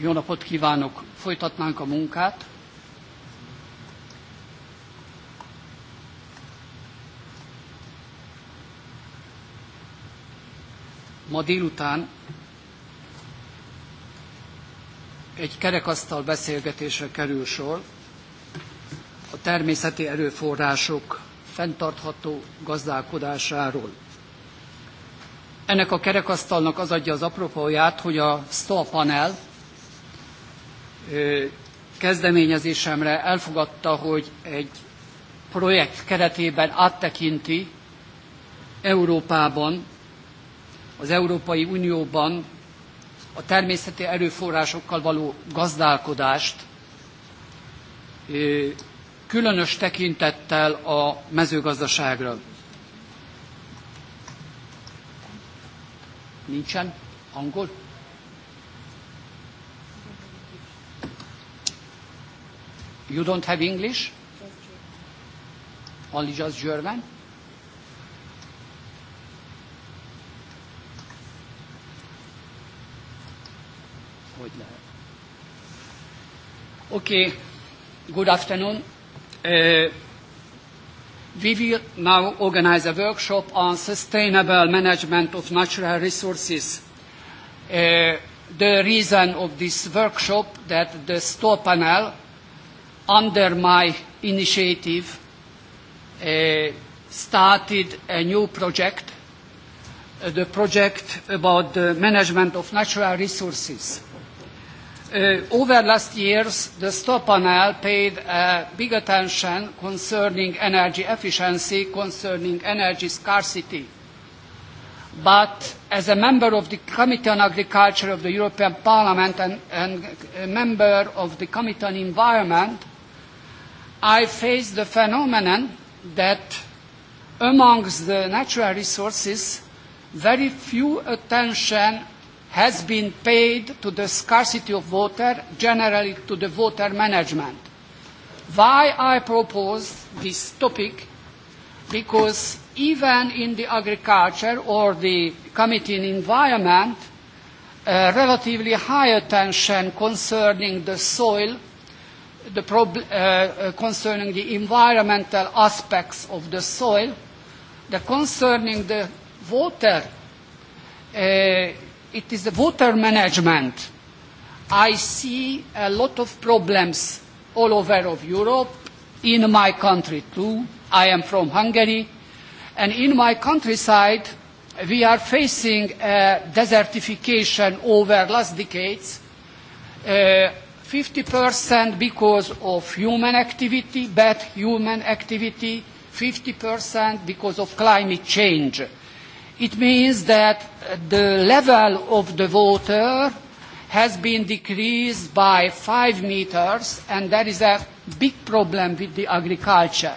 Jó napot kívánok! Folytatnánk a munkát. Ma délután egy kerekasztal beszélgetésre kerül sor a természeti erőforrások fenntartható gazdálkodásáról. Ennek a kerekasztalnak az adja az apropóját, hogy a STA panel kezdeményezésemre elfogadta, hogy egy projekt keretében áttekinti Európában, az Európai Unióban a természeti erőforrásokkal való gazdálkodást, különös tekintettel a mezőgazdaságra. Nincsen angol? You don't have English? Only just German? Okay, good afternoon. Uh, we will now organize a workshop on sustainable management of natural resources. Uh, the reason of this workshop that the store panel under my initiative, uh, started a new project, uh, the project about the management of natural resources. Uh, over last years, the STOP panel paid uh, big attention concerning energy efficiency, concerning energy scarcity. But as a member of the Committee on Agriculture of the European Parliament and, and a member of the Committee on Environment, I face the phenomenon that amongst the natural resources, very few attention has been paid to the scarcity of water, generally to the water management. Why I propose this topic? Because even in the agriculture or the committee in environment, uh, relatively high attention concerning the soil the prob- uh, uh, concerning the environmental aspects of the soil, the concerning the water, uh, it is the water management. I see a lot of problems all over of Europe, in my country too. I am from Hungary, and in my countryside, we are facing a desertification over last decades. Uh, 50% because of human activity, bad human activity, 50% because of climate change. It means that uh, the level of the water has been decreased by five meters, and that is a big problem with the agriculture.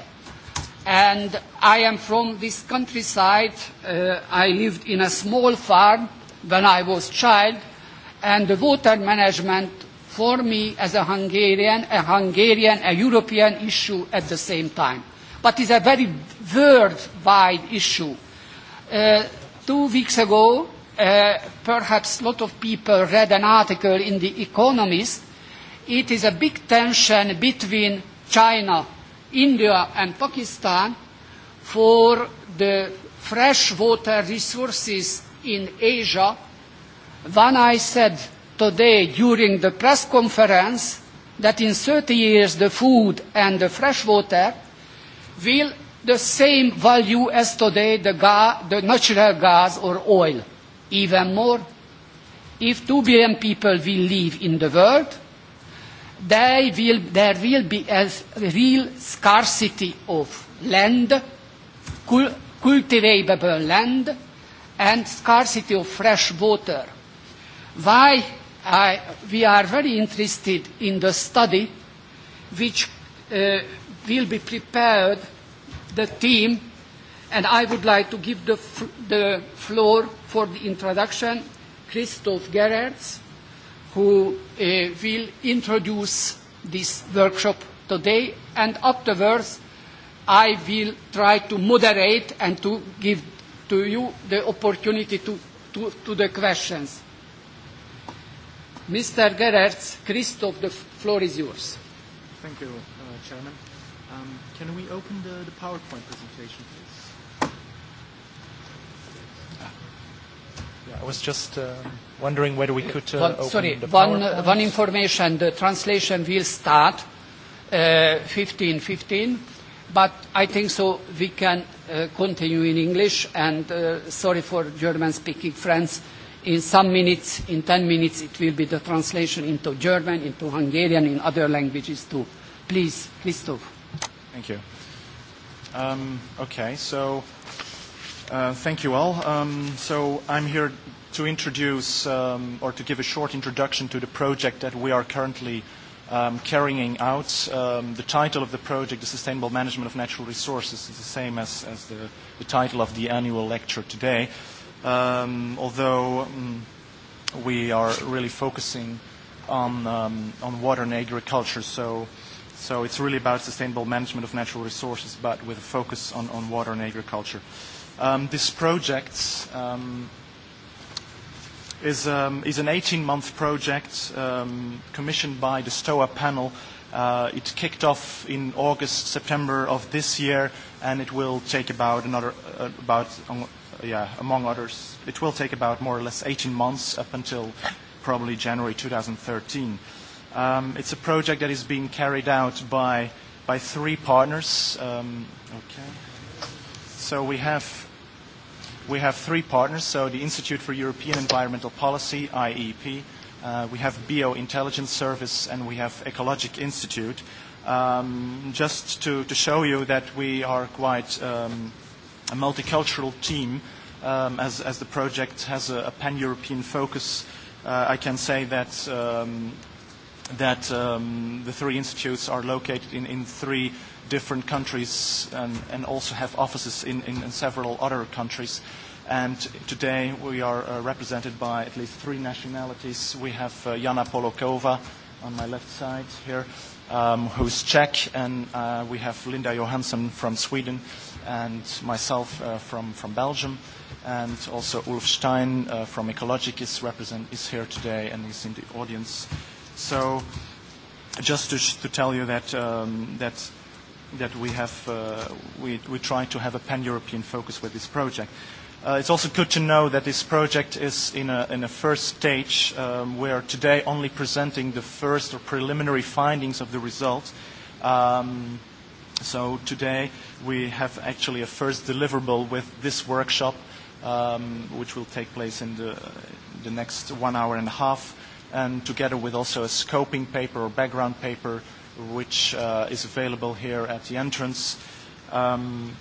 And I am from this countryside. Uh, I lived in a small farm when I was child, and the water management for me as a Hungarian, a Hungarian, a European issue at the same time. But it's a very worldwide issue. Uh, two weeks ago, uh, perhaps a lot of people read an article in The Economist. It is a big tension between China, India and Pakistan for the freshwater resources in Asia. When I said today during the press conference that in 30 years the food and the fresh water will the same value as today the, ga the natural gas or oil, even more. If 2 billion people will live in the world, they will, there will be a real scarcity of land, cul cultivable land, and scarcity of fresh water. Why I, we are very interested in the study which uh, will be prepared the team and I would like to give the, the floor for the introduction Christoph Gerards who uh, will introduce this workshop today and afterwards I will try to moderate and to give to you the opportunity to, to, to the questions. Mr. Gerertz, Christoph, the floor is yours. Thank you, uh, Chairman. Um, can we open the, the PowerPoint presentation, please? Yeah, I was just uh, wondering whether we could uh, one, open sorry, the one, uh, PowerPoint. one information. The translation will start 15.15, uh, but I think so we can uh, continue in English, and uh, sorry for German-speaking friends in some minutes, in 10 minutes, it will be the translation into German, into Hungarian, in other languages too. Please, Christoph. Thank you. Um, okay, so uh, thank you all. Um, so I'm here to introduce um, or to give a short introduction to the project that we are currently um, carrying out. Um, the title of the project, The Sustainable Management of Natural Resources, is the same as, as the, the title of the annual lecture today um, although um, we are really focusing on, um, on water and agriculture. So, so it's really about sustainable management of natural resources, but with a focus on, on water and agriculture. Um, this project um, is, um, is an 18-month project um, commissioned by the STOA panel. Uh, it kicked off in August, September of this year, and it will take about another uh, about um, yeah, among others, it will take about more or less 18 months up until probably January 2013. Um, it's a project that is being carried out by, by three partners. Um, okay. So we have, we have three partners, so the Institute for European Environmental Policy, IEP, uh, we have Bio Intelligence Service, and we have Ecologic Institute. Um, just to, to show you that we are quite um, a multicultural team. Um, as, as the project has a, a pan-European focus, uh, I can say that, um, that um, the three institutes are located in, in three different countries and, and also have offices in, in, in several other countries. And today we are uh, represented by at least three nationalities. We have uh, Jana Polokova on my left side here, um, who's Czech, and uh, we have Linda Johansson from Sweden, and myself uh, from, from Belgium, and also Ulf Stein uh, from Ecologic is, represent, is here today and is in the audience. So just to, to tell you that, um, that, that we, have, uh, we, we try to have a pan-European focus with this project. Uh, it's also good to know that this project is in a, in a first stage. Um, we are today only presenting the first or preliminary findings of the results. Um, so today we have actually a first deliverable with this workshop, um, which will take place in the, the next one hour and a half, and together with also a scoping paper or background paper, which uh, is available here at the entrance. Um,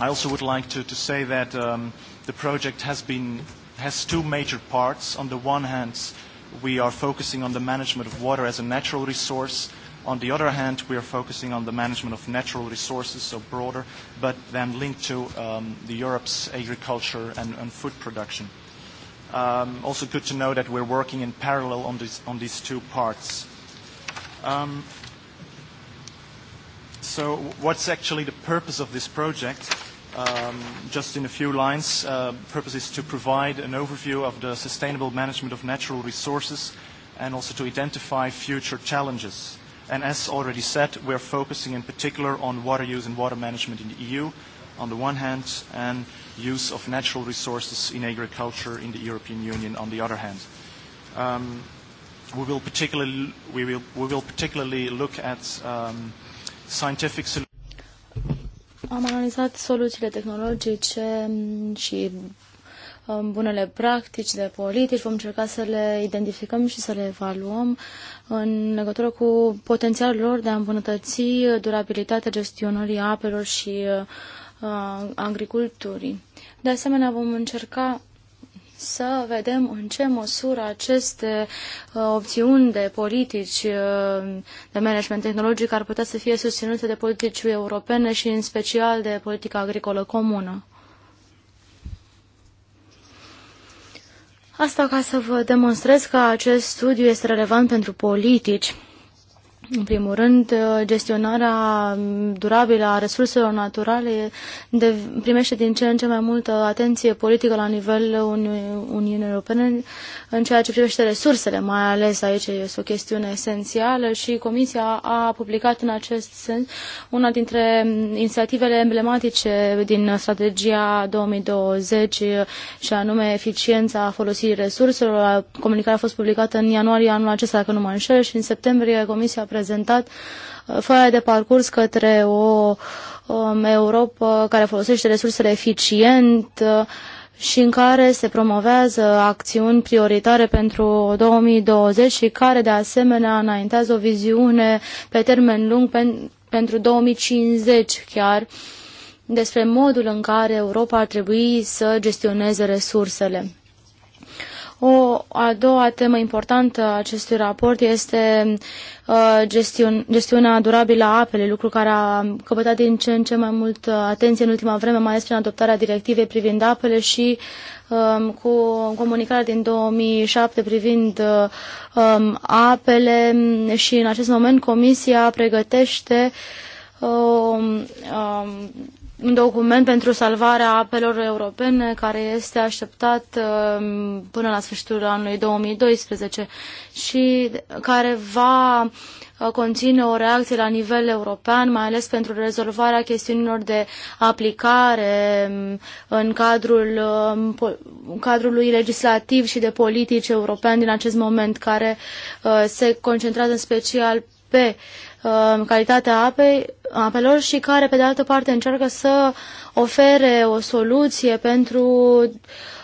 I also would like to, to say that um, the project has, been, has two major parts. On the one hand, we are focusing on the management of water as a natural resource. On the other hand, we are focusing on the management of natural resources, so broader, but then linked to um, the Europe's agriculture and, and food production. Um, also good to know that we're working in parallel on, this, on these two parts. Um, so what's actually the purpose of this project? Um, just in a few lines, uh, purpose is to provide an overview of the sustainable management of natural resources and also to identify future challenges. And as already said, we're focusing in particular on water use and water management in the EU on the one hand, and use of natural resources in agriculture in the European Union on the other hand. Um, we, will particularly, we, will, we will particularly look at um, scientific solutions am analizat soluțiile tehnologice și um, bunele practici de politici, vom încerca să le identificăm și să le evaluăm în legătură cu potențialul lor de a îmbunătăți durabilitatea gestionării apelor și uh, agriculturii. De asemenea, vom încerca să vedem în ce măsură aceste uh, opțiuni de politici uh, de management tehnologic ar putea să fie susținute de politici europene și în special de politica agricolă comună. Asta ca să vă demonstrez că acest studiu este relevant pentru politici în primul rând, uh, gestionarea durabilă a resurselor naturale de, primește din ce în ce mai multă atenție politică la nivel Uniunii Europene în ceea ce privește resursele, mai ales aici este o chestiune esențială și Comisia a publicat în acest sens una dintre inițiativele emblematice din strategia 2020 și anume eficiența folosirii resurselor. Comunicarea a fost publicată în ianuarie anul acesta, dacă nu mă înșel, și în septembrie Comisia a prezentat uh, foaia de parcurs către o um, Europa care folosește resursele eficient uh, și în care se promovează acțiuni prioritare pentru 2020 și care de asemenea înaintează o viziune pe termen lung pen, pentru 2050 chiar despre modul în care Europa ar trebui să gestioneze resursele. O a doua temă importantă a acestui raport este uh, gestion, gestiunea durabilă a apelor, lucru care a căpătat din ce în ce mai mult uh, atenție în ultima vreme, mai ales prin adoptarea directivei privind apele și um, cu comunicarea din 2007 privind uh, um, apele și în acest moment Comisia pregătește um, un document pentru salvarea apelor europene care este așteptat uh, până la sfârșitul anului 2012 și care va uh, conține o reacție la nivel european, mai ales pentru rezolvarea chestiunilor de aplicare um, în cadrul um, în cadrului legislativ și de politici european din acest moment, care uh, se concentrează în special pe calitatea apei, apelor și care, pe de altă parte, încearcă să ofere o soluție pentru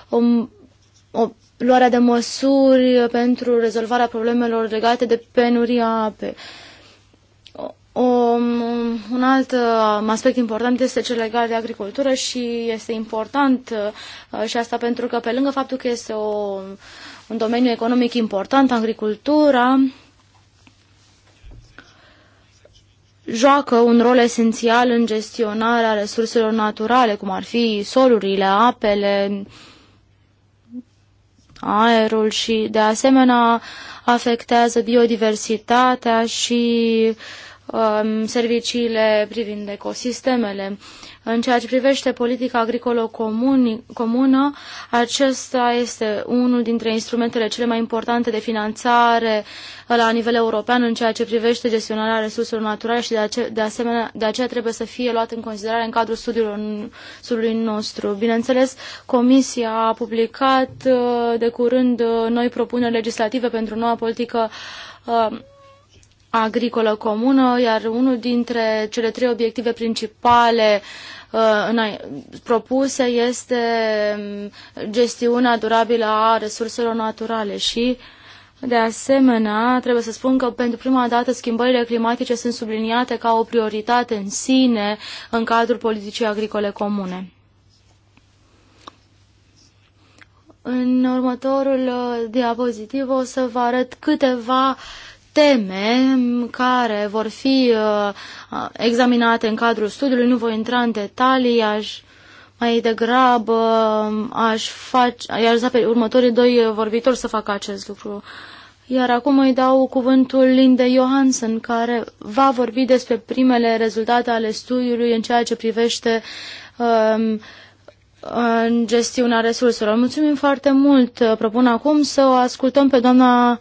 o, um, o luarea de măsuri pentru rezolvarea problemelor legate de penuria apei. O, un alt uh, aspect important este cel legat de agricultură și este important uh, și asta pentru că pe lângă faptul că este o, un domeniu economic important, agricultura joacă un rol esențial în gestionarea resurselor naturale, cum ar fi solurile, apele, aerul și de asemenea afectează biodiversitatea și um, serviciile privind ecosistemele. Uh, în ceea ce privește politica agricolă comună, acesta este unul dintre instrumentele cele mai importante de finanțare la nivel european în ceea ce privește gestionarea resurselor naturale și de, ace de asemenea de aceea trebuie să fie luat în considerare în cadrul studiului, studiului nostru. Bineînțeles, Comisia a publicat uh, de curând uh, noi propuneri legislative pentru noua politică uh, agricolă comună, iar unul dintre cele trei obiective principale Uh, propuse este um, gestiunea durabilă a resurselor naturale și de asemenea, trebuie să spun că pentru prima dată schimbările climatice sunt subliniate ca o prioritate în sine în cadrul politicii agricole comune. În următorul uh, diapozitiv o să vă arăt câteva uh, teme care vor fi uh, examinate în cadrul studiului. Nu voi intra în detalii, aș mai degrabă um, aș face, i-aș da pe următorii doi vorbitori să facă acest lucru. Iar acum îi dau cuvântul Linde Johansen, care va vorbi despre primele rezultate ale studiului în ceea ce privește um, în gestiunea resurselor. Mulțumim foarte mult. Propun acum să o ascultăm pe doamna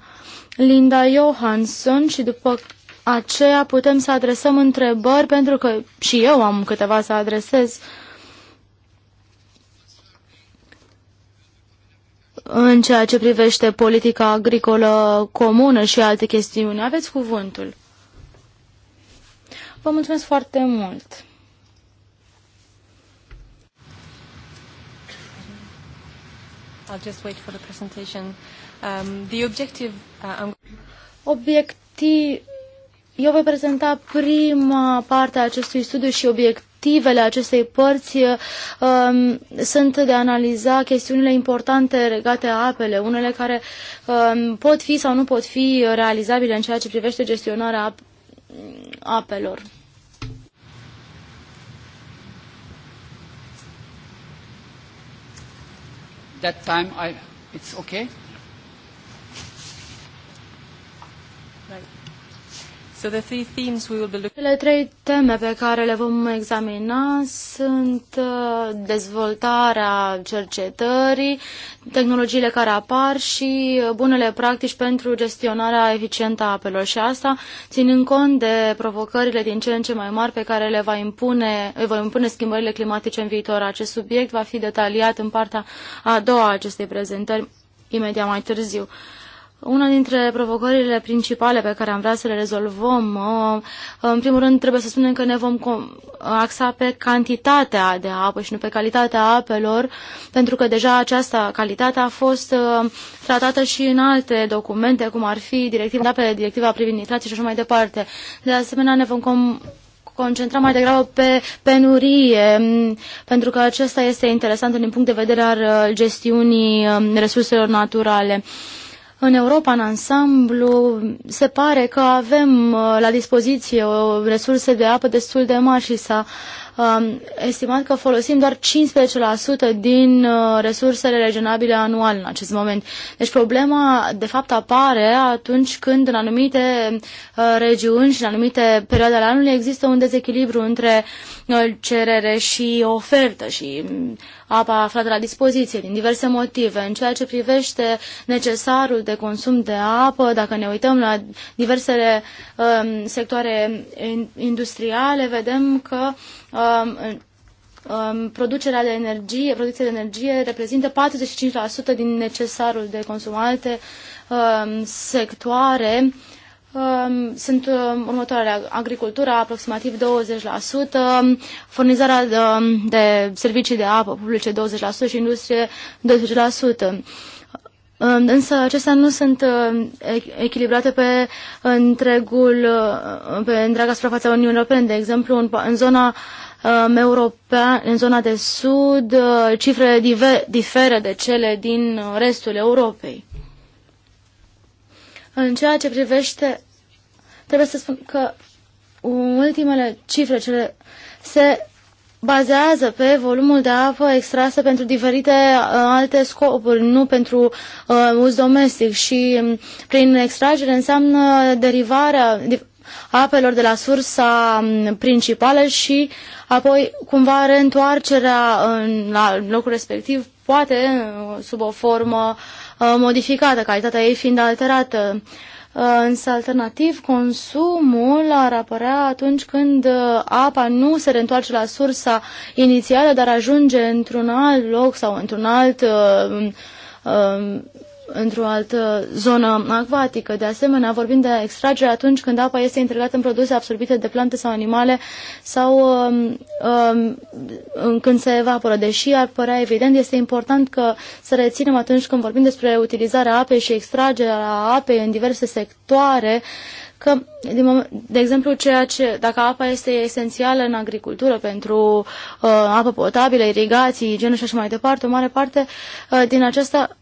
Linda Johansson și după aceea putem să adresăm întrebări pentru că și eu am câteva să adresez. În ceea ce privește politica agricolă comună și alte chestiuni, aveți cuvântul. Vă mulțumesc foarte mult! I'll just wait for the presentation. Um, the objective, uh, Obiectiv... Eu voi prezenta prima parte a acestui studiu și obiectivele acestei părți um, sunt de a analiza chestiunile importante legate a apele, unele care um, pot fi sau nu pot fi realizabile în ceea ce privește gestionarea ap apelor. That time I, it's okay? So Cele trei teme pe care le vom examina sunt uh, dezvoltarea cercetării, tehnologiile care apar și uh, bunele practici pentru gestionarea eficientă a apelor și asta ținând cont de provocările din ce în ce mai mari pe care le va impune, le vor impune schimbările climatice în viitor. Acest subiect va fi detaliat în partea a doua a acestei prezentări imediat mai târziu. Una dintre provocările principale pe care am vrea să le rezolvăm, uh, în primul rând trebuie să spunem că ne vom axa pe cantitatea de apă și nu pe calitatea apelor, pentru că deja această calitate a fost uh, tratată și în alte documente, cum ar fi directiva de apele, directiva privind nitrații și așa mai departe. De asemenea, ne vom concentra mai degrabă pe penurie, mm, pentru că acesta este interesant din punct de vedere al uh, gestiunii resurselor naturale în Europa, în ansamblu, se pare că avem uh, la dispoziție o uh, resurse de apă destul de mari și s-a um, estimat că folosim doar 15% din uh, resursele regenerabile anual în acest moment. Deci problema, de fapt, apare atunci când în anumite uh, regiuni și în anumite perioade ale anului există un dezechilibru între uh, cerere și ofertă și apa aflată la dispoziție, din diverse motive. În ceea ce privește necesarul de consum de apă, dacă ne uităm la diversele um, sectoare industriale, vedem că um, um, producerea de energie, producția de energie reprezintă 45% din necesarul de consumate um, sectoare uh, Um, sunt um, următoarele. Agricultura, aproximativ 20%, um, furnizarea de, de servicii de apă publice 20% și industrie 20%. Însă acestea nu sunt echilibrate pe, întregul, uh, pe întreaga suprafață a Uniunii Europene. De exemplu, în, în zona european, în zona de sud, uh, cifrele diferă de cele din uh, restul Europei. În ceea ce privește, trebuie să spun că ultimele cifre cele se bazează pe volumul de apă extrasă pentru diferite uh, alte scopuri, nu pentru uh, uz domestic și um, prin extragere înseamnă derivarea apelor de la sursa um, principală și apoi cumva reîntoarcerea în, uh, la locul respectiv, poate uh, sub o formă uh, Uh, modificată, calitatea ei fiind alterată. Uh, însă, alternativ, consumul ar apărea atunci când uh, apa nu se reîntoarce la sursa inițială, dar ajunge într-un alt loc sau într-un alt într-o altă zonă acvatică. De asemenea, vorbim de extragere atunci când apa este integrată în produse absorbite de plante sau animale sau um, um, când se evaporă. Deși ar părea evident, este important că să reținem atunci când vorbim despre utilizarea apei și extragerea apei în diverse sectoare că, de exemplu, ceea ce, dacă apa este esențială în agricultură pentru uh, apă potabilă, irigații, igienă și așa mai departe, o mare parte uh, din aceasta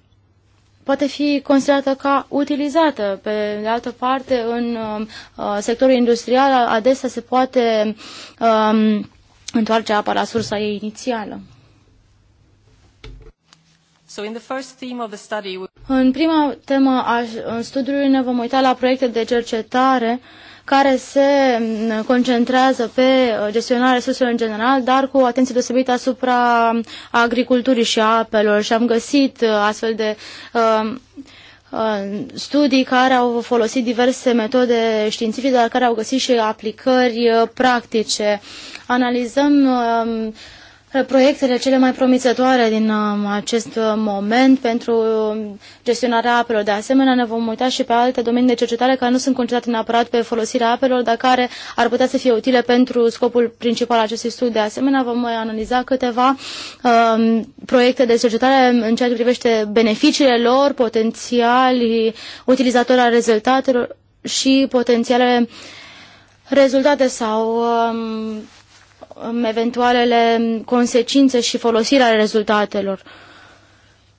poate fi considerată ca utilizată. Pe de altă parte, în um, uh, sectorul industrial adesea se poate uh, întoarce apa la sursa ei inițială. So in the first theme of the study... În prima temă a studiului ne vom uita la proiecte de cercetare uh, care se mm, concentrează pe uh, gestionarea resurselor în general, dar cu atenție deosebită asupra mm, agriculturii și a apelor. Și am găsit uh, astfel de uh, studii care au folosit diverse metode științifice, dar care au găsit și aplicări practice. Analizăm uh, proiectele cele mai promițătoare din um, acest uh, moment pentru um, gestionarea apelor. De asemenea, ne vom uita și pe alte domenii de cercetare care nu sunt concentrate neapărat pe folosirea apelor, dar care ar putea să fie utile pentru scopul principal al acestui studiu. De asemenea, vom analiza câteva um, proiecte de cercetare în ceea ce privește beneficiile lor, potențialii utilizatori al rezultatelor și potențiale rezultate sau um, Um, eventualele consecințe și folosirea rezultatelor.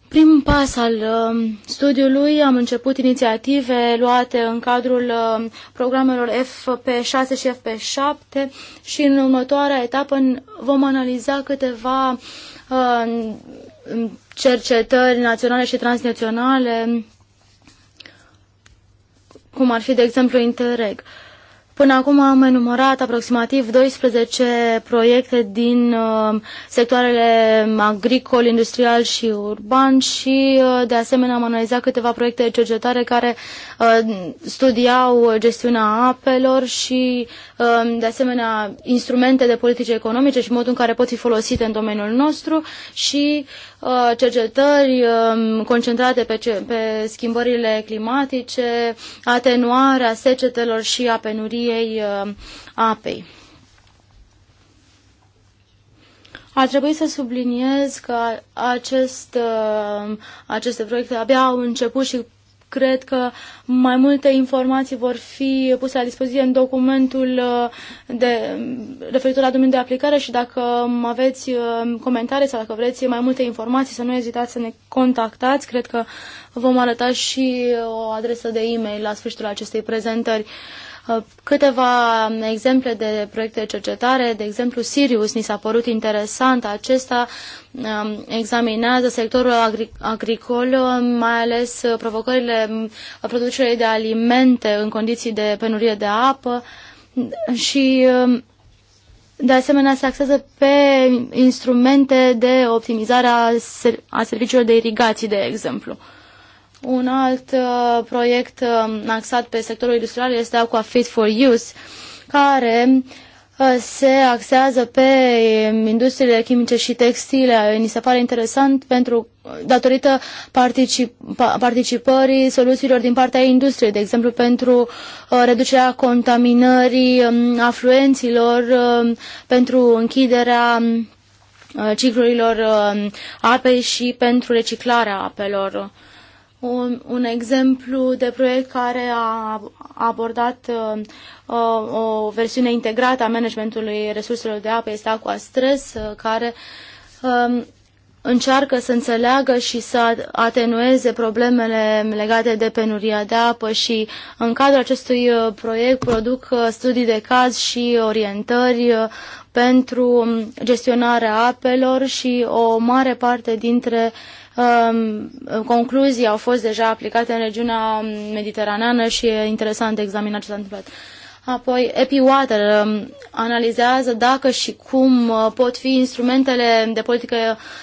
Prim pas al um, studiului am început inițiative luate în cadrul um, programelor FP6 și FP7 și în următoarea etapă vom analiza câteva cercetări naționale și transnaționale, cum ar fi, de exemplu, Interreg. Uh, Până acum am enumerat aproximativ 12 proiecte din uh, sectoarele agricol, industrial și urban și uh, de asemenea am analizat câteva proiecte de cercetare care uh, studiau gestiunea apelor și de asemenea instrumente de politici economice și modul în care pot fi folosite în domeniul nostru și cercetări um, concentrate pe, ce, pe schimbările climatice, atenuarea secetelor și a penurii strategiei uh, apei. Ar trebui să subliniez că acest, uh, aceste proiecte abia au început și cred că mai multe informații vor fi puse la dispoziție în documentul uh, de, referitor la domeniul de aplicare și dacă aveți comentarii sau dacă vreți mai multe informații, să nu ezitați să ne contactați. Cred că vom arăta și o adresă de e-mail la sfârșitul acestei prezentări. Uh, câteva exemple de proiecte de cercetare, de exemplu Sirius, ni s-a părut interesant. Acesta um, examinează sectorul agricol, uh, mai ales uh, provocările um, producerii de alimente în condiții de penurie de apă și um, de asemenea, se axează pe instrumente de optimizare a, serviciilor de irigații, de exemplu. Un alt uh, proiect uh, axat pe sectorul industrial este fit for Use, care uh, se axează pe um, industriile chimice și textile. Ni se pare interesant pentru, uh, datorită particip, participării soluțiilor din partea industriei, de exemplu pentru uh, reducerea contaminării um, afluenților, um, pentru închiderea um, uh, ciclurilor um, apei și pentru reciclarea apelor un, un exemplu de proiect care a abordat uh, o versiune integrată a managementului resurselor de apă este Aqua Stress, uh, care uh, încearcă să înțeleagă și să atenueze problemele legate de penuria de apă și în cadrul acestui uh, proiect produc uh, studii de caz și orientări uh, pentru um, gestionarea apelor și o mare parte dintre uh, Ehm, concluzii au fost deja aplicate în regiunea mediteraneană și e interesant de examinat ce s-a întâmplat. Apoi, EPIWATER um, analizează dacă și cum uh, pot fi instrumentele de politică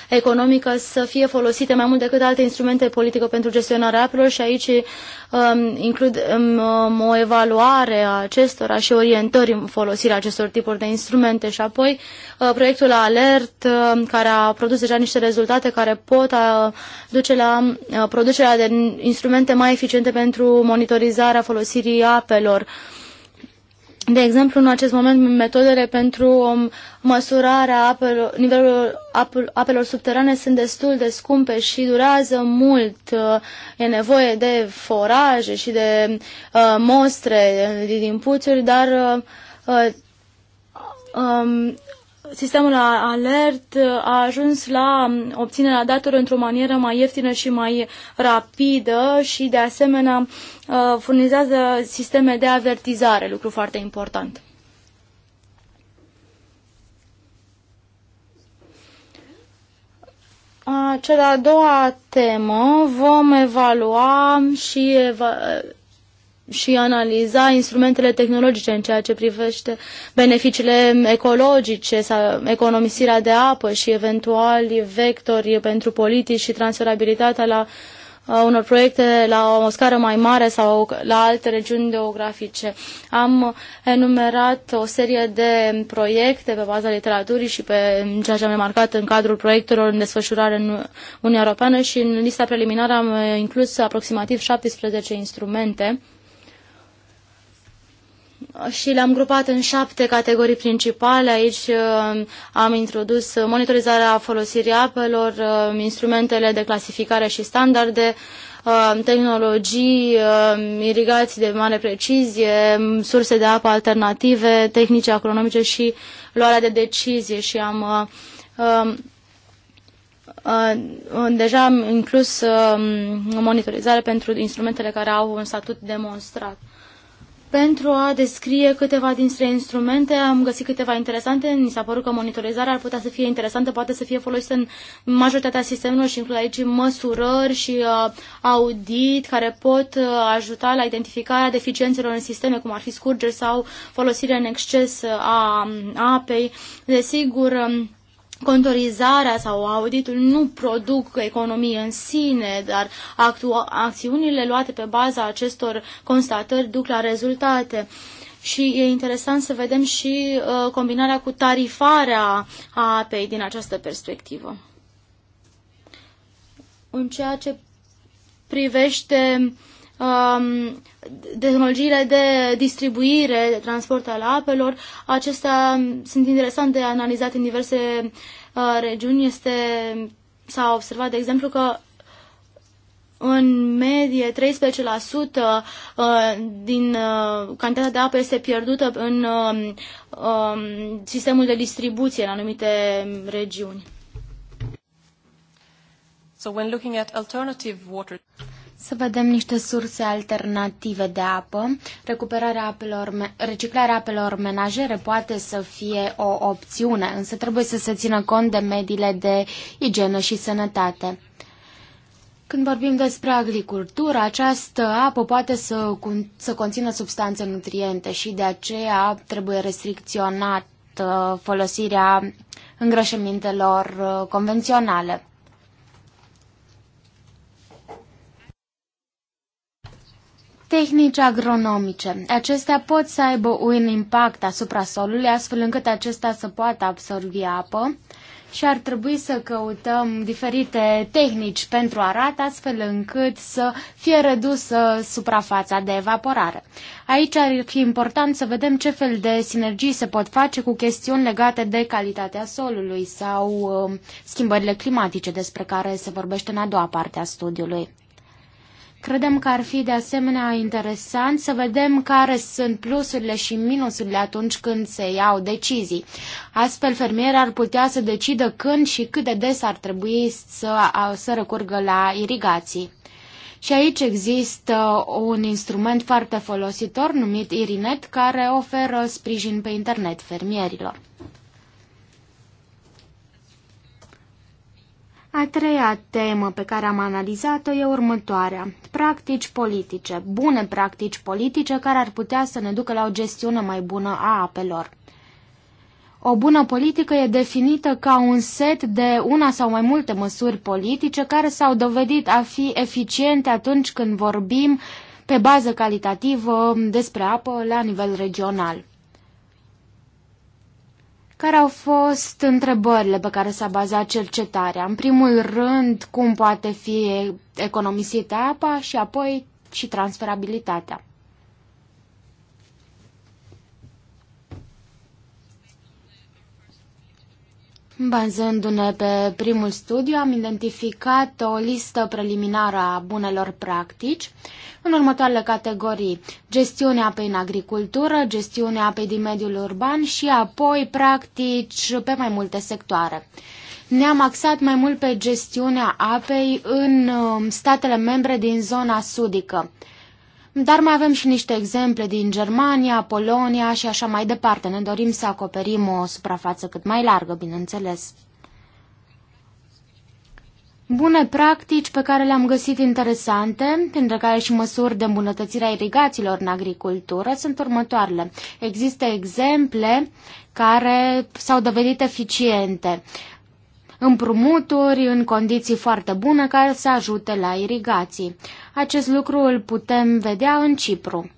economică să fie folosite mai mult decât alte instrumente politică pentru gestionarea apelor și aici um, includ um, um, o evaluare a acestora și orientări în folosirea acestor tipuri de instrumente. Și apoi, uh, proiectul ALERT, uh, care a produs deja niște rezultate care pot uh, duce la uh, producerea de instrumente mai eficiente pentru monitorizarea folosirii apelor. Uh, de exemplu, în acest moment, metodele pentru măsurarea apelor, nivelul apelor subterane sunt destul de scumpe și durează mult. Uh, e nevoie de foraje și de uh, mostre din puțuri, dar uh, uh um, sistemul alert a ajuns la obținerea datelor într-o manieră mai ieftină și mai rapidă și, de asemenea, uh, furnizează sisteme de avertizare, lucru foarte important. Cea de-a doua temă vom evalua și eva și analiza instrumentele tehnologice în ceea ce privește beneficiile ecologice sau economisirea de apă și eventuali vectori pentru politici și transferabilitatea la uh, unor proiecte la o scară mai mare sau la alte regiuni geografice. Am enumerat o serie de proiecte pe baza literaturii și pe ceea ce am remarcat în cadrul proiectelor în desfășurare în Uniunea Europeană și în lista preliminară am inclus aproximativ 17 instrumente și le-am grupat în șapte categorii principale. Aici uh, am introdus monitorizarea folosirii apelor, uh, instrumentele de clasificare și standarde, uh, tehnologii, irigații de mare precizie, surse de apă alternative, tehnice economice și luarea de decizie și am um, deja am inclus monitorizare pentru instrumentele care au un statut demonstrat. Pentru a descrie câteva dintre instrumente, am găsit câteva interesante. Mi s-a părut că monitorizarea ar putea să fie interesantă, poate să fie folosită în majoritatea sistemelor și includ aici măsurări și uh, audit care pot uh, ajuta la identificarea deficiențelor în sisteme, cum ar fi scurgeri sau folosirea în exces uh, a apei. Desigur, uh, contorizarea sau auditul nu produc economie în sine, dar acțiunile luate pe baza acestor constatări duc la rezultate. Și e interesant să vedem și uh, combinarea cu tarifarea a apei din această perspectivă. În ceea ce privește uh, um, tehnologiile de distribuire, de transport al apelor. Acestea sunt interesante analizate în diverse uh, regiuni. Este, s-a observat, de exemplu, că în medie 13% uh, din uh, cantitatea de apă este pierdută în um, um, sistemul de distribuție în anumite regiuni. So when looking at alternative water să vedem niște surse alternative de apă. Recuperarea apelor, reciclarea apelor menajere poate să fie o opțiune, însă trebuie să se țină cont de mediile de igienă și sănătate. Când vorbim despre agricultură, această apă poate să, să conțină substanțe nutriente și de aceea trebuie restricționată folosirea îngrășămintelor uh, convenționale. tehnici agronomice. Acestea pot să aibă un impact asupra solului, astfel încât acesta să poată absorbi apă și ar trebui să căutăm diferite tehnici pentru arată, astfel încât să fie redusă suprafața de evaporare. Aici ar fi important să vedem ce fel de sinergii se pot face cu chestiuni legate de calitatea solului sau um, schimbările climatice despre care se vorbește în a doua parte a studiului. Credem că ar fi de asemenea interesant să vedem care sunt plusurile și minusurile atunci când se iau decizii. Astfel, fermierii ar putea să decidă când și cât de des ar trebui să, să recurgă la irigații. Și aici există un instrument foarte folositor numit Irinet care oferă sprijin pe internet fermierilor. A treia temă pe care am analizat-o e următoarea. Practici politice, bune practici politice care ar putea să ne ducă la o gestiune mai bună a apelor. O bună politică e definită ca un set de una sau mai multe măsuri politice care s-au dovedit a fi eficiente atunci când vorbim pe bază calitativă despre apă la nivel regional. Care au fost întrebările pe care s-a bazat cercetarea? În primul rând, cum poate fi economisită apa și apoi și transferabilitatea. Bazându-ne pe primul studiu, am identificat o listă preliminară a bunelor practici în următoarele categorii. Gestiunea apei în agricultură, gestiunea apei din mediul urban și apoi practici pe mai multe sectoare. Ne-am axat mai mult pe gestiunea apei în um, statele membre din zona sudică. Dar mai avem și niște exemple din Germania, Polonia și așa mai departe. Ne dorim să acoperim o suprafață cât mai largă, bineînțeles. Bune practici pe care le-am găsit interesante, printre care și măsuri de îmbunătățire a irigațiilor în agricultură, sunt următoarele. Există exemple care s-au dovedit eficiente împrumuturi în condiții foarte bune care să ajute la irigații. Acest lucru îl putem vedea în Cipru.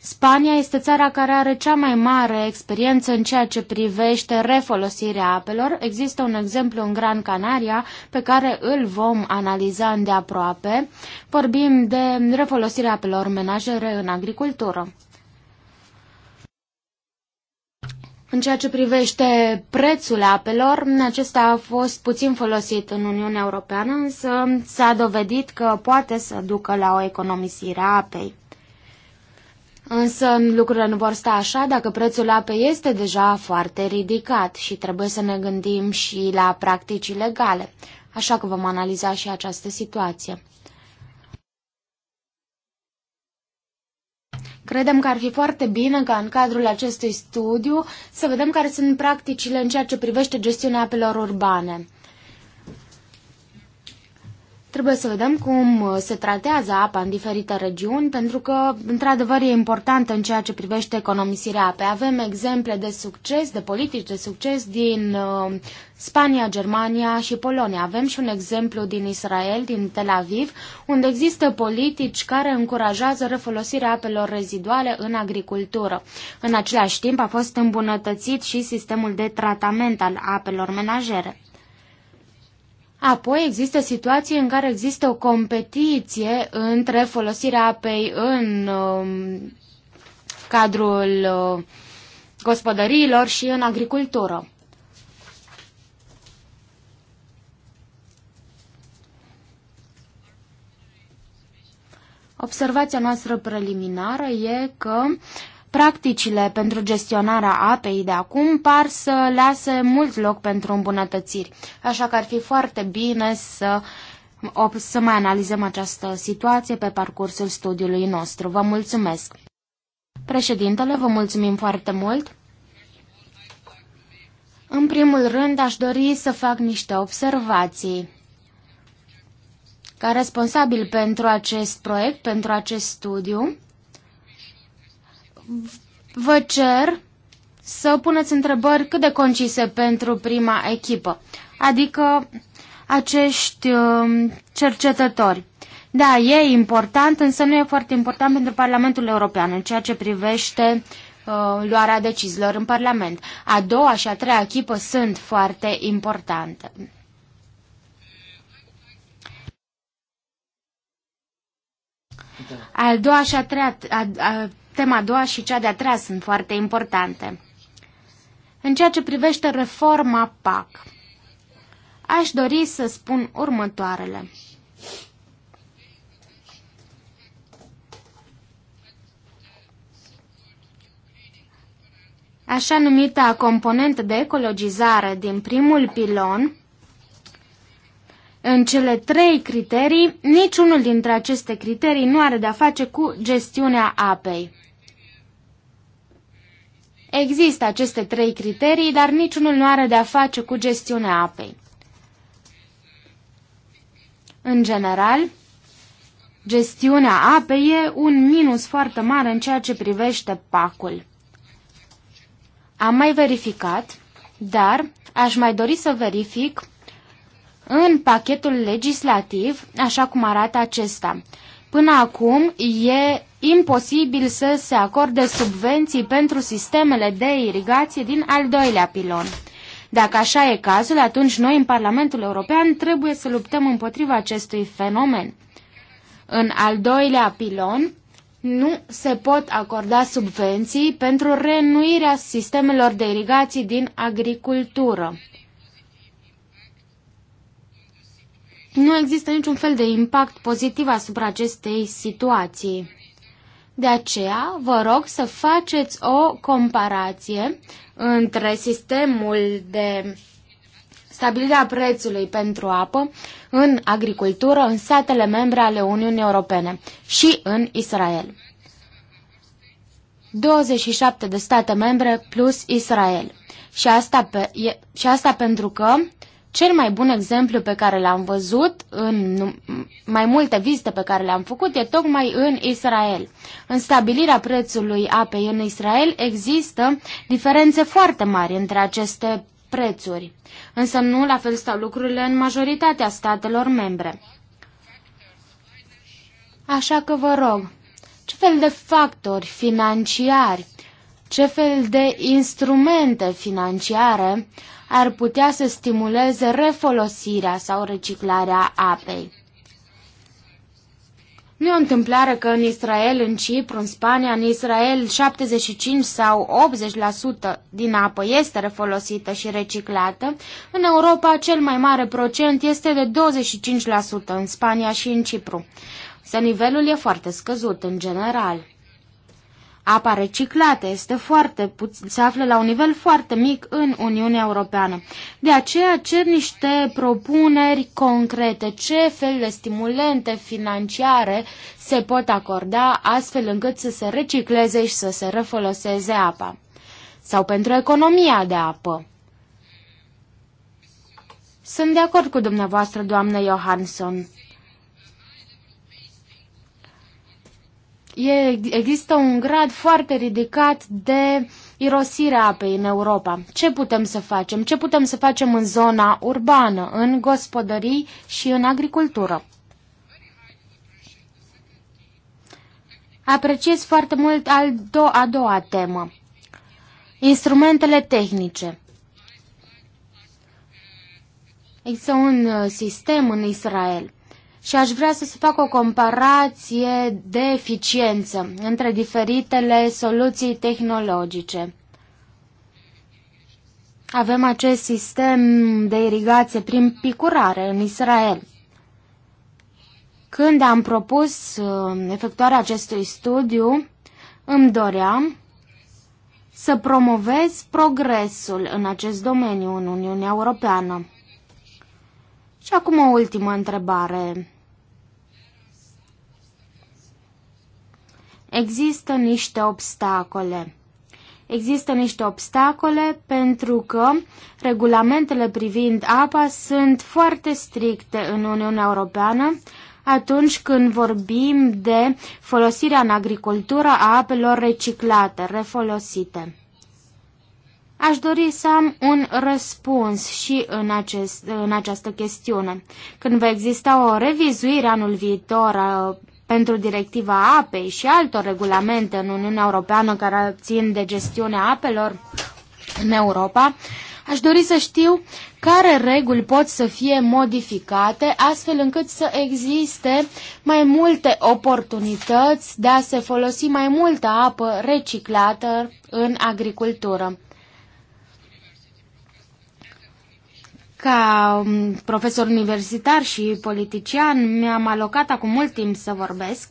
Spania este țara care are cea mai mare experiență în ceea ce privește refolosirea apelor. Există un exemplu în Gran Canaria pe care îl vom analiza îndeaproape. Vorbim de refolosirea apelor menajere în agricultură. În ceea ce privește prețul apelor, acesta a fost puțin folosit în Uniunea Europeană, însă s-a dovedit că poate să ducă la o economisire a apei. Însă lucrurile nu vor sta așa dacă prețul apei este deja foarte ridicat și trebuie să ne gândim și la practici legale. așa că vom analiza și această situație. Credem că ar fi foarte bine ca în cadrul acestui studiu să vedem care sunt practicile în ceea ce privește gestiunea apelor urbane. Trebuie să vedem cum uh, se tratează apa în diferite regiuni, pentru că, într-adevăr, e importantă în ceea ce privește economisirea apei. Avem exemple de succes, de politici de succes din uh, Spania, Germania și Polonia. Avem și un exemplu din Israel, din Tel Aviv, unde există politici care încurajează refolosirea apelor reziduale în agricultură. În același timp a fost îmbunătățit și sistemul de tratament al apelor menajere. Apoi există situații în care există o competiție între folosirea apei în um, cadrul uh, gospodăriilor și în agricultură. Observația noastră preliminară e că uh, Practicile pentru gestionarea apei de acum par să lase mult loc pentru îmbunătățiri, așa că ar fi foarte bine să, să mai analizăm această situație pe parcursul studiului nostru. Vă mulțumesc! Președintele, vă mulțumim foarte mult! În primul rând, aș dori să fac niște observații. Ca responsabil pentru acest proiect, pentru acest studiu, Vă cer să puneți întrebări cât de concise pentru prima echipă, adică acești um, cercetători. Da, e important, însă nu e foarte important pentru Parlamentul European în ceea ce privește uh, luarea deciziilor în Parlament. A doua și a treia echipă sunt foarte importante. A doua și a treia, a, a, Tema a doua și cea de-a treia sunt foarte importante. În ceea ce privește reforma PAC, aș dori să spun următoarele. Așa numită componentă de ecologizare din primul pilon, în cele trei criterii, niciunul dintre aceste criterii nu are de-a face cu gestiunea apei. Există aceste trei criterii, dar niciunul nu are de-a face cu gestiunea apei. În general, gestiunea apei e un minus foarte mare în ceea ce privește pacul. Am mai verificat, dar aș mai dori să verific în pachetul legislativ, așa cum arată acesta. Până acum e imposibil să se acorde subvenții pentru sistemele de irigație din al doilea pilon. Dacă așa e cazul, atunci noi în Parlamentul European trebuie să luptăm împotriva acestui fenomen. În al doilea pilon nu se pot acorda subvenții pentru renuirea sistemelor de irigații din agricultură. Nu există niciun fel de impact pozitiv asupra acestei situații. De aceea, vă rog să faceți o comparație între sistemul de stabilirea prețului pentru apă în agricultură în statele membre ale Uniunii Europene și în Israel. 27 de state membre plus Israel. Și asta, pe, e, și asta pentru că cel mai bun exemplu pe care l-am văzut în mai multe vizite pe care le-am făcut e tocmai în Israel. În stabilirea prețului apei în Israel există diferențe foarte mari între aceste prețuri, însă nu la fel stau lucrurile în majoritatea statelor membre. Așa că vă rog, ce fel de factori financiari, ce fel de instrumente financiare ar putea să stimuleze refolosirea sau reciclarea apei. Nu e o întâmplare că în Israel, în Cipru, în Spania, în Israel 75 sau 80% din apă este refolosită și reciclată. În Europa cel mai mare procent este de 25% în Spania și în Cipru. Să nivelul e foarte scăzut în general. Apa reciclată este foarte se află la un nivel foarte mic în Uniunea Europeană. De aceea cer niște propuneri concrete, ce fel de stimulente financiare se pot acorda astfel încât să se recicleze și să se refoloseze apa. Sau pentru economia de apă. Sunt de acord cu dumneavoastră, doamnă Johansson. e, există un grad foarte ridicat de irosire a apei în Europa. Ce putem să facem? Ce putem să facem în zona urbană, în gospodării și în agricultură? Apreciez foarte mult al do- a doua temă. Instrumentele tehnice. Există un uh, sistem în Israel și aș vrea să se facă o comparație de eficiență între diferitele soluții tehnologice. Avem acest sistem de irigație prin picurare în Israel. Când am propus uh, efectuarea acestui studiu, îmi doream să promovez progresul în acest domeniu în Uniunea Europeană. Și acum o ultimă întrebare Există niște obstacole. Există niște obstacole pentru că regulamentele privind apa sunt foarte stricte în Uniunea Europeană atunci când vorbim de folosirea în agricultură a apelor reciclate, refolosite. Aș dori să am un răspuns și în, acest, în această chestiune. Când va exista o revizuire anul viitor a pentru directiva apei și altor regulamente în Uniunea Europeană care țin de gestiunea apelor în Europa, aș dori să știu care reguli pot să fie modificate astfel încât să existe mai multe oportunități de a se folosi mai multă apă reciclată în agricultură. Ca um, profesor universitar și politician, mi-am alocat acum mult timp să vorbesc,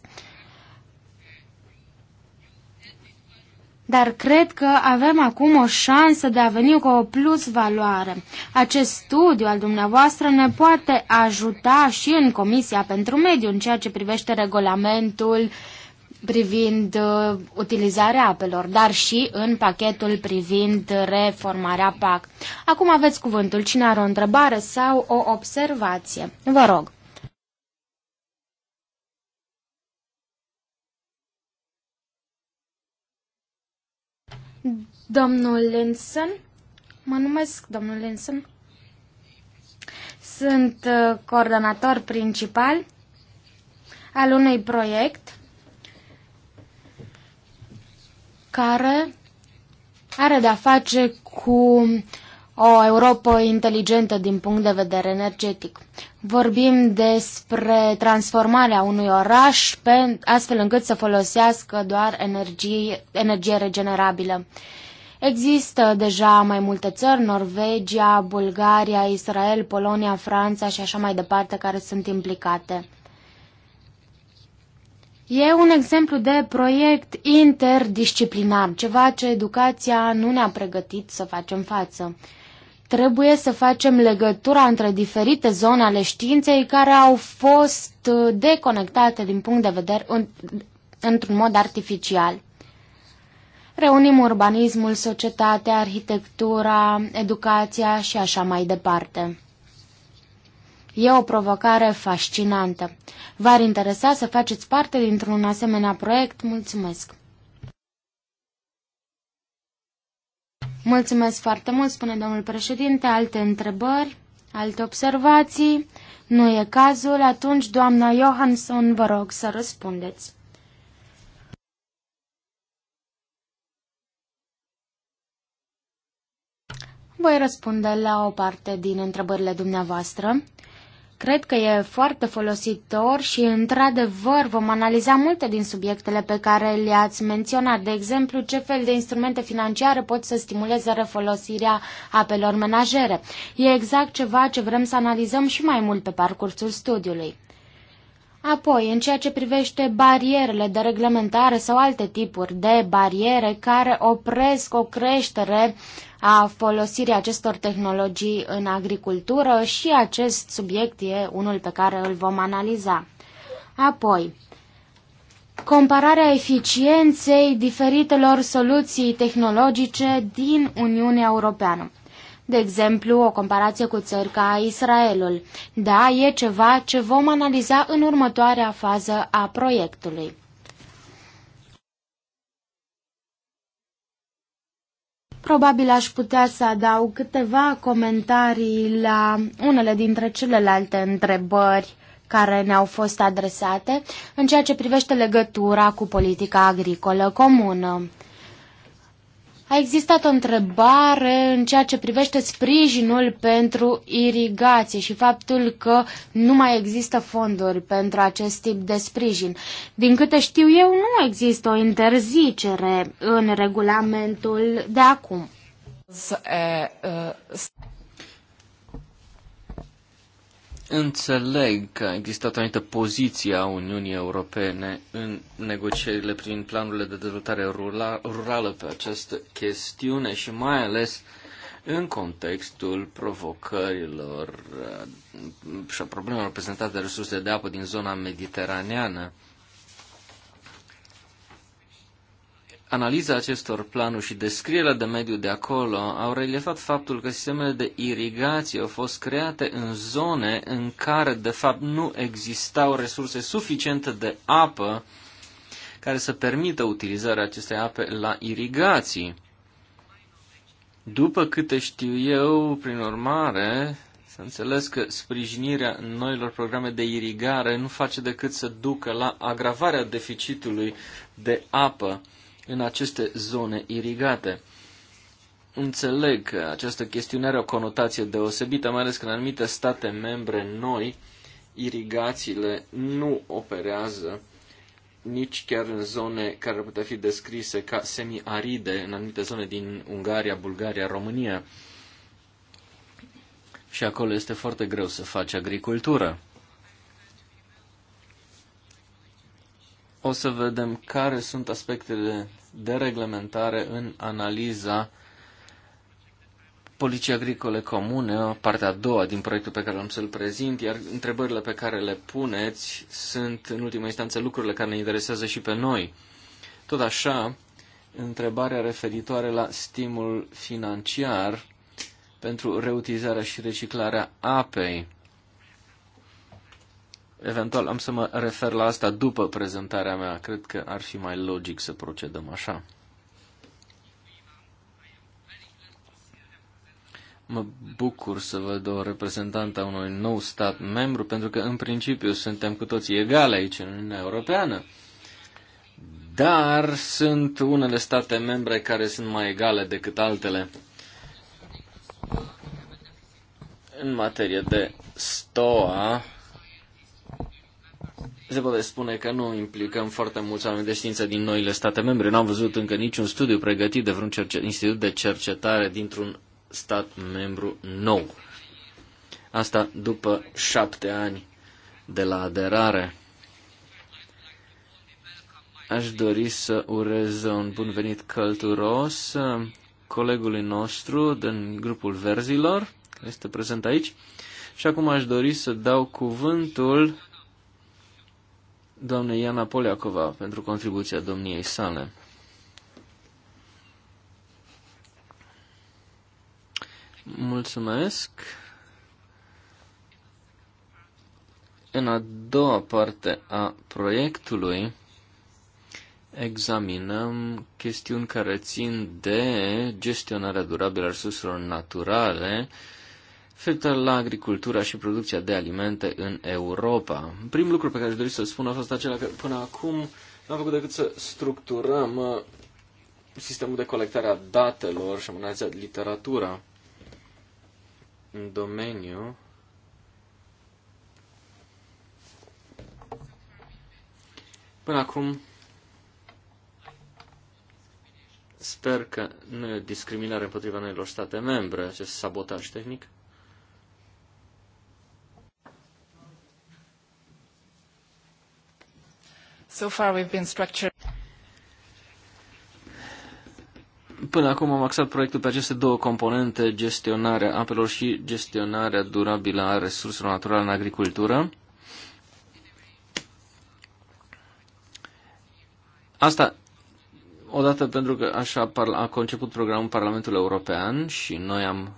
dar cred că avem acum o șansă de a veni cu o plus valoare. Acest studiu al dumneavoastră ne poate ajuta și în Comisia pentru Mediu în ceea ce privește regulamentul uh, privind uh, utilizarea apelor, dar și în pachetul privind reformarea PAC. Acum aveți cuvântul. Cine are o întrebare sau o observație? Vă rog. Domnul Linson, mă numesc domnul Linson, sunt uh, coordonator principal al unui proiect care are de-a face cu o Europa inteligentă din punct de vedere energetic. Vorbim despre transformarea unui oraș pe, astfel încât să folosească doar energie, energie regenerabilă. Există deja mai multe țări, Norvegia, Bulgaria, Israel, Polonia, Franța și așa mai departe, care sunt implicate. E un exemplu de proiect interdisciplinar, ceva ce educația nu ne-a pregătit să facem față. Trebuie să facem legătura între diferite zone ale științei care au fost uh, deconectate din punct de vedere într-un mod artificial. Reunim urbanismul, societatea, arhitectura, educația și așa mai departe. E o provocare fascinantă. V-ar interesa să faceți parte dintr-un asemenea proiect? Mulțumesc! Mulțumesc foarte mult, spune domnul președinte. Alte întrebări? Alte observații? Nu e cazul, atunci, doamna Johansson, vă rog să răspundeți. Voi răspunde la o parte din întrebările dumneavoastră. Cred că e foarte folositor și, într-adevăr, vom analiza multe din subiectele pe care le-ați menționat. De exemplu, ce fel de instrumente financiare pot să stimuleze refolosirea apelor menajere. E exact ceva ce vrem să analizăm și mai mult pe parcursul studiului. Apoi, în ceea ce privește barierele de reglementare sau alte tipuri de bariere care opresc o creștere uh, a folosirii acestor tehnologii în agricultură și acest subiect e unul pe care îl vom analiza. Apoi, compararea eficienței diferitelor soluții tehnologice din Uniunea Europeană. De exemplu, o comparație cu țări ca Israelul. Da, e ceva ce vom analiza în următoarea fază a proiectului. Probabil aș putea să adaug câteva comentarii la unele dintre celelalte întrebări care ne-au fost adresate în ceea ce privește legătura cu politica agricolă comună. A existat o întrebare în ceea ce privește sprijinul pentru irigație și faptul că nu mai există fonduri pentru acest tip de sprijin. Din câte știu eu, nu există o interzicere în regulamentul de acum. Înțeleg că a existat o anumită poziție a Uniunii Europene în negocierile prin planurile de dezvoltare rurală pe această chestiune și mai ales în contextul provocărilor uh, și a problemelor prezentate de resurse de apă din zona mediteraneană. analiza acestor planuri și descrierea de mediu de acolo au reliefat faptul că sistemele de irigație au fost create în zone în care, de fapt, nu existau resurse suficiente de apă care să permită utilizarea acestei ape la irigații. După câte știu eu, prin urmare, să înțeles că sprijinirea noilor programe de irigare nu face decât să ducă la agravarea deficitului de apă în aceste zone irigate. Înțeleg că această chestiune are o conotație deosebită, mai ales că în anumite state membre noi, irigațiile nu operează nici chiar în zone care ar putea fi descrise ca semi-aride, în anumite zone din Ungaria, Bulgaria, România. Și acolo este foarte greu să faci agricultură. O să vedem care sunt aspectele de reglementare în analiza Poliției Agricole Comune, partea a doua din proiectul pe care am să-l prezint, iar întrebările pe care le puneți sunt, în ultima instanță, lucrurile care ne interesează și pe noi. Tot așa, întrebarea referitoare la stimul financiar pentru reutilizarea și reciclarea apei. Eventual am să mă refer la asta după prezentarea mea. Cred că ar fi mai logic să procedăm așa. Mă bucur să văd o reprezentantă a unui nou stat membru, pentru că în principiu suntem cu toții egali aici în Uniunea Europeană. Dar sunt unele state membre care sunt mai egale decât altele în materie de STOA se poate spune că nu implicăm foarte mulți oameni de știință din noile state membre. N-am văzut încă niciun studiu pregătit de vreun institut de cercetare dintr-un stat membru nou. Asta după șapte ani de la aderare. Aș dori să urez un bun venit călturos uh, colegului nostru din grupul verzilor, care este prezent aici. Și acum aș dori să dau cuvântul doamnei Iana Poliacova pentru contribuția domniei sale. Mulțumesc. În a doua parte a proiectului examinăm chestiuni care țin de gestionarea durabilă a resurselor naturale, referitor la agricultura și producția de alimente în Europa. Primul lucru pe care aș dori să-l spun a fost acela că până acum nu am făcut decât să structurăm uh, sistemul de colectare a datelor și am analizat literatura în domeniu. Până acum sper că nu e o discriminare împotriva noilor state membre acest sabotaj tehnic. So far we've been structured. Până acum am axat proiectul pe aceste două componente, gestionarea apelor și gestionarea durabilă a resurselor naturale în agricultură. Asta odată pentru că așa a conceput programul Parlamentul European și noi am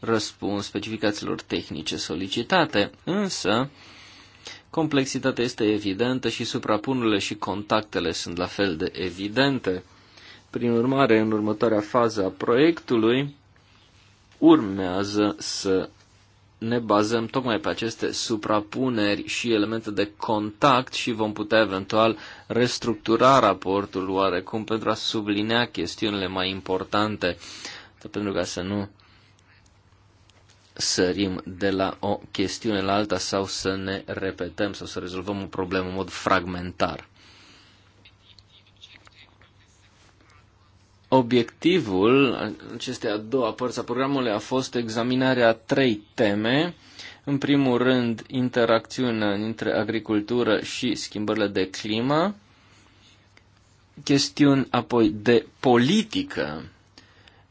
răspuns specificațiilor tehnice solicitate, însă Complexitatea este evidentă și suprapunurile și contactele sunt la fel de evidente. Prin urmare, în următoarea fază a proiectului, urmează să ne bazăm tocmai pe aceste suprapuneri și elemente de contact și vom putea eventual restructura raportul oarecum pentru a sublinea chestiunile mai importante, pentru ca să nu sărim de la o chestiune la alta sau să ne repetăm sau să rezolvăm o problemă în mod fragmentar. Obiectivul acestei a doua părți a programului a fost examinarea a trei teme. În primul rând, interacțiunea între agricultură și schimbările de climă, chestiuni apoi de politică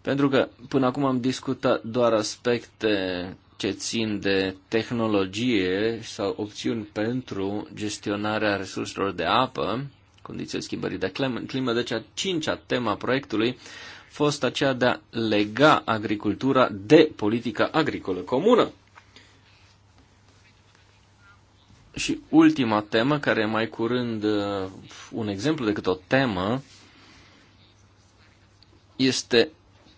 pentru că până acum am discutat doar aspecte ce țin de tehnologie sau opțiuni pentru gestionarea resurselor de apă, de schimbării de climă, deci a cincea tema a proiectului fost aceea de a lega agricultura de politica agricolă comună. Și ultima temă, care e mai curând uh, un exemplu decât o temă, este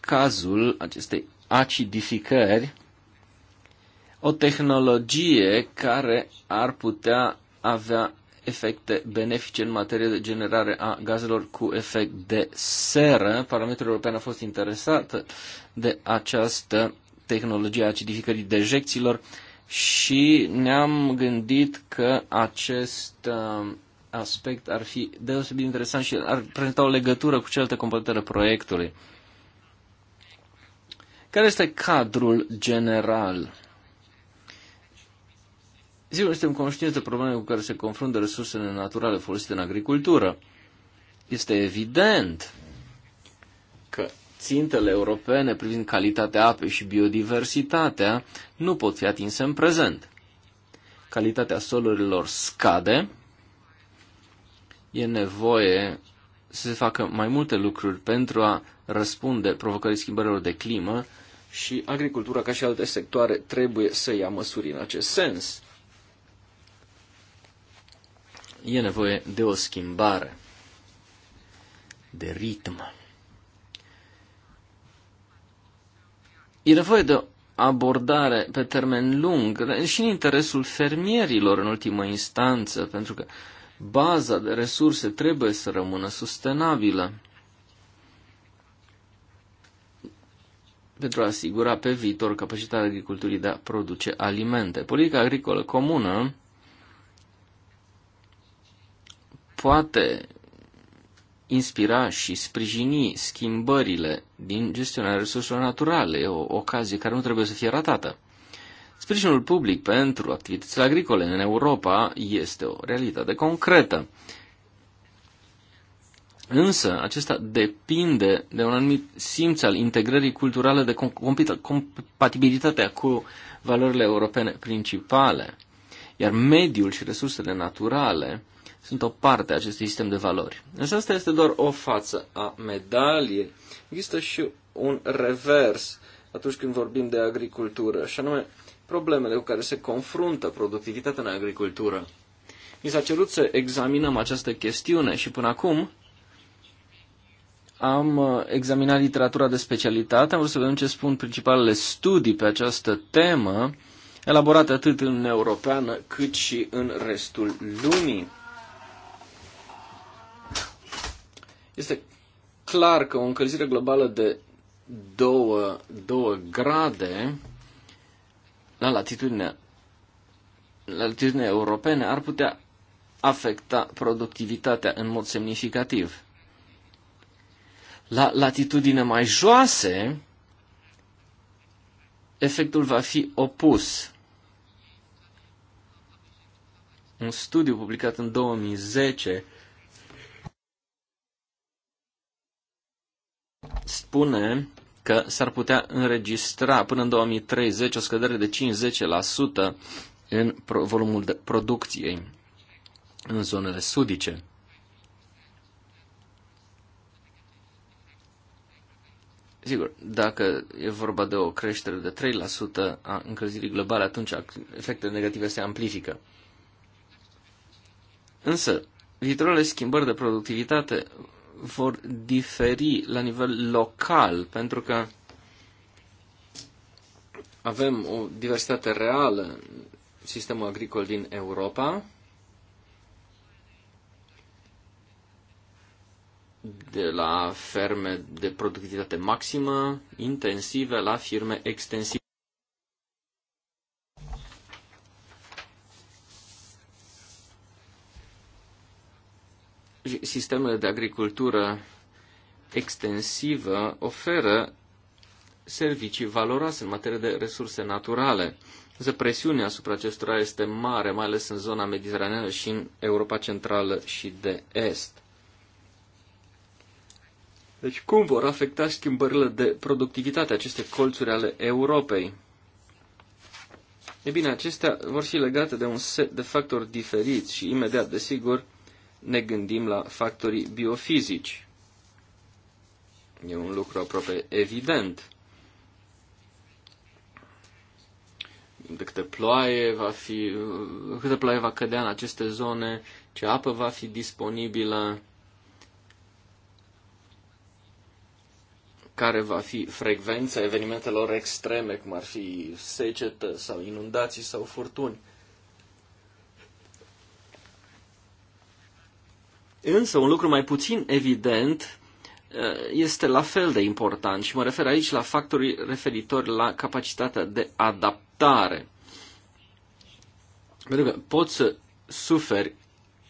cazul acestei acidificări o tehnologie care ar putea avea efecte benefice în materie de generare a gazelor cu efect de seră. Parlamentul European a fost interesat de această tehnologie a acidificării dejecțiilor și ne-am gândit că acest uh, aspect ar fi deosebit interesant și ar prezenta o legătură cu celelalte componente ale proiectului. Care este cadrul general? Sigur, suntem conștienți de problemele cu care se confruntă resursele naturale folosite în agricultură. Este evident că țintele europene privind calitatea apei și biodiversitatea nu pot fi atinse în prezent. Calitatea solurilor scade, e nevoie să se facă mai multe lucruri pentru a răspunde provocării schimbărilor de climă și agricultura, ca și alte sectoare, trebuie să ia măsuri în acest sens. E nevoie de o schimbare de ritm. E nevoie de o abordare pe termen lung și în interesul fermierilor în ultimă instanță, pentru că baza de resurse trebuie să rămână sustenabilă. pentru a asigura pe viitor capacitatea agriculturii de a produce alimente. Politica agricolă comună poate inspira și sprijini schimbările din gestionarea resurselor naturale, e o ocazie care nu trebuie să fie ratată. Sprijinul public pentru activitățile agricole în Europa este o realitate concretă. Însă, acesta depinde de un anumit simț al integrării culturale de compatibilitatea cu valorile europene principale, iar mediul și resursele naturale sunt o parte a acestui sistem de valori. Însă deci asta este doar o față a medaliei. Există și un revers atunci când vorbim de agricultură, și anume problemele cu care se confruntă productivitatea în agricultură. Mi s-a cerut să examinăm această chestiune și până acum am uh, examinat literatura de specialitate, am vrut să vedem ce spun principalele studii pe această temă, elaborate atât în Uniunea Europeană cât și în restul lumii. Este clar că o încălzire globală de 2, grade la latitudinea, la latitudine europene ar putea afecta productivitatea în mod semnificativ la latitudine mai joase, efectul va fi opus. Un studiu publicat în 2010 spune că s-ar putea înregistra până în 2030 o scădere de 50% în volumul de producției în zonele sudice. Sigur, dacă e vorba de o creștere de 3% a încălzirii globale, atunci efectele negative se amplifică. Însă, viitoarele schimbări de productivitate vor diferi la nivel local, pentru că avem o diversitate reală în sistemul agricol din Europa, de la ferme de productivitate maximă, intensive, la firme extensive. Sistemele de agricultură extensivă oferă servicii valoroase în materie de resurse naturale. Însă presiunea asupra acestora este mare, mai ales în zona mediteraneană și în Europa Centrală și de Est. Deci cum vor afecta schimbările de productivitate aceste colțuri ale Europei? E bine, acestea vor fi legate de un set de factori diferiți și imediat, desigur, ne gândim la factorii biofizici. E un lucru aproape evident. De câte ploaie va fi, câte ploaie va cădea în aceste zone, ce apă va fi disponibilă, care va fi frecvența evenimentelor extreme, cum ar fi secetă sau inundații sau furtuni. Însă, un lucru mai puțin evident uh, este la fel de important și mă refer aici la factorii referitori la capacitatea de adaptare. Pentru că poți să suferi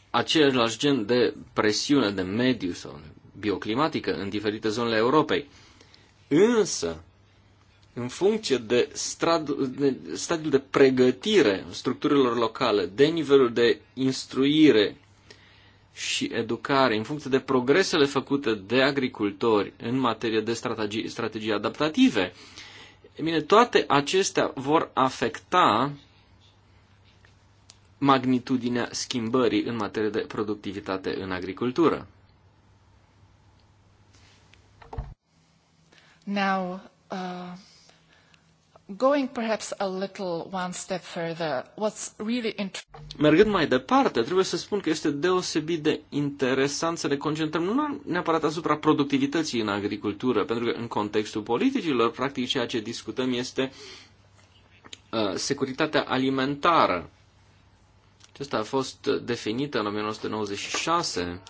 același gen de presiune de mediu sau bioclimatică în diferite zonele Europei. Însă, în funcție de, de stadiul de pregătire structurilor locale, de nivelul de instruire și educare, în funcție de progresele făcute de agricultori în materie de strategii, strategii adaptative, e bine, toate acestea vor afecta magnitudinea schimbării în materie de productivitate în agricultură. Now, uh, going perhaps a little one step further, what's really Mergând mai departe, trebuie să spun că este deosebit de interesant să ne concentrăm nu neapărat asupra productivității în agricultură, pentru că în contextul politicilor, practic ceea ce discutăm este uh, securitatea alimentară. Acesta a fost definită în 1996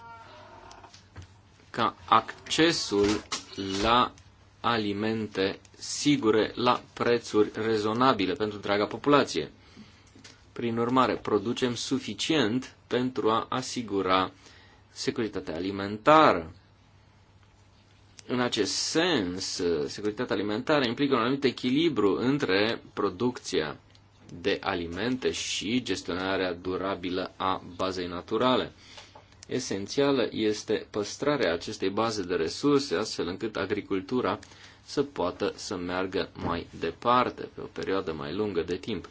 ca accesul la alimente sigure la prețuri rezonabile pentru întreaga populație. Prin urmare, producem suficient pentru a asigura securitatea alimentară. În acest sens, securitatea alimentară implică un anumit echilibru între producția de alimente și gestionarea durabilă a bazei naturale. Esențială este păstrarea acestei baze de resurse, astfel încât agricultura să poată să meargă mai departe, pe o perioadă mai lungă de timp.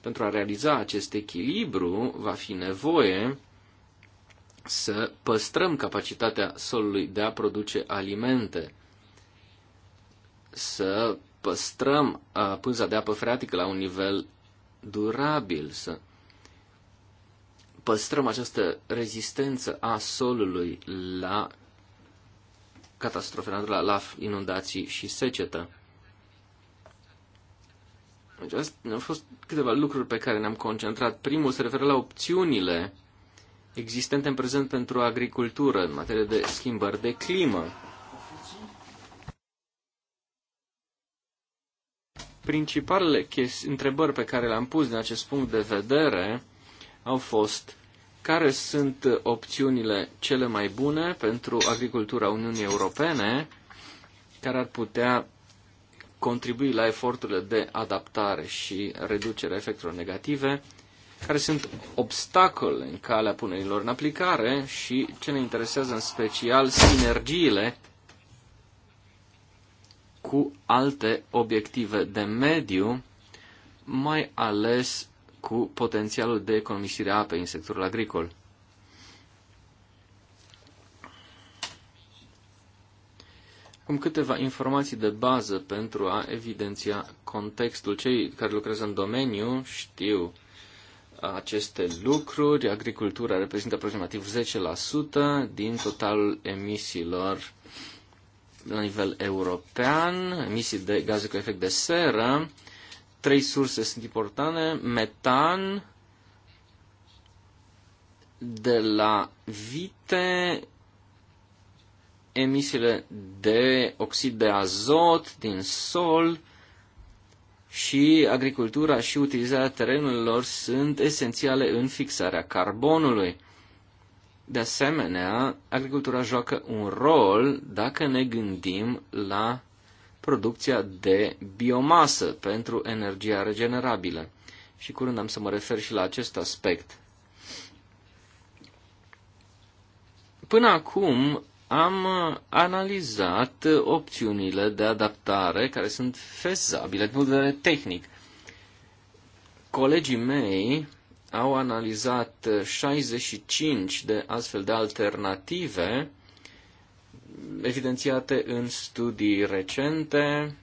Pentru a realiza acest echilibru, va fi nevoie să păstrăm capacitatea solului de a produce alimente, să păstrăm uh, pânza de apă freatică la un nivel durabil, să păstrăm această rezistență a solului la catastrofe naturale, la inundații și secetă. Deci astea au fost câteva lucruri pe care ne-am concentrat. Primul se referă la opțiunile existente în prezent pentru agricultură în materie de schimbări de climă. Principalele întrebări pe care le-am pus din acest punct de vedere au fost care sunt opțiunile cele mai bune pentru agricultura Uniunii Europene care ar putea contribui la eforturile de adaptare și reducerea efectelor negative, care sunt obstacole în calea punerilor în aplicare și ce ne interesează în special sinergiile cu alte obiective de mediu, mai ales cu potențialul de economisire a apei în sectorul agricol. Acum câteva informații de bază pentru a evidenția contextul. Cei care lucrează în domeniu știu aceste lucruri. Agricultura reprezintă aproximativ 10% din totalul emisiilor la nivel european, emisii de gaze cu efect de seră. Trei surse sunt importante. Metan de la vite, emisiile de oxid de azot din sol și agricultura și utilizarea terenurilor sunt esențiale în fixarea carbonului. De asemenea, agricultura joacă un rol dacă ne gândim la producția de biomasă pentru energia regenerabilă. Și curând am să mă refer și la acest aspect. Până acum am analizat opțiunile de adaptare care sunt fezabile din punct de vedere tehnic. Colegii mei au analizat 65 de astfel de alternative evidențiate în studii recente.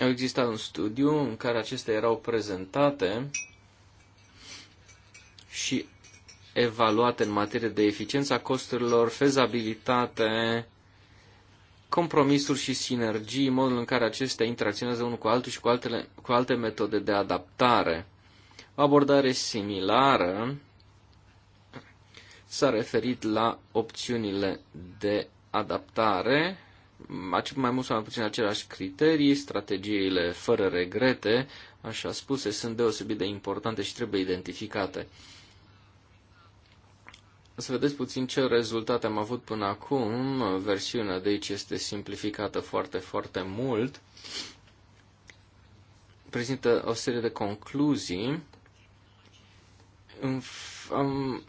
Au existat un studiu în care acestea erau prezentate și evaluate în materie de eficiență a costurilor, fezabilitate, compromisuri și sinergii, modul în care acestea interacționează unul cu altul și cu, altele, cu alte metode de adaptare. O abordare similară s-a referit la opțiunile de adaptare, mai mult sau mai puțin aceleași criterii, strategiile fără regrete, așa spuse, sunt deosebit de importante și trebuie identificate. Să vedeți puțin ce rezultate am avut până acum. Versiunea de aici este simplificată foarte, foarte mult. Prezintă o serie de concluzii. Am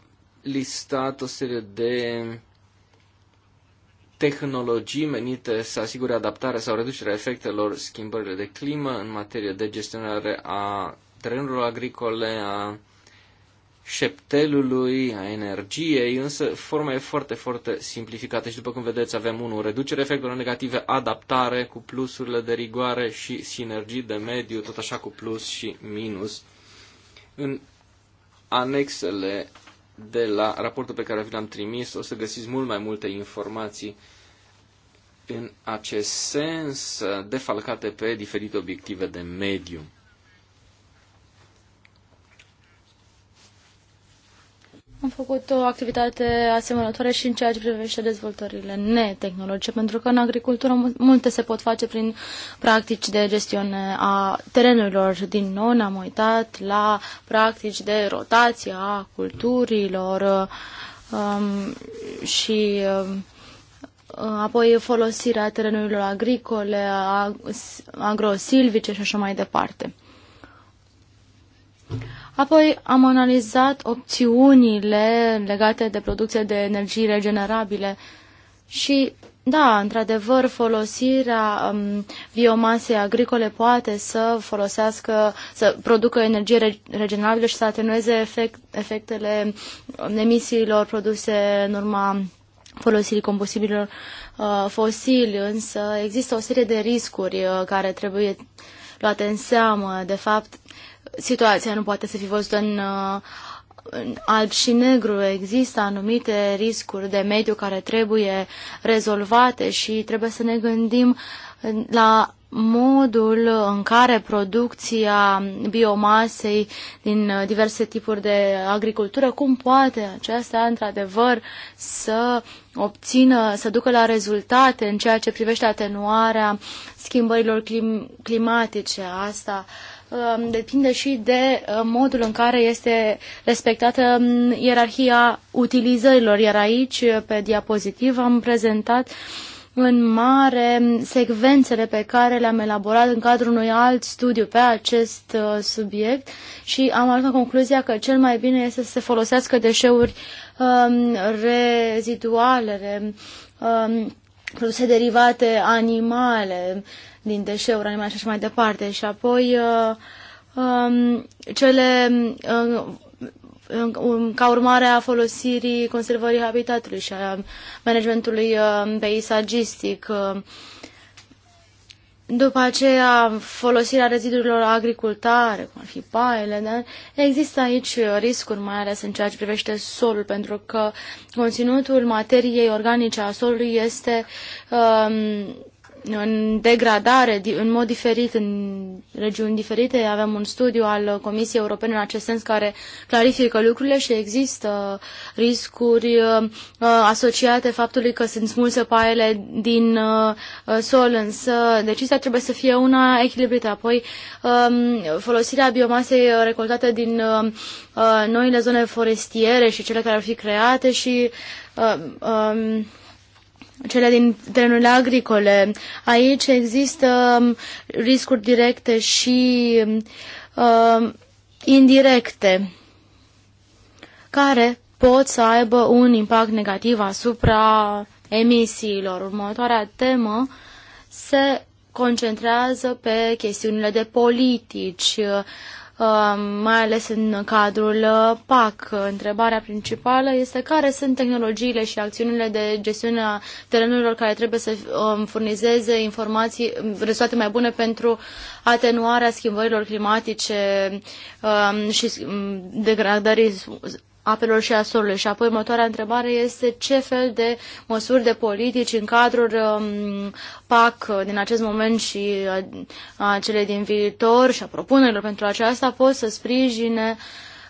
listat o serie de tehnologii menite să asigure adaptarea sau reducerea efectelor schimbărilor de climă în materie de gestionare a terenurilor agricole, a șeptelului, a energiei, însă forma e foarte, foarte simplificată și după cum vedeți avem unul reducere efectelor negative, adaptare cu plusurile de rigoare și sinergii de mediu, tot așa cu plus și minus. În anexele de la raportul pe care vi l-am trimis o să găsiți mult mai multe informații în acest sens defalcate pe diferite obiective de mediu. Am făcut o activitate asemănătoare și în ceea ce privește dezvoltările netehnologice, pentru că în agricultură multe se pot face prin practici de gestiune a terenurilor. Din nou ne-am uitat la practici de rotație a culturilor um, și um, apoi folosirea terenurilor agricole, agrosilvice și așa mai departe. Apoi am analizat opțiunile legate de producție de energii regenerabile și, da, într-adevăr, folosirea um, biomasei agricole poate să folosească, să producă energie regenerabilă și să atenueze efect, efectele um, emisiilor produse în urma folosirii combustibililor uh, fosili, însă există o serie de riscuri uh, care trebuie luate în seamă. De fapt, situația nu poate să fi văzută în, uh, în alb și negru. Există anumite riscuri de mediu care trebuie rezolvate și trebuie să ne gândim la modul în care producția biomasei din uh, diverse tipuri de agricultură, cum poate aceasta într-adevăr să obțină, să ducă la rezultate în ceea ce privește atenuarea schimbărilor clim- climatice. Asta uh, Um, depinde și de uh, modul în care este respectată um, ierarhia utilizărilor, iar aici, uh, pe diapozitiv, am prezentat în mare secvențele pe care le-am elaborat în cadrul unui alt studiu pe acest uh, subiect și am ajuns la concluzia că cel mai bine este să se folosească deșeuri um, reziduale, um, produse derivate animale, uh, din deșeuri animale și așa mai departe. Și apoi uh, um, cele uh, um, ca urmare a folosirii conservării habitatului și a managementului uh, peisagistic. După aceea, folosirea rezidurilor agricultare, cum ar fi paiele, dar există aici riscuri, mai ales în ceea ce privește solul, pentru că conținutul materiei organice a solului este um, în degradare în mod diferit în regiuni diferite. Avem un studiu al Comisiei Europene în acest sens care clarifică lucrurile și există riscuri uh, uh, asociate faptului că sunt smulse paiele din uh, sol, însă decizia trebuie să fie una echilibrată. Apoi um, folosirea biomasei recoltate din noile zone forestiere și cele care ar fi create și um, cele din terenurile agricole. Aici există um, riscuri directe și uh, indirecte care pot să aibă un impact negativ asupra emisiilor. Următoarea temă se concentrează pe chestiunile de politici, Um, mai ales în cadrul uh, PAC. Întrebarea principală este care sunt tehnologiile și acțiunile de gestiune a terenurilor care trebuie să um, furnizeze informații, um, rezultate mai bune pentru atenuarea schimbărilor climatice și degradării apelor și a solului. Și apoi următoarea întrebare este ce fel de măsuri de politici în cadrul um, PAC din acest moment și uh, a, a cele din viitor și a propunerilor pentru aceasta pot să sprijine uh,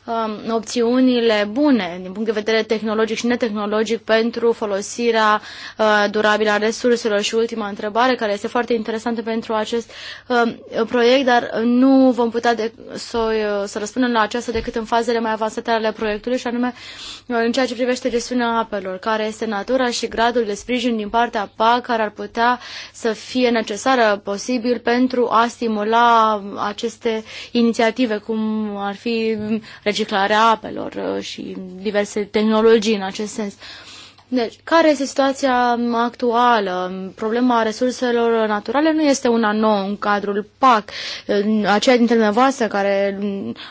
Um, opțiunile bune din punct de vedere tehnologic și netehnologic pentru folosirea uh, durabilă a resurselor. Și ultima întrebare, care este foarte interesantă pentru acest um, proiect, dar nu vom putea de, să, uh, să răspundem la aceasta decât în fazele mai avansate ale proiectului, și anume uh, în ceea ce privește gestiunea apelor, care este natura și gradul de sprijin din partea PAC care ar putea să fie necesară posibil pentru a stimula aceste inițiative, cum ar fi reciclarea apelor uh, și diverse tehnologii în acest sens. Deci, care este situația actuală? Problema resurselor naturale nu este una nouă în cadrul PAC. Aceia dintre dumneavoastră care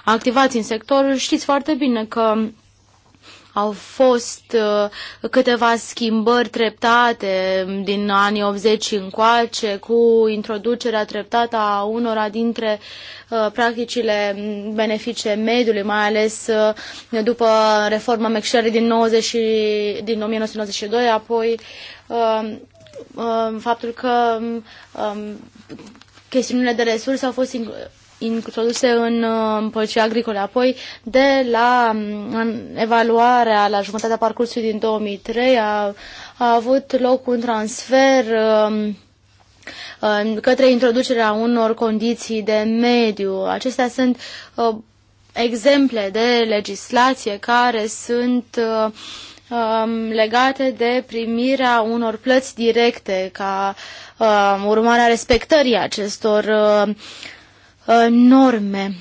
activați în sector știți foarte bine că au fost uh, câteva schimbări treptate din anii 80 încoace cu introducerea treptată a unora dintre uh, practicile benefice mediului, mai ales uh, după reforma McSherry din, 90, din 1992, apoi faptul că um, um, chestiunile de resurse au fost introduse uh, în poliția agricolă. Apoi, de la mm, evaluarea la jumătatea parcursului din 2003, a, a avut loc un transfer um, către introducerea unor condiții de mediu. Acestea sunt uh, exemple de legislație care sunt uh, um, legate de primirea unor plăți directe ca urmare a respectării acestor uh, Uh, norme.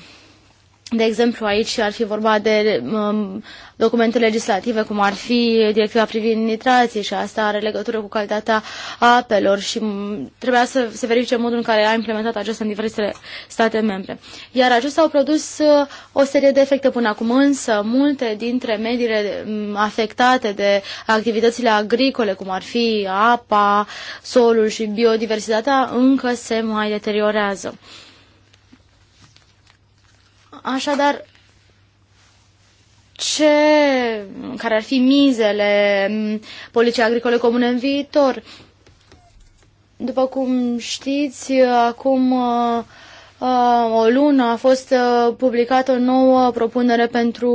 De exemplu, aici ar fi vorba de um, documente legislative, cum ar fi directiva privind nitrații și asta are legătură cu calitatea apelor și mm, trebuia să se verifice modul în care a implementat acesta în diverse state membre. Iar acestea au produs uh, o serie de efecte până acum, însă multe dintre mediile mm, afectate de activitățile agricole, cum ar fi apa, solul și biodiversitatea, încă se mai deteriorează. Așadar, ce, care ar fi mizele poliției agricole comune în viitor? După cum știți, acum uh, uh, o lună a fost uh, publicată o nouă propunere pentru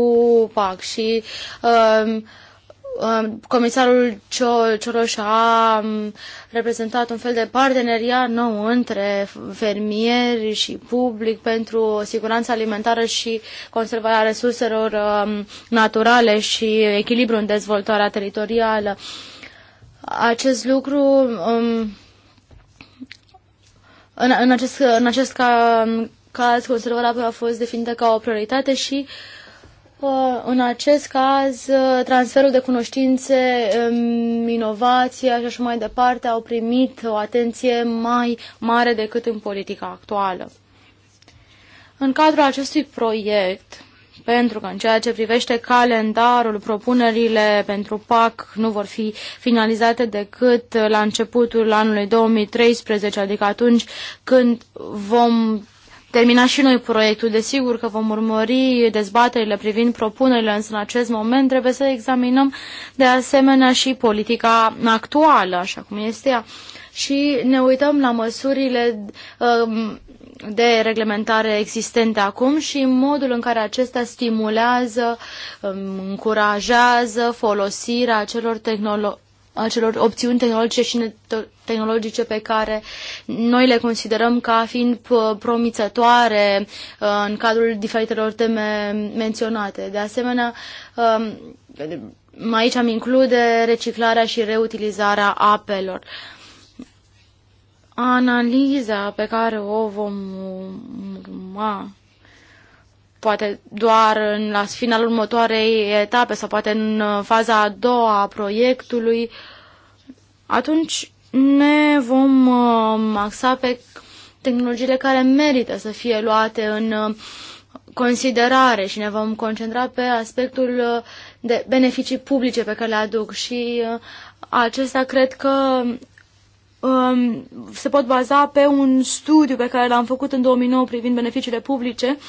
PAC și uh, Um, comisarul Cioloș a um, reprezentat un fel de parteneriat nou între fermieri și public pentru siguranța alimentară și conservarea resurselor um, naturale și echilibru în dezvoltarea teritorială. Acest lucru în, în acest, în acest caz conservarea a fost definită ca o prioritate și uh, în acest caz, uh, transferul de cunoștințe, um, inovația și așa mai departe au primit o atenție mai mare decât în politica actuală. În cadrul acestui proiect, pentru că în ceea ce privește calendarul, propunerile pentru PAC nu vor fi finalizate decât la începutul anului 2013, adică atunci când vom terminat și noi proiectul. Desigur că vom urmări dezbaterile privind propunerile, însă în acest moment trebuie să examinăm de asemenea și politica actuală, așa cum este ea. Și ne uităm la măsurile um, de reglementare existente acum și modul în care acestea stimulează, um, încurajează folosirea acelor tehnologii acelor opțiuni tehnologice și tehnologice pe care noi le considerăm ca fiind promițătoare ă, în cadrul diferitelor teme menționate. De asemenea, ă, aici am include reciclarea și reutilizarea apelor. Analiza pe care o vom urma poate doar în, la finalul următoarei etape sau poate în uh, faza a doua a proiectului, atunci ne vom uh, axa pe tehnologiile care merită să fie luate în uh, considerare și ne vom concentra pe aspectul de beneficii publice pe care le aduc și acesta cred că um, se pot baza pe un studiu pe care l-am făcut în 2009 privind beneficiile publice uh,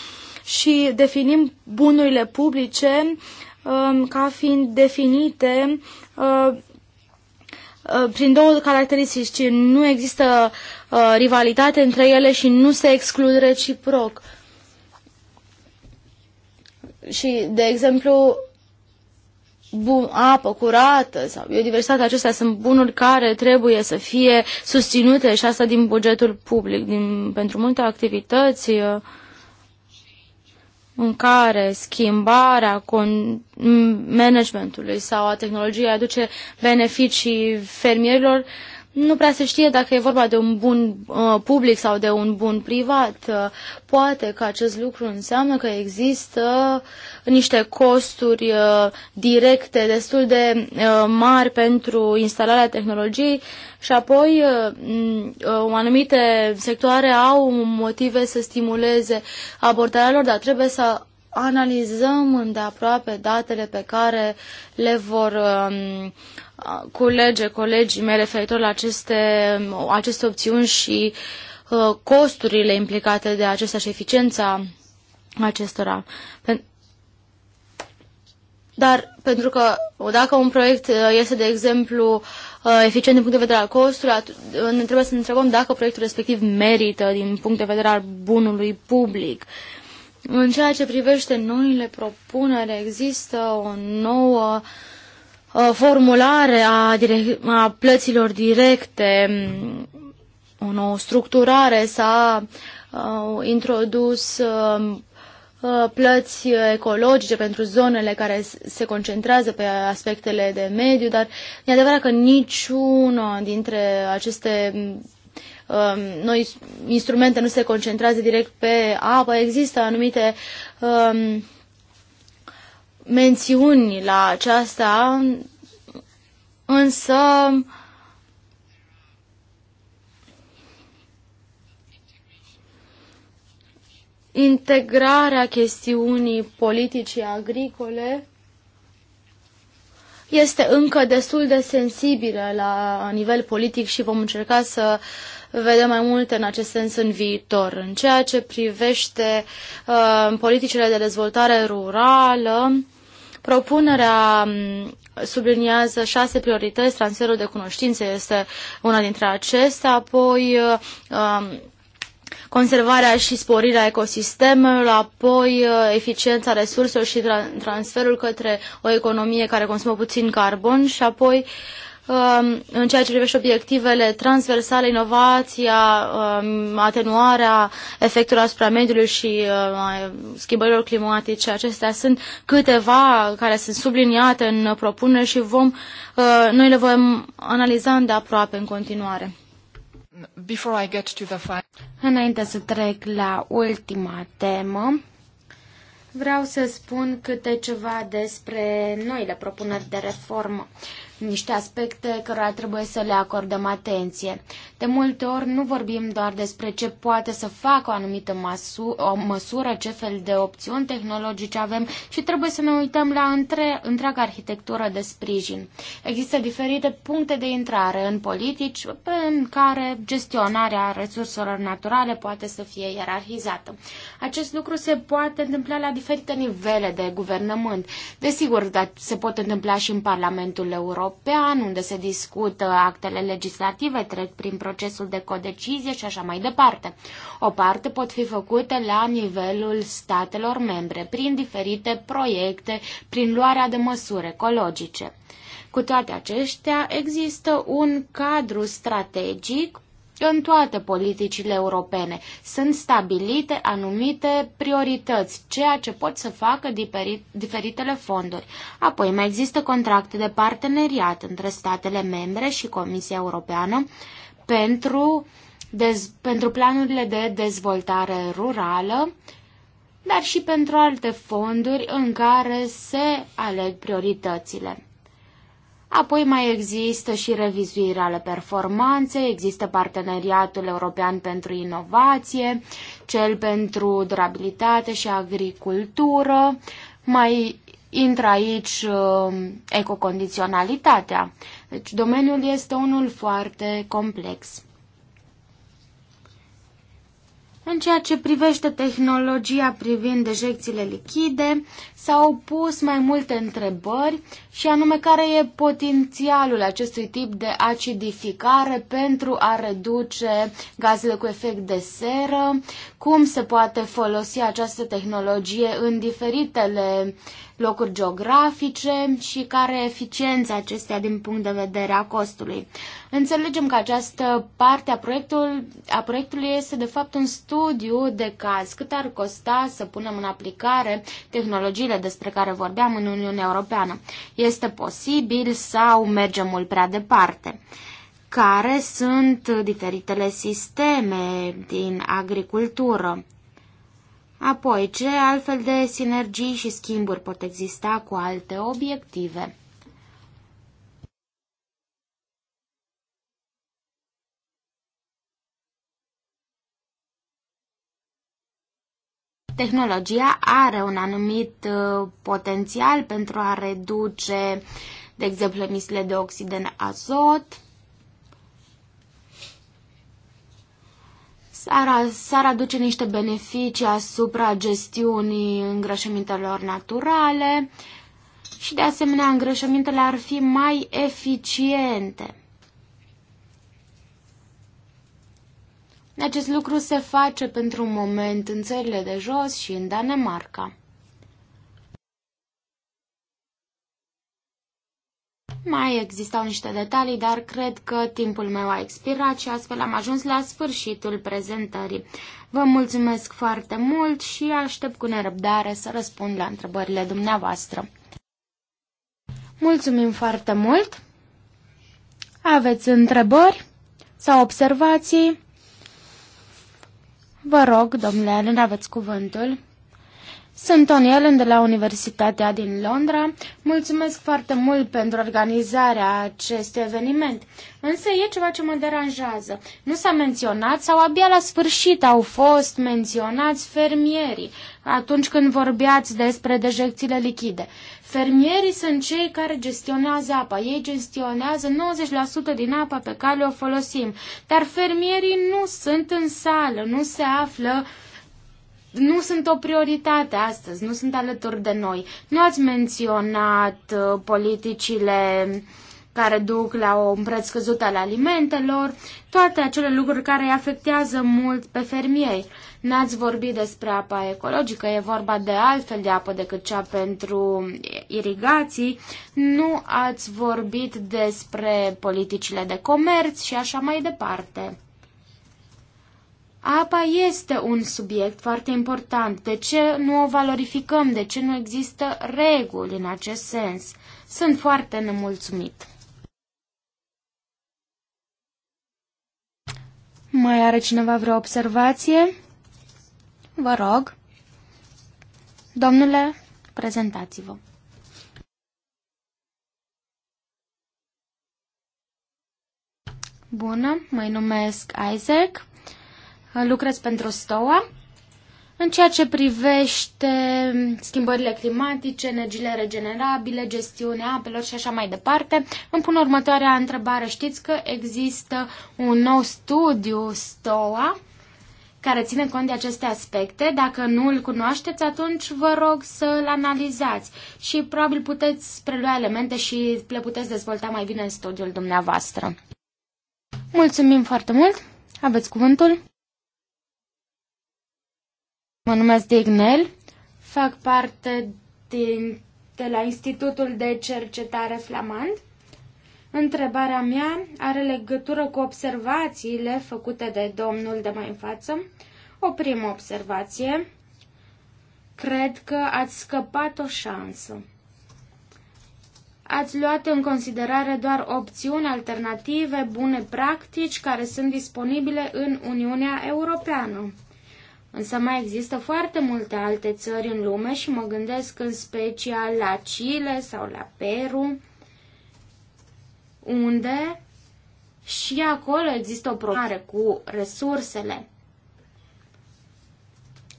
și definim bunurile publice um, ca fiind definite uh, uh, prin două caracteristici. Nu există uh, rivalitate între ele și nu se exclud reciproc. Și, de exemplu, bun, apă curată sau biodiversitate, acestea sunt bunuri care trebuie să fie susținute și asta din bugetul public, din, pentru multe activități în care schimbarea managementului sau a tehnologiei aduce beneficii fermierilor, nu prea se știe dacă e vorba de un bun uh, public sau de un bun privat. Uh, poate că acest lucru înseamnă că există niște costuri uh, directe destul de uh, mari pentru instalarea tehnologiei și apoi uh, uh, anumite sectoare au motive să stimuleze abordarea lor, dar trebuie să analizăm îndeaproape datele pe care le vor um, culege colegii mei referitor la aceste, aceste opțiuni și uh, costurile implicate de acestea și eficiența acestora. Pen dar pentru că dacă un proiect uh, este, de exemplu, uh, eficient din punct de vedere al costului, ne trebuie să ne întrebăm dacă proiectul respectiv merită din punct de vedere al bunului public. Uh, în ceea ce privește noile propunere, există o nouă uh, formulare a, direct, a plăților directe, mm, o nouă structurare, s-a uh, introdus uh, plăți ecologice pentru zonele care se concentrează pe aspectele de mediu, dar e adevărat că niciuna dintre aceste mm, Um, noi instrumente nu se concentrează direct pe apă, există anumite um, mențiuni la aceasta, însă integrarea chestiunii politicii agricole este încă destul de sensibilă la nivel politic și vom încerca să vedem mai multe în acest sens în viitor. În ceea ce privește uh, politicile de dezvoltare rurală, propunerea um, subliniază șase priorități, transferul de cunoștințe este una dintre acestea, apoi uh, um, conservarea și sporirea ecosistemelor, apoi uh, eficiența resurselor și transferul către o economie care consumă puțin carbon și apoi Um, în ceea ce privește obiectivele transversale, inovația, um, atenuarea efectelor asupra mediului și uh, schimbărilor climatice. Acestea sunt câteva care sunt subliniate în propunere și vom, uh, noi le vom analiza îndeaproape în continuare. Before I get to the final... Înainte să trec la ultima temă, vreau să spun câte ceva despre noile propuneri de reformă. Uh, niște aspecte cărora trebuie să le acordăm atenție. De multe ori nu vorbim doar despre ce poate să facă o anumită măsu- o măsură, ce fel de opțiuni tehnologice avem, ci trebuie să ne uităm la între- întreaga arhitectură de sprijin. Există diferite puncte de intrare în politici în care gestionarea resurselor naturale poate să fie ierarhizată. Acest lucru se poate întâmpla la diferite nivele de guvernământ. Desigur, dar se pot întâmpla și în Parlamentul Europei european, unde se discută actele legislative, trec prin procesul de codecizie și așa mai departe. O parte pot fi făcute la nivelul statelor membre, prin diferite proiecte, prin luarea de măsuri ecologice. Cu toate acestea, există un cadru strategic în toate politicile europene. Sunt stabilite anumite priorități, ceea ce pot să facă diferitele fonduri. Apoi mai există contracte de parteneriat între statele membre și Comisia Europeană pentru, dez, pentru planurile de dezvoltare rurală, dar și pentru alte fonduri în care se aleg prioritățile. Apoi mai există și revizuirea ale performanței, există parteneriatul european pentru inovație, cel pentru durabilitate și agricultură, mai intră aici um, ecocondiționalitatea. Deci domeniul este unul foarte complex. În ceea ce privește tehnologia privind dejecțiile lichide, s-au pus mai multe întrebări și anume care e potențialul acestui tip de acidificare pentru a reduce gazele cu efect de seră, cum se poate folosi această tehnologie în diferitele uh, locuri geografice și care eficiența acestea din punct de vedere a costului. Înțelegem că această parte a proiectului, a proiectului este de fapt un studiu de caz. Cât ar costa să punem în aplicare tehnologiile despre care vorbeam în Uniunea Europeană? Este posibil sau mergem mult prea departe? care sunt diferitele sisteme din agricultură. Apoi, ce altfel de sinergii și schimburi pot exista cu alte obiective? Tehnologia are un anumit uh, potențial pentru a reduce, de exemplu, emisiile de oxid în azot, s-ar aduce niște beneficii asupra gestiunii îngrășămintelor naturale și de asemenea îngrășămintele ar fi mai eficiente. Acest lucru se face pentru un moment în țările de jos și în Danemarca. Mai existau niște detalii, dar cred că timpul meu a expirat și astfel am ajuns la sfârșitul prezentării. Vă mulțumesc foarte mult și aștept cu nerăbdare să răspund la întrebările dumneavoastră. Mulțumim foarte mult! Aveți întrebări sau observații? Vă rog, domnule Alen, aveți cuvântul. Sunt Tony Ellen de la Universitatea din Londra. Mulțumesc foarte mult pentru organizarea acestui eveniment. Însă e ceva ce mă deranjează. Nu s-a menționat sau abia la sfârșit au fost menționați fermierii atunci când vorbeați despre dejecțiile lichide. Fermierii sunt cei care gestionează apa. Ei gestionează 90% din apa pe care o folosim. Dar fermierii nu sunt în sală, nu se află nu sunt o prioritate astăzi, nu sunt alături de noi. Nu ați menționat uh, politicile care duc la un preț scăzut al alimentelor, toate acele lucruri care îi afectează mult pe fermieri. N-ați vorbit despre apa ecologică, e vorba de altfel de apă decât cea pentru irigații, nu ați vorbit despre politicile de comerț și așa mai departe. Apa este un subiect foarte important. De ce nu o valorificăm? De ce nu există reguli în acest sens? Sunt foarte nemulțumit. Mai are cineva vreo observație? Vă rog. Domnule, prezentați-vă. Bună, mă numesc Isaac, lucrez pentru STOA. În ceea ce privește schimbările climatice, energiile regenerabile, gestiunea apelor și așa mai departe, îmi pun următoarea întrebare. Știți că există un nou studiu STOA care ține cont de aceste aspecte. Dacă nu îl cunoașteți, atunci vă rog să-l analizați și probabil puteți prelua elemente și le puteți dezvolta mai bine în studiul dumneavoastră. Mulțumim foarte mult! Aveți cuvântul? Mă numesc Dignel, fac parte din, de la Institutul de Cercetare Flamand. Întrebarea mea are legătură cu observațiile făcute de domnul de mai în față. O primă observație. Cred că ați scăpat o șansă. Ați luat în considerare doar opțiuni alternative, bune practici, care sunt disponibile în Uniunea Europeană. Însă mai există foarte multe alte țări în lume și mă gândesc în special la Chile sau la Peru, unde și acolo există o problemă cu resursele.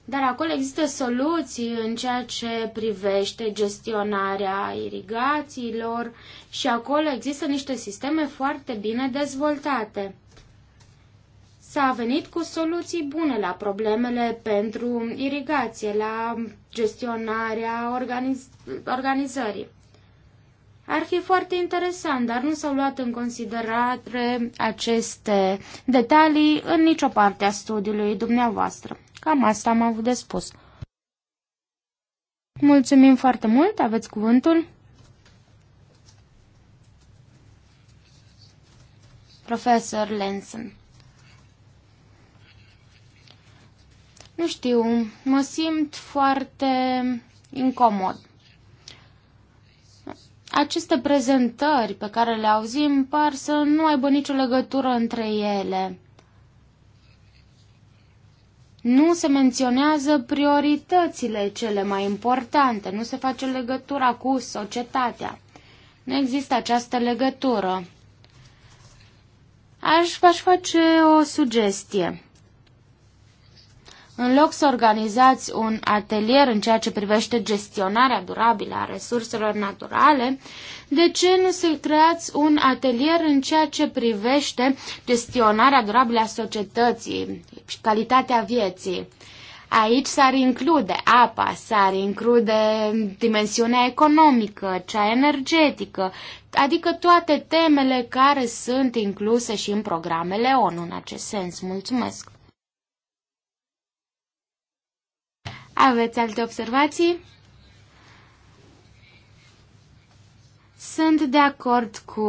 Dar acolo există soluții în ceea ce privește gestionarea irigațiilor și acolo există niște sisteme foarte bine dezvoltate s-a venit cu soluții bune la problemele pentru irigație, la gestionarea organiz- organizării. Ar fi foarte interesant, dar nu s-au luat în considerare aceste detalii în nicio parte a studiului dumneavoastră. Cam asta am avut de spus. Mulțumim foarte mult, aveți cuvântul. Profesor Lenson. Nu știu, mă simt foarte incomod. Aceste prezentări pe care le auzim par să nu aibă nicio legătură între ele. Nu se menționează prioritățile cele mai importante, nu se face legătura cu societatea. Nu există această legătură. Aș, aș face o sugestie. În loc să organizați un atelier în ceea ce privește gestionarea durabilă a resurselor naturale, de ce nu să creați un atelier în ceea ce privește gestionarea durabilă a societății și calitatea vieții? Aici s-ar include apa, s-ar include dimensiunea economică, cea energetică, adică toate temele care sunt incluse și în programele ONU în acest sens. Mulțumesc! Aveți alte observații? Sunt de acord cu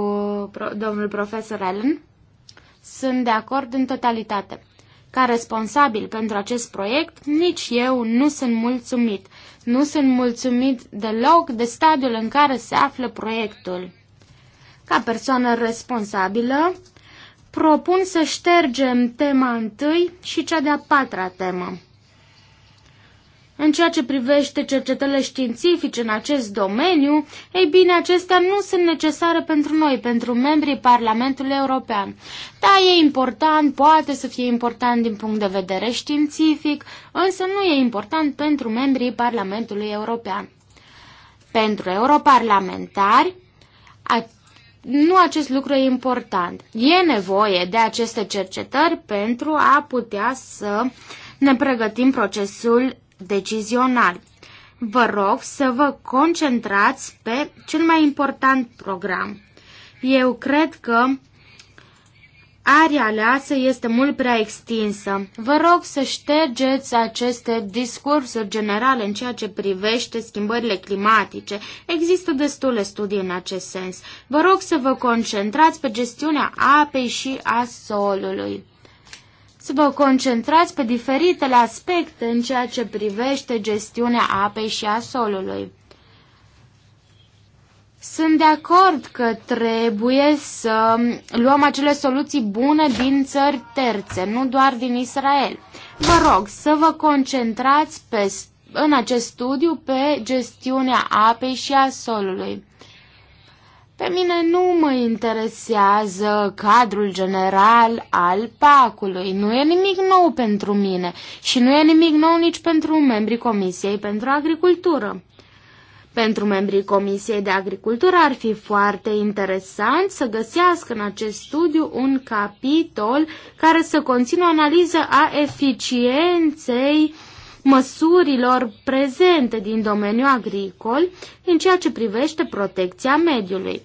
domnul profesor Allen. Sunt de acord în totalitate. Ca responsabil pentru acest proiect, nici eu nu sunt mulțumit. Nu sunt mulțumit deloc de stadiul în care se află proiectul. Ca persoană responsabilă, propun să ștergem tema întâi și cea de-a patra temă. În ceea ce privește cercetările științifice în acest domeniu, ei bine, acestea nu sunt necesare pentru noi, pentru membrii Parlamentului European. Da, e important, poate să fie important din punct de vedere științific, însă nu e important pentru membrii Parlamentului European. Pentru europarlamentari, nu acest lucru e important. E nevoie de aceste cercetări pentru a putea să ne pregătim procesul decizional. Vă rog să vă concentrați pe cel mai important program. Eu cred că aria aleasă este mult prea extinsă. Vă rog să ștergeți aceste discursuri generale în ceea ce privește schimbările climatice. Există destule studii în acest sens. Vă rog să vă concentrați pe gestiunea apei și a solului să vă concentrați pe diferitele aspecte în ceea ce privește gestiunea apei și a solului. Sunt de acord că trebuie să luăm acele soluții bune din țări terțe, nu doar din Israel. Vă rog să vă concentrați pe, în acest studiu pe gestiunea apei și a solului. Pe mine nu mă interesează cadrul general al pacului. Nu e nimic nou pentru mine și nu e nimic nou nici pentru membrii Comisiei pentru Agricultură. Pentru membrii Comisiei de Agricultură ar fi foarte interesant să găsească în acest studiu un capitol care să conțină o analiză a eficienței măsurilor prezente din domeniul agricol în ceea ce privește protecția mediului.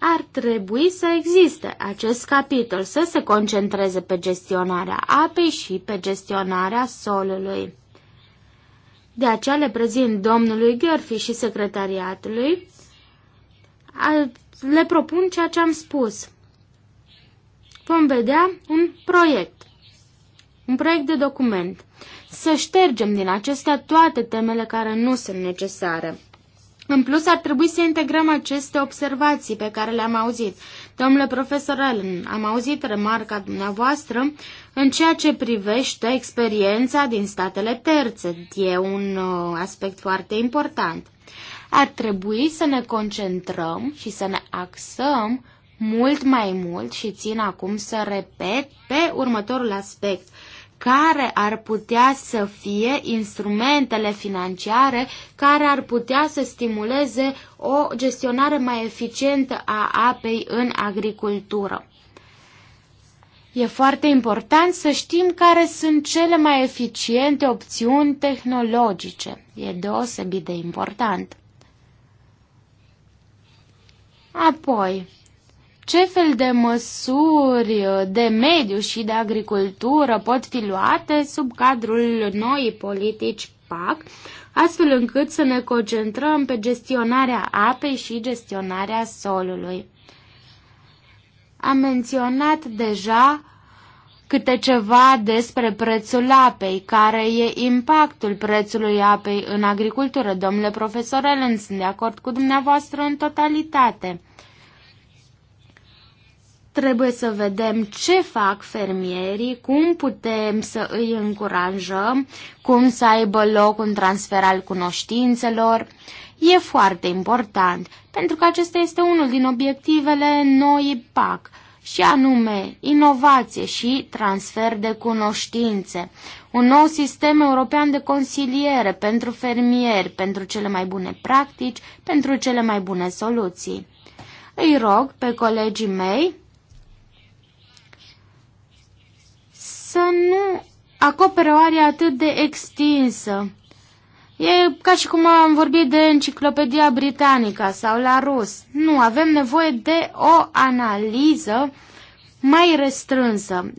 Ar trebui să existe acest capitol, să se concentreze pe gestionarea apei și pe gestionarea solului. De aceea le prezint domnului Gherfi și secretariatului, le propun ceea ce am spus. Vom vedea un proiect un proiect de document. Să ștergem din acestea toate temele care nu sunt necesare. În plus, ar trebui să integrăm aceste observații pe care le-am auzit. Domnule profesor Allen, am auzit remarca dumneavoastră în ceea ce privește experiența din statele terțe. E un uh, aspect foarte important. Ar trebui să ne concentrăm și să ne axăm mult mai mult și țin acum să repet pe următorul aspect – care ar putea să fie instrumentele financiare care ar putea să stimuleze o gestionare mai eficientă a apei în agricultură. E foarte important să știm care sunt cele mai eficiente opțiuni tehnologice. E deosebit de important. Apoi, ce fel de măsuri de mediu și de agricultură pot fi luate sub cadrul noii politici PAC, astfel încât să ne concentrăm pe gestionarea apei și gestionarea solului. Am menționat deja câte ceva despre prețul apei, care e impactul prețului apei în agricultură. Domnule profesor Ellen, sunt de acord cu dumneavoastră în totalitate. Trebuie să vedem ce fac fermierii, cum putem să îi încurajăm, cum să aibă loc un transfer al cunoștințelor. E foarte important, pentru că acesta este unul din obiectivele noi PAC, și anume inovație și transfer de cunoștințe, un nou sistem european de consiliere pentru fermieri, pentru cele mai bune practici, pentru cele mai bune soluții. Îi rog pe colegii mei însă nu acopere o arie atât de extinsă. E ca și cum am vorbit de enciclopedia britanică sau la rus. Nu, avem nevoie de o analiză mai restrânsă.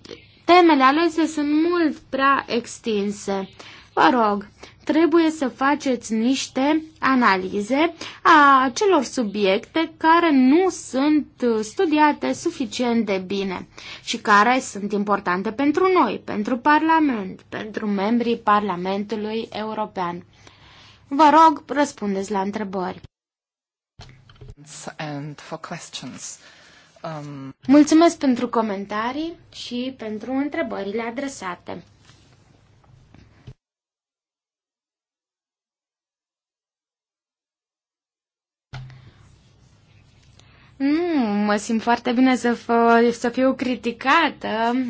Temele alese sunt mult prea extinse. Vă rog, trebuie să faceți niște analize a celor subiecte care nu sunt studiate suficient de bine și care sunt importante pentru noi, pentru Parlament, pentru membrii Parlamentului European. Vă rog, răspundeți la întrebări. And for questions. Um... Mulțumesc pentru comentarii și pentru întrebările adresate. Mm, mă simt foarte bine să, fă, să fiu criticată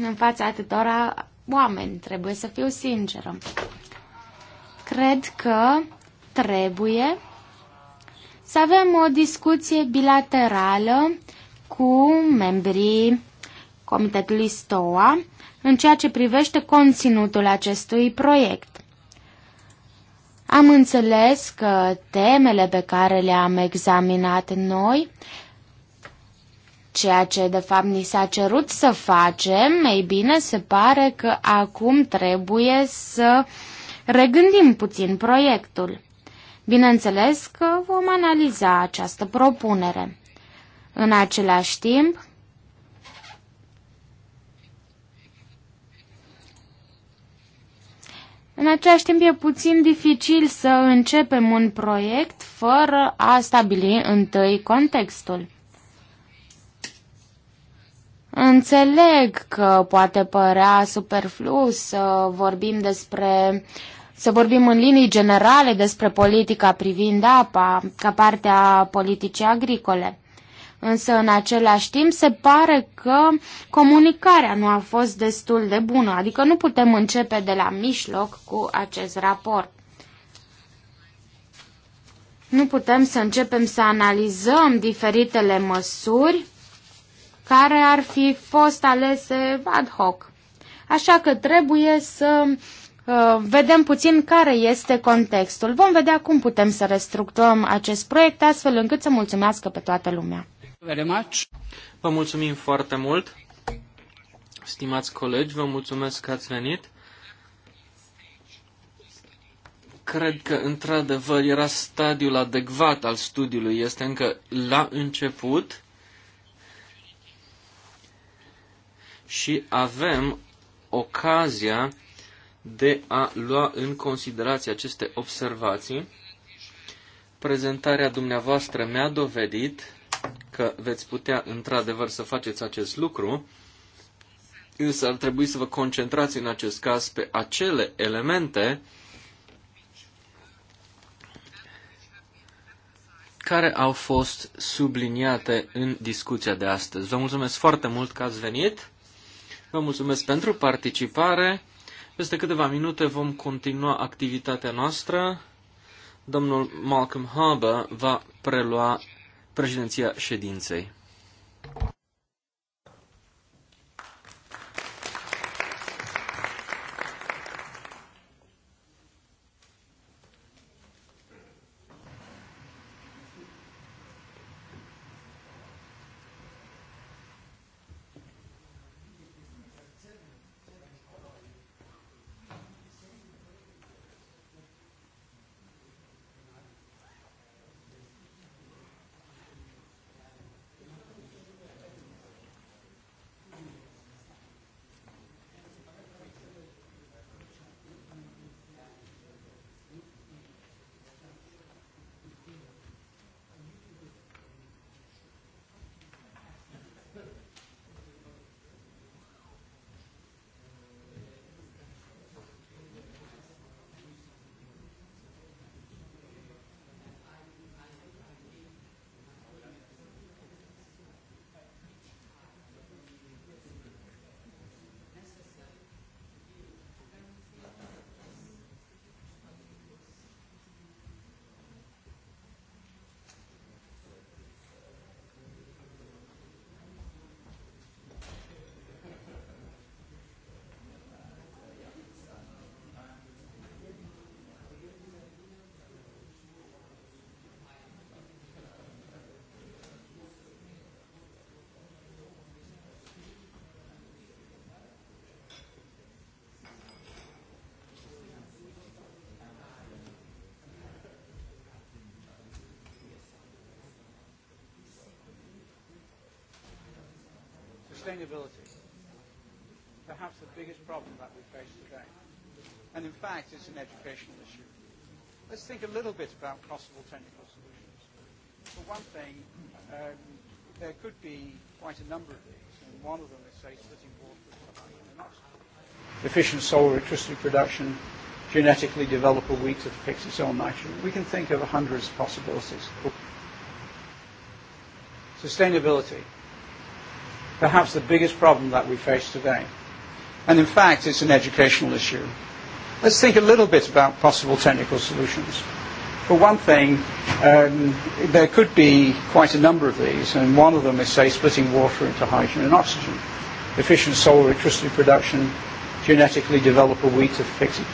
în fața atâtora oameni, trebuie să fiu sinceră. Cred că trebuie să avem o discuție bilaterală cu membrii Comitetului STOA în ceea ce privește conținutul acestui proiect. Am înțeles că temele pe care le-am examinat noi Ceea ce de fapt ni s-a cerut să facem, ei bine, se pare că acum trebuie să regândim puțin proiectul. Bineînțeles că vom analiza această propunere. În același timp, În același timp e puțin dificil să începem un proiect fără a stabili întâi contextul. Înțeleg că poate părea superflu să vorbim despre să vorbim în linii generale despre politica privind apa ca parte a politicii agricole. Însă, în același timp, se pare că comunicarea nu a fost destul de bună, adică nu putem începe de la mijloc cu acest raport. Nu putem să începem să analizăm diferitele măsuri care ar fi fost alese ad hoc. Așa că trebuie să uh, vedem puțin care este contextul. Vom vedea cum putem să restructurăm acest proiect astfel încât să mulțumească pe toată lumea. Vă mulțumim foarte mult, stimați colegi, vă mulțumesc că ați venit cred că, într-adevăr, era stadiul adecvat al studiului. Este încă la început. și avem ocazia de a lua în considerație aceste observații. Prezentarea dumneavoastră mi-a dovedit că veți putea într-adevăr să faceți acest lucru, însă ar trebui să vă concentrați în acest caz pe acele elemente care au fost subliniate în discuția de astăzi. Vă mulțumesc foarte mult că ați venit. Vă mulțumesc pentru participare. Peste câteva minute vom continua activitatea noastră. Domnul Malcolm Harbour va prelua președinția ședinței. Sustainability. Perhaps the biggest problem that we face today. And in fact, it's an educational issue. Let's think a little bit about possible technical solutions. For one thing, um, there could be quite a number of these, and one of them is, say, splitting water with oxygen. Efficient solar electricity production, genetically develop a wheat that affects its own nitrogen. We can think of hundreds of possibilities. Sustainability perhaps the biggest problem that we face today. And in fact, it's an educational issue. Let's think a little bit about possible technical solutions. For one thing, um, there could be quite a number of these, and one of them is, say, splitting water into hydrogen and oxygen, efficient solar electricity production, genetically develop a wheat to fix it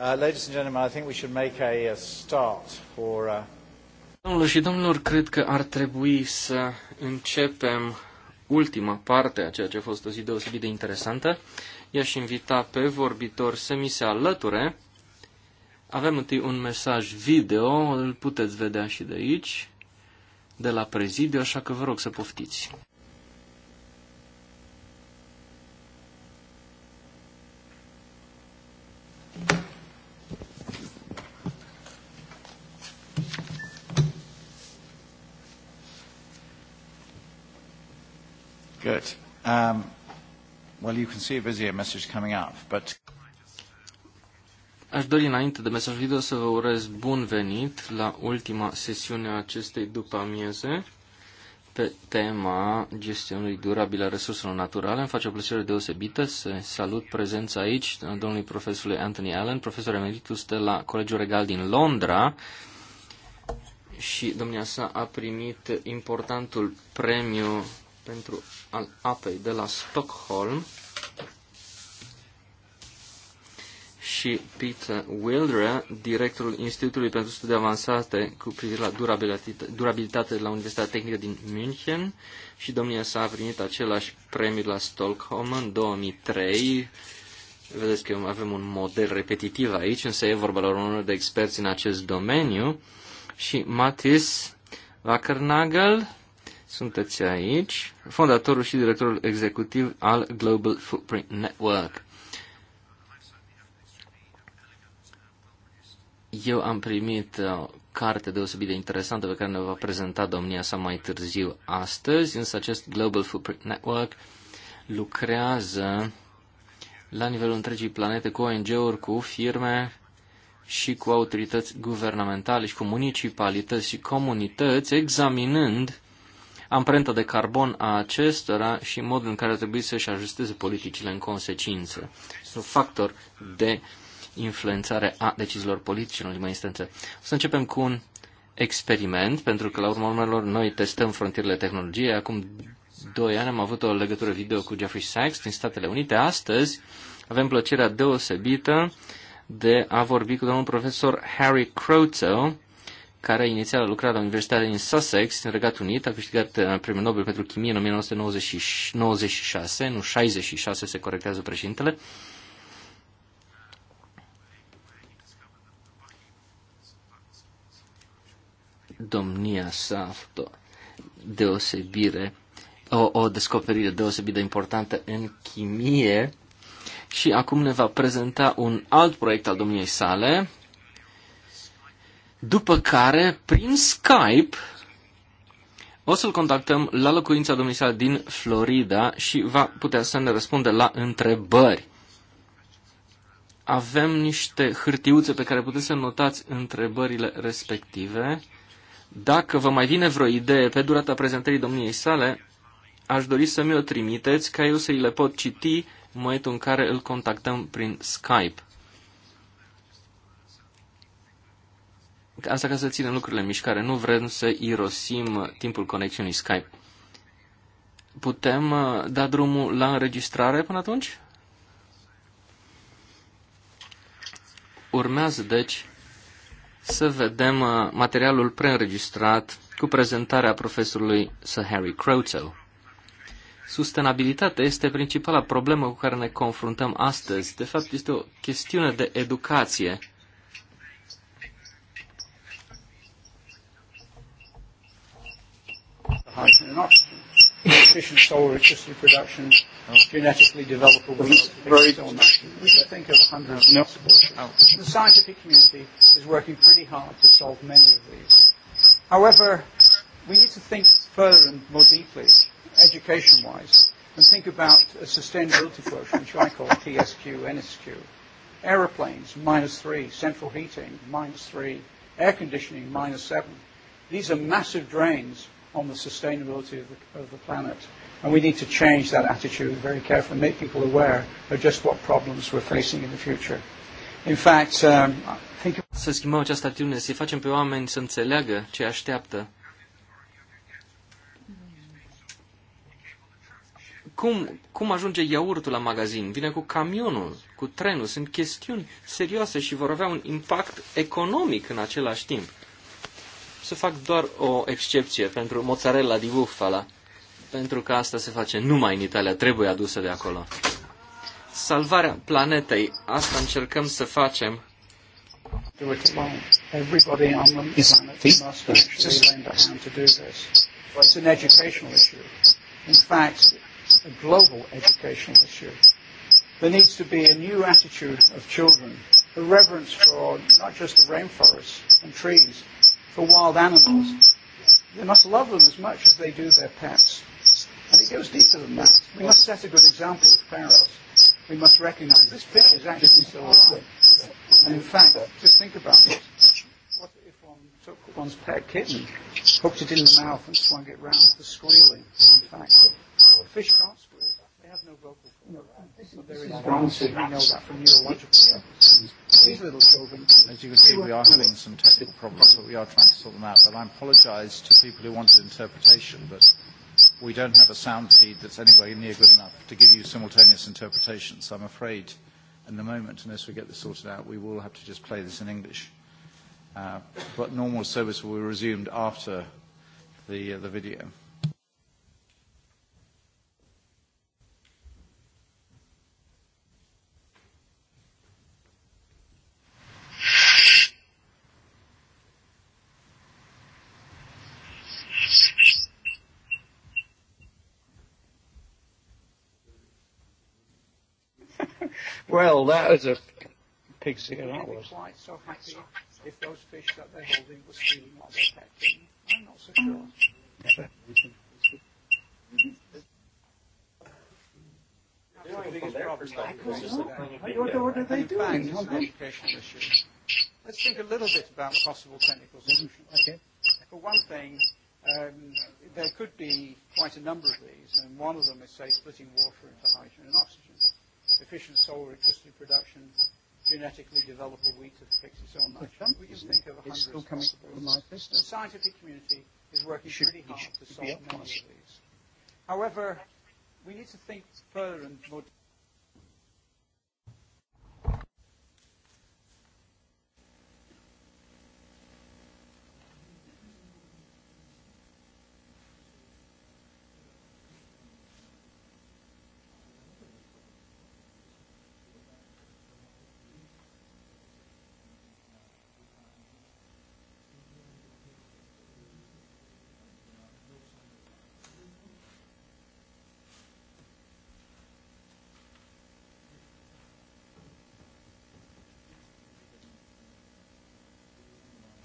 Uh, ladies and gentlemen, I think we should make a, a uh, start for... Uh... Domnilor și domnilor, cred că ar trebui să începem ultima parte a ceea ce a fost o zi deosebit de interesantă. I-aș invita pe vorbitor să mi se alăture. Avem întâi un mesaj video, îl puteți vedea și de aici, de la prezidiu, așa că vă rog să poftiți. can see a busier message coming up, but... Aș dori înainte de mesaj video să vă urez bun venit la ultima sesiune a acestei după amieze pe tema gestionului durabil a resurselor naturale. Îmi face o plăcere deosebită să salut prezența aici domnului profesorului Anthony Allen, profesor emeritus de la Colegiul Regal din Londra și domnia sa a primit importantul premiu pentru al apei de la Stockholm și Peter Wildre, directorul Institutului pentru Studii Avansate cu privire la durabilitate, durabilitate de la Universitatea Tehnică din München și domnia sa a primit același premiu la Stockholm în 2003. Vedeți că avem un model repetitiv aici, însă e vorba la unul de experți în acest domeniu. Și Matis Wackernagel, sunteți aici, fondatorul și directorul executiv al Global Footprint Network. Eu am primit o uh, carte deosebit de interesantă pe care ne va prezenta domnia sa mai târziu astăzi, însă acest Global Footprint Network lucrează la nivelul întregii planete cu ONG-uri, cu firme și cu autorități guvernamentale și cu municipalități și comunități, examinând amprenta de carbon a acestora și modul în care ar trebui să-și ajusteze politicile în consecință. Este un factor de influențare a deciziilor politice în ultima instanță. O să începem cu un experiment, pentru că la urma urmelor noi testăm frontierele tehnologiei. Acum doi ani am avut o legătură video cu Jeffrey Sachs din Statele Unite. Astăzi avem plăcerea deosebită de a vorbi cu domnul profesor Harry Croteau, care inițial a lucrat la Universitatea din Sussex, în Regat Unit, a câștigat uh, premiul Nobel pentru chimie în 1996, nu 66 se corectează președintele. Domnia sa a făcut o deosebire, o, o descoperire deosebit de importantă în chimie și acum ne va prezenta un alt proiect al domniei sale, după care, prin Skype, o să-l contactăm la locuința domnișoară din Florida și va putea să ne răspundă la întrebări. Avem niște hârtiuțe pe care puteți să notați întrebările respective. Dacă vă mai vine vreo idee pe durata prezentării domniei sale, aș dori să mi-o trimiteți ca eu să i le pot citi în momentul în care îl contactăm prin Skype. Asta ca să ținem lucrurile în mișcare. Nu vrem să irosim timpul conexiunii Skype. Putem uh, da drumul la înregistrare până atunci? Urmează, deci, să vedem uh, materialul preînregistrat cu prezentarea profesorului Sir Harry Croteau. Sustenabilitatea este principala problemă cu care ne confruntăm astăzi. De fapt, este o chestiune de educație hyphen and oxygen. Efficient solar electricity production, oh. genetically developable very on that. We can think of hundreds no. of possibilities. Oh. The scientific community is working pretty hard to solve many of these. However, we need to think further and more deeply, education-wise, and think about a sustainability quotient, which I call TSQ, NSQ. Aeroplanes, minus three. Central heating, minus three. Air conditioning, minus seven. These are massive drains on the sustainability of the, of the planet. And we need to change that attitude very carefully, and make people aware of just what problems we're facing in the future. In fact, um, I think... Să schimbăm această atitudine, să-i facem pe oameni să înțeleagă ce așteaptă. Cum, cum ajunge iaurtul la magazin? Vine cu camionul, cu trenul. Sunt chestiuni serioase și vor avea un impact economic în același timp să fac doar o excepție pentru mozzarella di bufala, pentru că asta se face numai în Italia, trebuie adusă de acolo. Salvarea planetei, asta încercăm să facem. a global educational issue. There needs to be a new attitude of children, a reverence for not just the rainforests and trees, for wild animals, they must love them as much as they do their pets. And it goes deeper than that. We must set a good example of pharaohs. We must recognize this fish is actually still alive. And in fact, just think about it. What if one took one's pet kitten, hooked it in the mouth and swung it round for squealing? In fact, fish can't squeal have no vocal cord. So there is balance. We know that from neurological reasons. These little children. As you can see, we are having some technical problems, but we are trying to sort them out. But I apologise to people who wanted interpretation, but we don't have a sound feed that's anywhere near good enough to give you simultaneous interpretation. So I'm afraid, in the moment, unless we get this sorted out, we will have to just play this in English. Uh, but normal service will be resumed after the, uh, the video. Well, that is a pig's ear, that was. quite so happy if those fish that they're holding were stealing what they're catching. I'm not so sure. Never. Let's think a little bit about possible technical solutions. Okay. For one thing, um, there could be quite a number of these, and one of them is, say, splitting water into hydrogen and oxygen efficient solar electricity production, genetically develop a wheat that affects its own nitrogen. We can think of hundreds still coming from my The scientific community is working should, pretty hard to solve many of these. However, we need to think further and more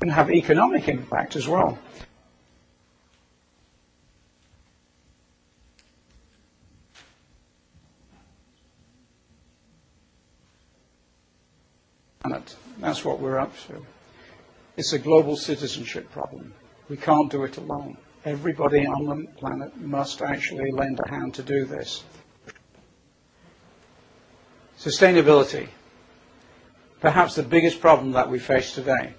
can have economic impact as well. planet. That's what we're up to. It's a global citizenship problem. We can't do it alone. Everybody on the planet must actually lend a hand to do this. Sustainability. Perhaps the biggest problem that we face today.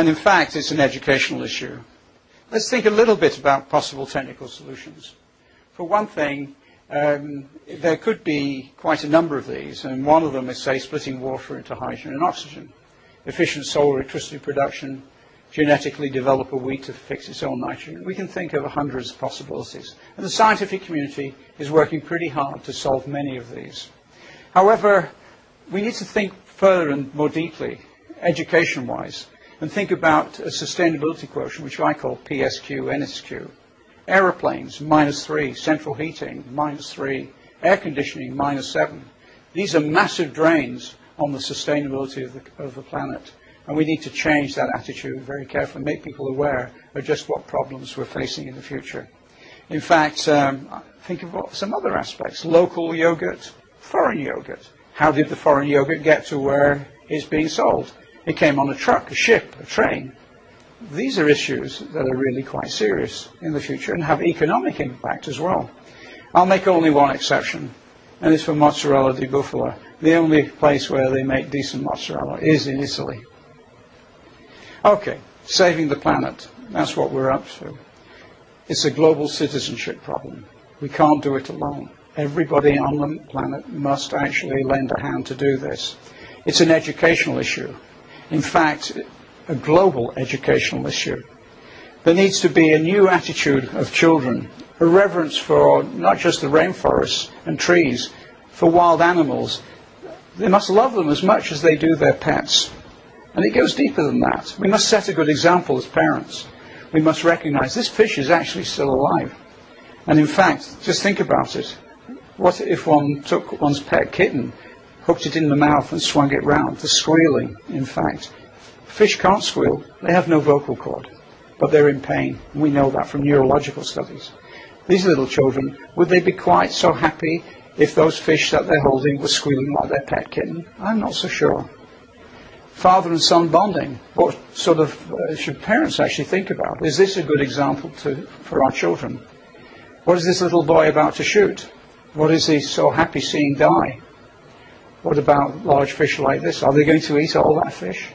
And in fact, it's an educational issue. Let's think a little bit about possible technical solutions. For one thing, um, there could be quite a number of these, and one of them is, say, splitting water into hydrogen and oxygen, efficient solar electricity production, genetically develop a wheat to fix its own nitrogen. We can think of hundreds of possibilities. And the scientific community is working pretty hard to solve many of these. However, we need to think further and more deeply, education-wise and think about a sustainability quotient, which I call PSQ, NSQ. Aeroplanes, minus three. Central heating, minus three. Air conditioning, minus seven. These are massive drains on the sustainability of the, of the planet. And we need to change that attitude very carefully, make people aware of just what problems we're facing in the future. In fact, um, think of some other aspects. Local yogurt, foreign yogurt. How did the foreign yogurt get to where it's being sold? It came on a truck, a ship, a train. These are issues that are really quite serious in the future and have economic impact as well. I'll make only one exception, and it's for mozzarella di bufala. The only place where they make decent mozzarella is in Italy. Okay, saving the planet. That's what we're up to. It's a global citizenship problem. We can't do it alone. Everybody on the planet must actually lend a hand to do this. It's an educational issue in fact, a global educational issue. There needs to be a new attitude of children, a reverence for not just the rainforests and trees, for wild animals. They must love them as much as they do their pets. And it goes deeper than that. We must set a good example as parents. We must recognize this fish is actually still alive. And in fact, just think about it. What if one took one's pet kitten hooked it in the mouth and swung it round. The squealing, in fact. Fish can't squeal, they have no vocal cord, but they're in pain. We know that from neurological studies. These little children, would they be quite so happy if those fish that they're holding were squealing like their pet kitten? I'm not so sure. Father and son bonding. What sort of uh, should parents actually think about? Is this a good example to, for our children? What is this little boy about to shoot? What is he so happy seeing die? What about large fish like this? Are they going to eat all that fish?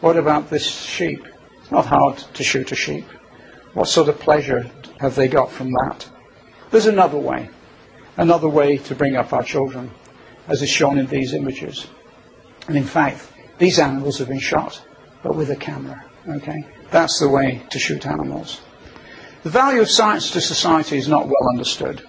What about this sheep? It's not hard to shoot a sheep. What sort of pleasure have they got from that? There's another way, another way to bring up our children, as is shown in these images. And in fact, these animals have been shot, but with a camera. Okay? That's the way to shoot animals. The value of science to society is not well understood.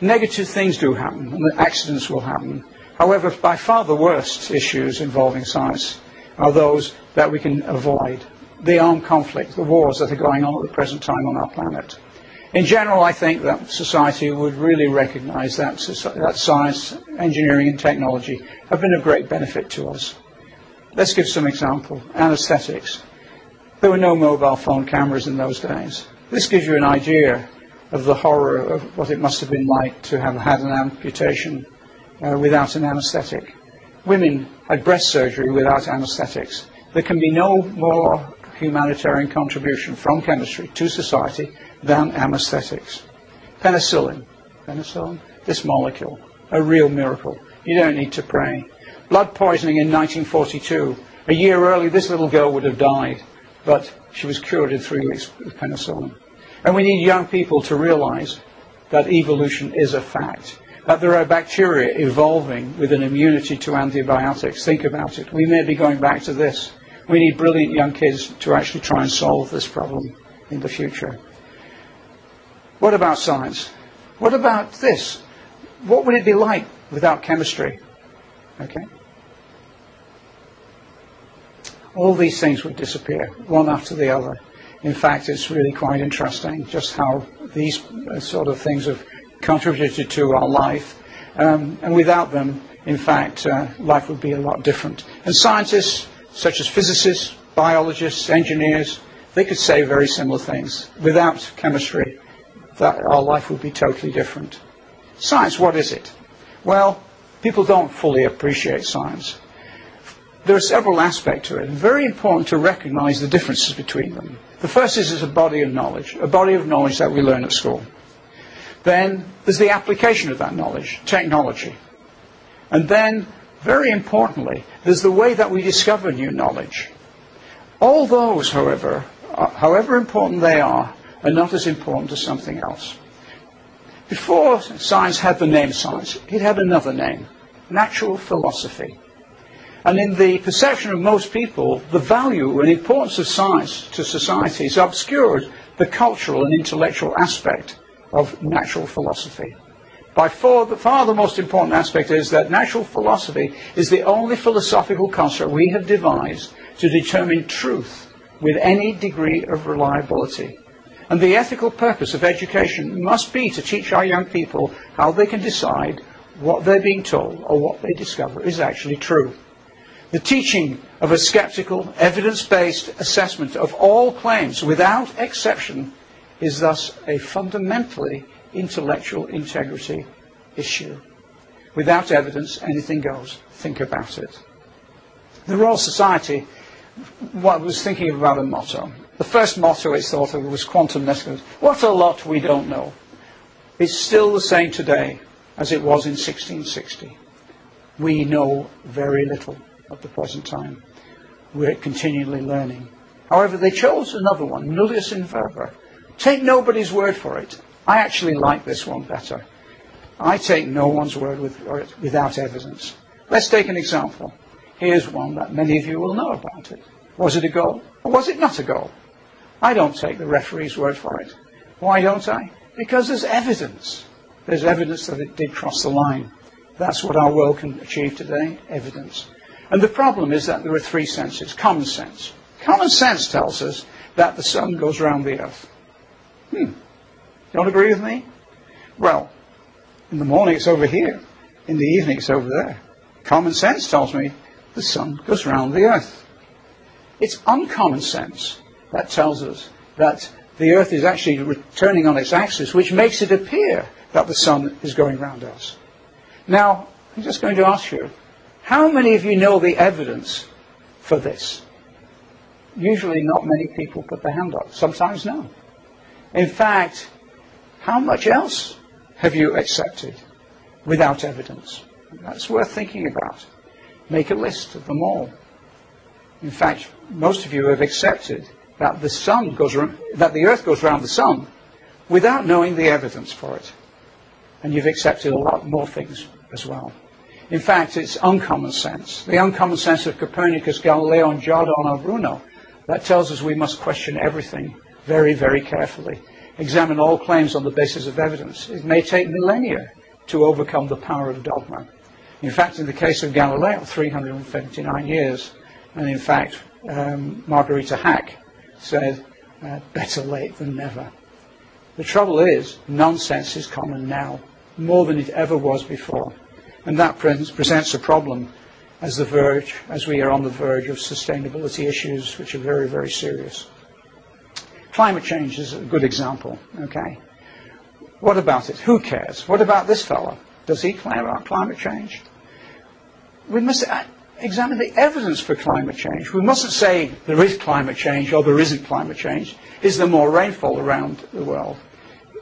Negative things do happen, and accidents will happen. However, by far the worst issues involving science are those that we can avoid. The armed conflict, the wars that are going on at the present time on our planet. In general, I think that society would really recognize that, that science, engineering, and technology have been of great benefit to us. Let's give some example. Anesthetics. There were no mobile phone cameras in those days. This gives you an idea of the horror of what it must have been like to have had an amputation uh, without an anaesthetic. Women had breast surgery without anaesthetics. There can be no more humanitarian contribution from chemistry to society than anaesthetics. Penicillin, penicillin, this molecule, a real miracle. You don't need to pray. Blood poisoning in 1942. A year early, this little girl would have died, but she was cured in three weeks with penicillin. And we need young people to realize that evolution is a fact. That there are bacteria evolving with an immunity to antibiotics. Think about it. We may be going back to this. We need brilliant young kids to actually try and solve this problem in the future. What about science? What about this? What would it be like without chemistry? Okay? All these things would disappear, one after the other. In fact, it's really quite interesting just how these uh, sort of things have contributed to our life. Um, and without them, in fact, uh, life would be a lot different. And scientists, such as physicists, biologists, engineers, they could say very similar things. Without chemistry, that our life would be totally different. Science, what is it? Well, people don't fully appreciate science. There are several aspects to it. Very important to recognize the differences between them. The first is it's a body of knowledge, a body of knowledge that we learn at school. Then there's the application of that knowledge, technology. And then, very importantly, there's the way that we discover new knowledge. All those, however, are, however important they are, are not as important as something else. Before science had the name science, it had another name, natural philosophy. And in the perception of most people, the value and importance of science to society is obscured the cultural and intellectual aspect of natural philosophy. By far the, far the most important aspect is that natural philosophy is the only philosophical construct we have devised to determine truth with any degree of reliability. And the ethical purpose of education must be to teach our young people how they can decide what they're being told or what they discover is actually true. The teaching of a skeptical, evidence based assessment of all claims without exception is thus a fundamentally intellectual integrity issue. Without evidence, anything goes. Think about it. The Royal Society what, was thinking about a motto. The first motto it thought of was quantum nescience. What a lot we don't know. It's still the same today as it was in 1660. We know very little at the present time. We're continually learning. However, they chose another one, nullius in verba, Take nobody's word for it. I actually like this one better. I take no one's word with, without evidence. Let's take an example. Here's one that many of you will know about it. Was it a goal or was it not a goal? I don't take the referee's word for it. Why don't I? Because there's evidence. There's evidence that it did cross the line. That's what our world can achieve today, evidence. And the problem is that there are three senses. Common sense. Common sense tells us that the sun goes round the earth. Hmm. Don't agree with me? Well, in the morning it's over here. In the evening it's over there. Common sense tells me the sun goes round the earth. It's uncommon sense that tells us that the earth is actually returning on its axis, which makes it appear that the sun is going round us. Now, I'm just going to ask you, how many of you know the evidence for this? Usually not many people put their hand up. Sometimes no. In fact, how much else have you accepted without evidence? That's worth thinking about. Make a list of them all. In fact, most of you have accepted that the sun goes that the earth goes around the sun without knowing the evidence for it. And you've accepted a lot more things as well. In fact, it's uncommon sense. The uncommon sense of Copernicus, Galileo, and Giordano Bruno that tells us we must question everything very, very carefully. Examine all claims on the basis of evidence. It may take millennia to overcome the power of dogma. In fact, in the case of Galileo, 359 years. And in fact, um, Margarita Hack said, uh, better late than never. The trouble is, nonsense is common now, more than it ever was before. And that presents a problem as the verge, as we are on the verge of sustainability issues, which are very, very serious. Climate change is a good example, okay? What about it? Who cares? What about this fellow? Does he care about climate change? We must uh, examine the evidence for climate change. We mustn't say there is climate change or there isn't climate change. Is there more rainfall around the world?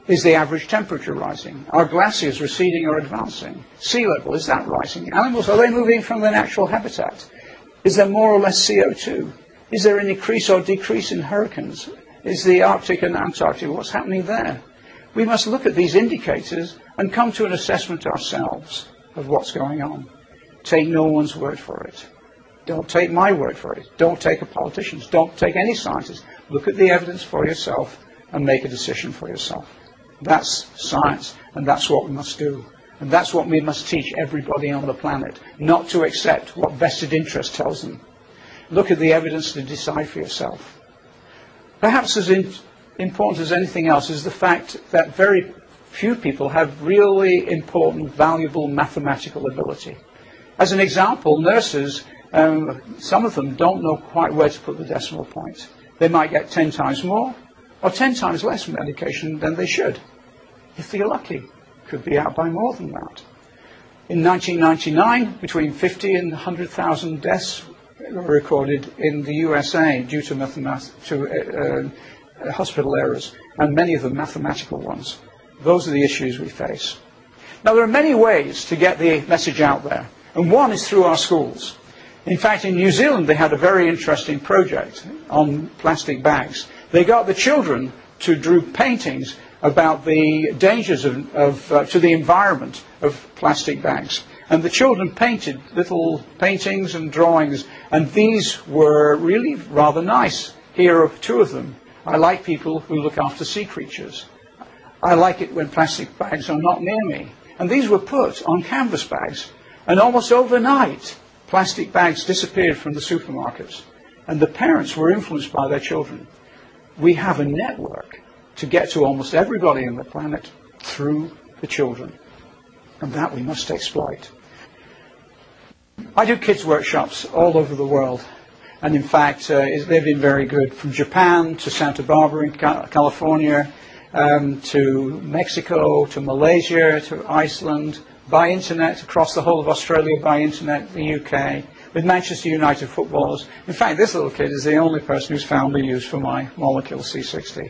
Is the average temperature rising? Are glaciers receding or advancing? Sea level, is that rising? Animals, are they moving from their natural habitat? Is there more or less CO2? Is there an increase or decrease in hurricanes is the Arctic and Antarctic, what's happening there. We must look at these indicators and come to an assessment ourselves of what's going on. Take no one's word for it. Don't take my word for it. Don't take a politician's. Don't take any scientist. Look at the evidence for yourself and make a decision for yourself. That's science, and that's what we must do. And that's what we must teach everybody on the planet, not to accept what vested interest tells them. Look at the evidence to decide for yourself. Perhaps as in, important as anything else is the fact that very few people have really important, valuable mathematical ability. As an example, nurses, um, some of them don't know quite where to put the decimal point. They might get 10 times more or 10 times less medication than they should. If they're lucky, could be out by more than that. In 1999, between 50 and 100,000 deaths recorded in the USA due to, mathemat- to uh, uh, hospital errors, and many of them mathematical ones. Those are the issues we face. Now, there are many ways to get the message out there, and one is through our schools. In fact, in New Zealand, they had a very interesting project on plastic bags. They got the children to draw paintings about the dangers of, of, uh, to the environment of plastic bags. And the children painted little paintings and drawings, and these were really rather nice. Here are two of them. I like people who look after sea creatures. I like it when plastic bags are not near me. And these were put on canvas bags. And almost overnight, plastic bags disappeared from the supermarkets. And the parents were influenced by their children. We have a network to get to almost everybody on the planet through the children and that we must exploit. I do kids' workshops all over the world, and in fact, uh, they've been very good from Japan to Santa Barbara in California um, to Mexico to Malaysia to Iceland by internet across the whole of Australia by internet, the UK, with Manchester United footballers. In fact, this little kid is the only person who's found me used for my molecule C60.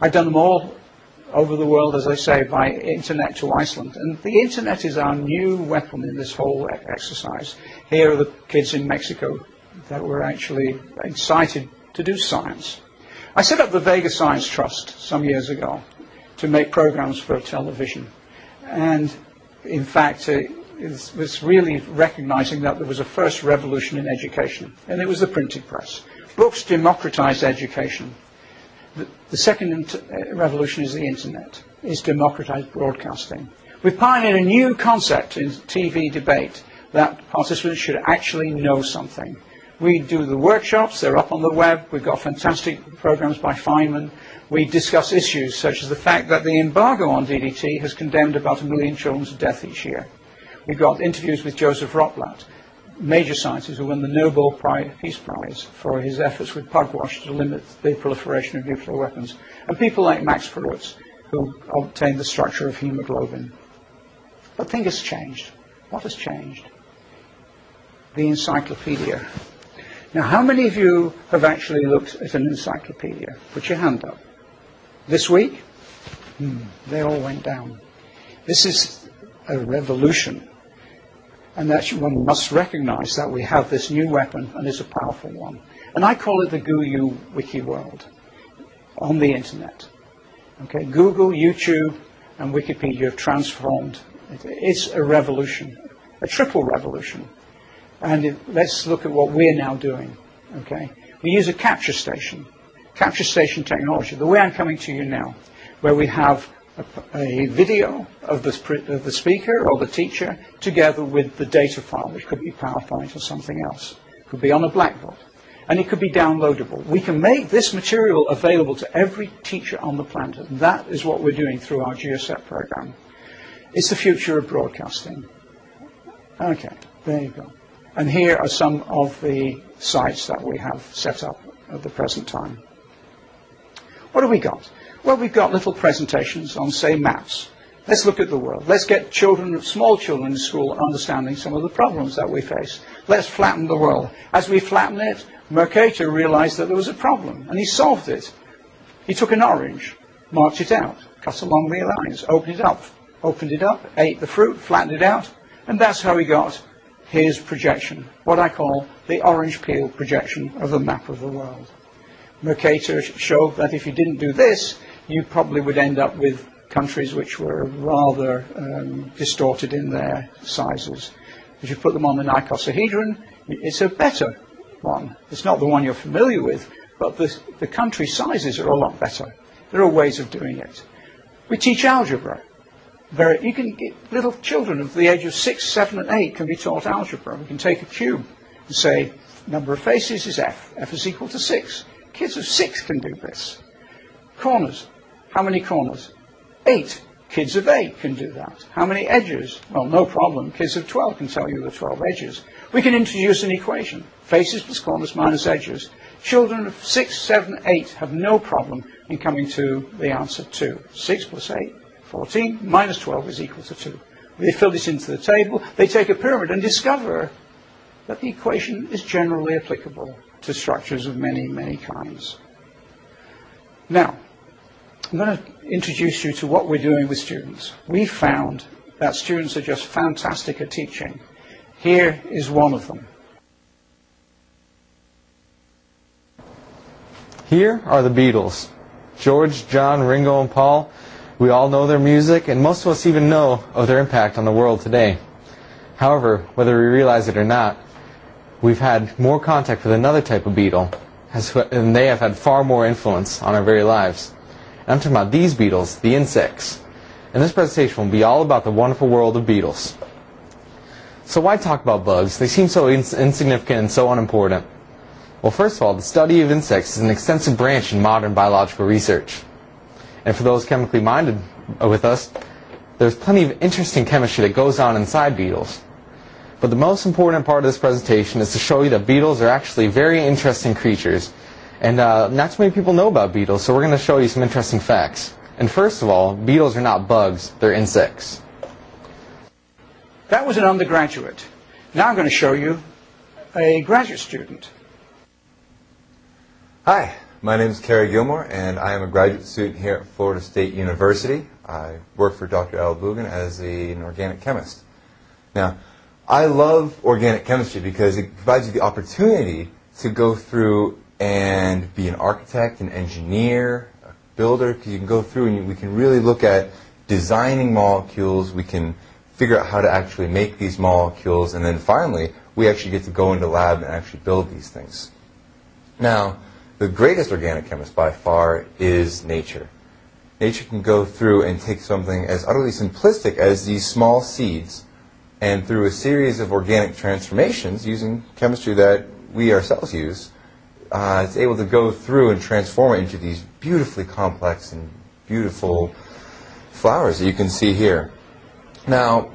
I've done them all over the world, as I say, by internet to Iceland. And the internet is our new weapon in this whole exercise. Here are the kids in Mexico that were actually excited to do science. I set up the Vega Science Trust some years ago to make programs for television. And in fact, it was really recognizing that there was a first revolution in education, and it was the printing press. Books democratized education The, second uh, revolution is the internet, is democratized broadcasting. We pioneered a new concept in TV debate that participants should actually know something. We do the workshops, they're up on the web, we've got fantastic programs by Feynman. We discuss issues such as the fact that the embargo on DDT has condemned about a million children to death each year. We've got interviews with Joseph Rotblat major scientist who won the Nobel Prize, Peace Prize for his efforts with Pugwash to limit the proliferation of nuclear weapons, and people like Max Perutz who obtained the structure of hemoglobin. But things has changed. What has changed? The encyclopedia. Now, how many of you have actually looked at an encyclopedia? Put your hand up. This week? Hmm, they all went down. This is a revolution And that one must recognize that we have this new weapon, and it's a powerful one. And I call it the GUU Wiki world on the internet. Okay, Google, YouTube, and Wikipedia have transformed. It's a revolution, a triple revolution. And it, let's look at what we're now doing. Okay, we use a capture station, capture station technology, the way I'm coming to you now, where we have a, video of the, of the speaker or the teacher together with the data file, which could be PowerPoint or something else. It could be on a blackboard. And it could be downloadable. We can make this material available to every teacher on the planet. And that is what we're doing through our GeoSet program. It's the future of broadcasting. Okay, there you go. And here are some of the sites that we have set up at the present time. What have we got? Well, we've got little presentations on, say, maps. Let's look at the world. Let's get children, small children in school understanding some of the problems that we face. Let's flatten the world. As we flatten it, Mercator realized that there was a problem, and he solved it. He took an orange, marked it out, cut along the lines, opened it up, opened it up, ate the fruit, flattened it out, and that's how he got his projection, what I call the orange peel projection of the map of the world. Mercator showed that if you didn't do this, you probably would end up with countries which were rather um, distorted in their sizes. If you put them on an icosahedron, it's a better one. It's not the one you're familiar with, but the, the country sizes are a lot better. There are ways of doing it. We teach algebra. Very, you can get little children of the age of six, seven, and eight can be taught algebra. We can take a cube and say number of faces is f. F is equal to six. Kids of six can do this. Corners. How many corners? Eight. Kids of eight can do that. How many edges? Well, no problem. Kids of 12 can tell you the 12 edges. We can introduce an equation. Faces plus corners minus edges. Children of six, seven, eight have no problem in coming to the answer two. Six plus eight, 14, minus 12 is equal to two. They fill this into the table. They take a pyramid and discover that the equation is generally applicable to structures of many, many kinds. Now, I'm going to introduce you to what we're doing with students. We found that students are just fantastic at teaching. Here is one of them. Here are the Beatles. George, John, Ringo, and Paul. We all know their music, and most of us even know of their impact on the world today. However, whether we realize it or not, we've had more contact with another type of beetle, and they have had far more influence on our very lives. And I'm talking about these beetles, the insects. And this presentation will be all about the wonderful world of beetles. So why talk about bugs? They seem so ins- insignificant and so unimportant. Well, first of all, the study of insects is an extensive branch in modern biological research. And for those chemically minded uh, with us, there's plenty of interesting chemistry that goes on inside beetles. But the most important part of this presentation is to show you that beetles are actually very interesting creatures And uh, not too many people know about beetles, so we're going to show you some interesting facts. And first of all, beetles are not bugs, they're insects. That was an undergraduate. Now I'm going to show you a graduate student. Hi, my name is Kerry Gilmore, and I am a graduate student here at Florida State University. I work for Dr. Al Bugan as a, an organic chemist. Now, I love organic chemistry because it provides you the opportunity to go through and be an architect, an engineer, a builder, because you can go through and you, we can really look at designing molecules. We can figure out how to actually make these molecules. And then finally, we actually get to go into lab and actually build these things. Now, the greatest organic chemist by far is nature. Nature can go through and take something as utterly simplistic as these small seeds, and through a series of organic transformations using chemistry that we ourselves use, Uh, is able to go through and transform it into these beautifully complex and beautiful flowers that you can see here. Now,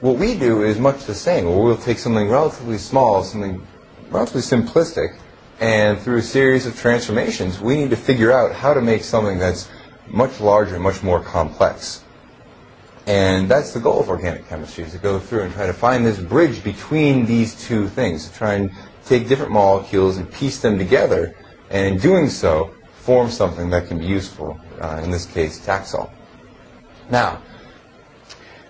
what we do is much the same. We'll take something relatively small, something relatively simplistic, and through a series of transformations, we need to figure out how to make something that's much larger, much more complex. And that's the goal of organic chemistry, is to go through and try to find this bridge between these two things, to try and take different molecules and piece them together, and in doing so, form something that can be useful, uh, in this case, Taxol. Now,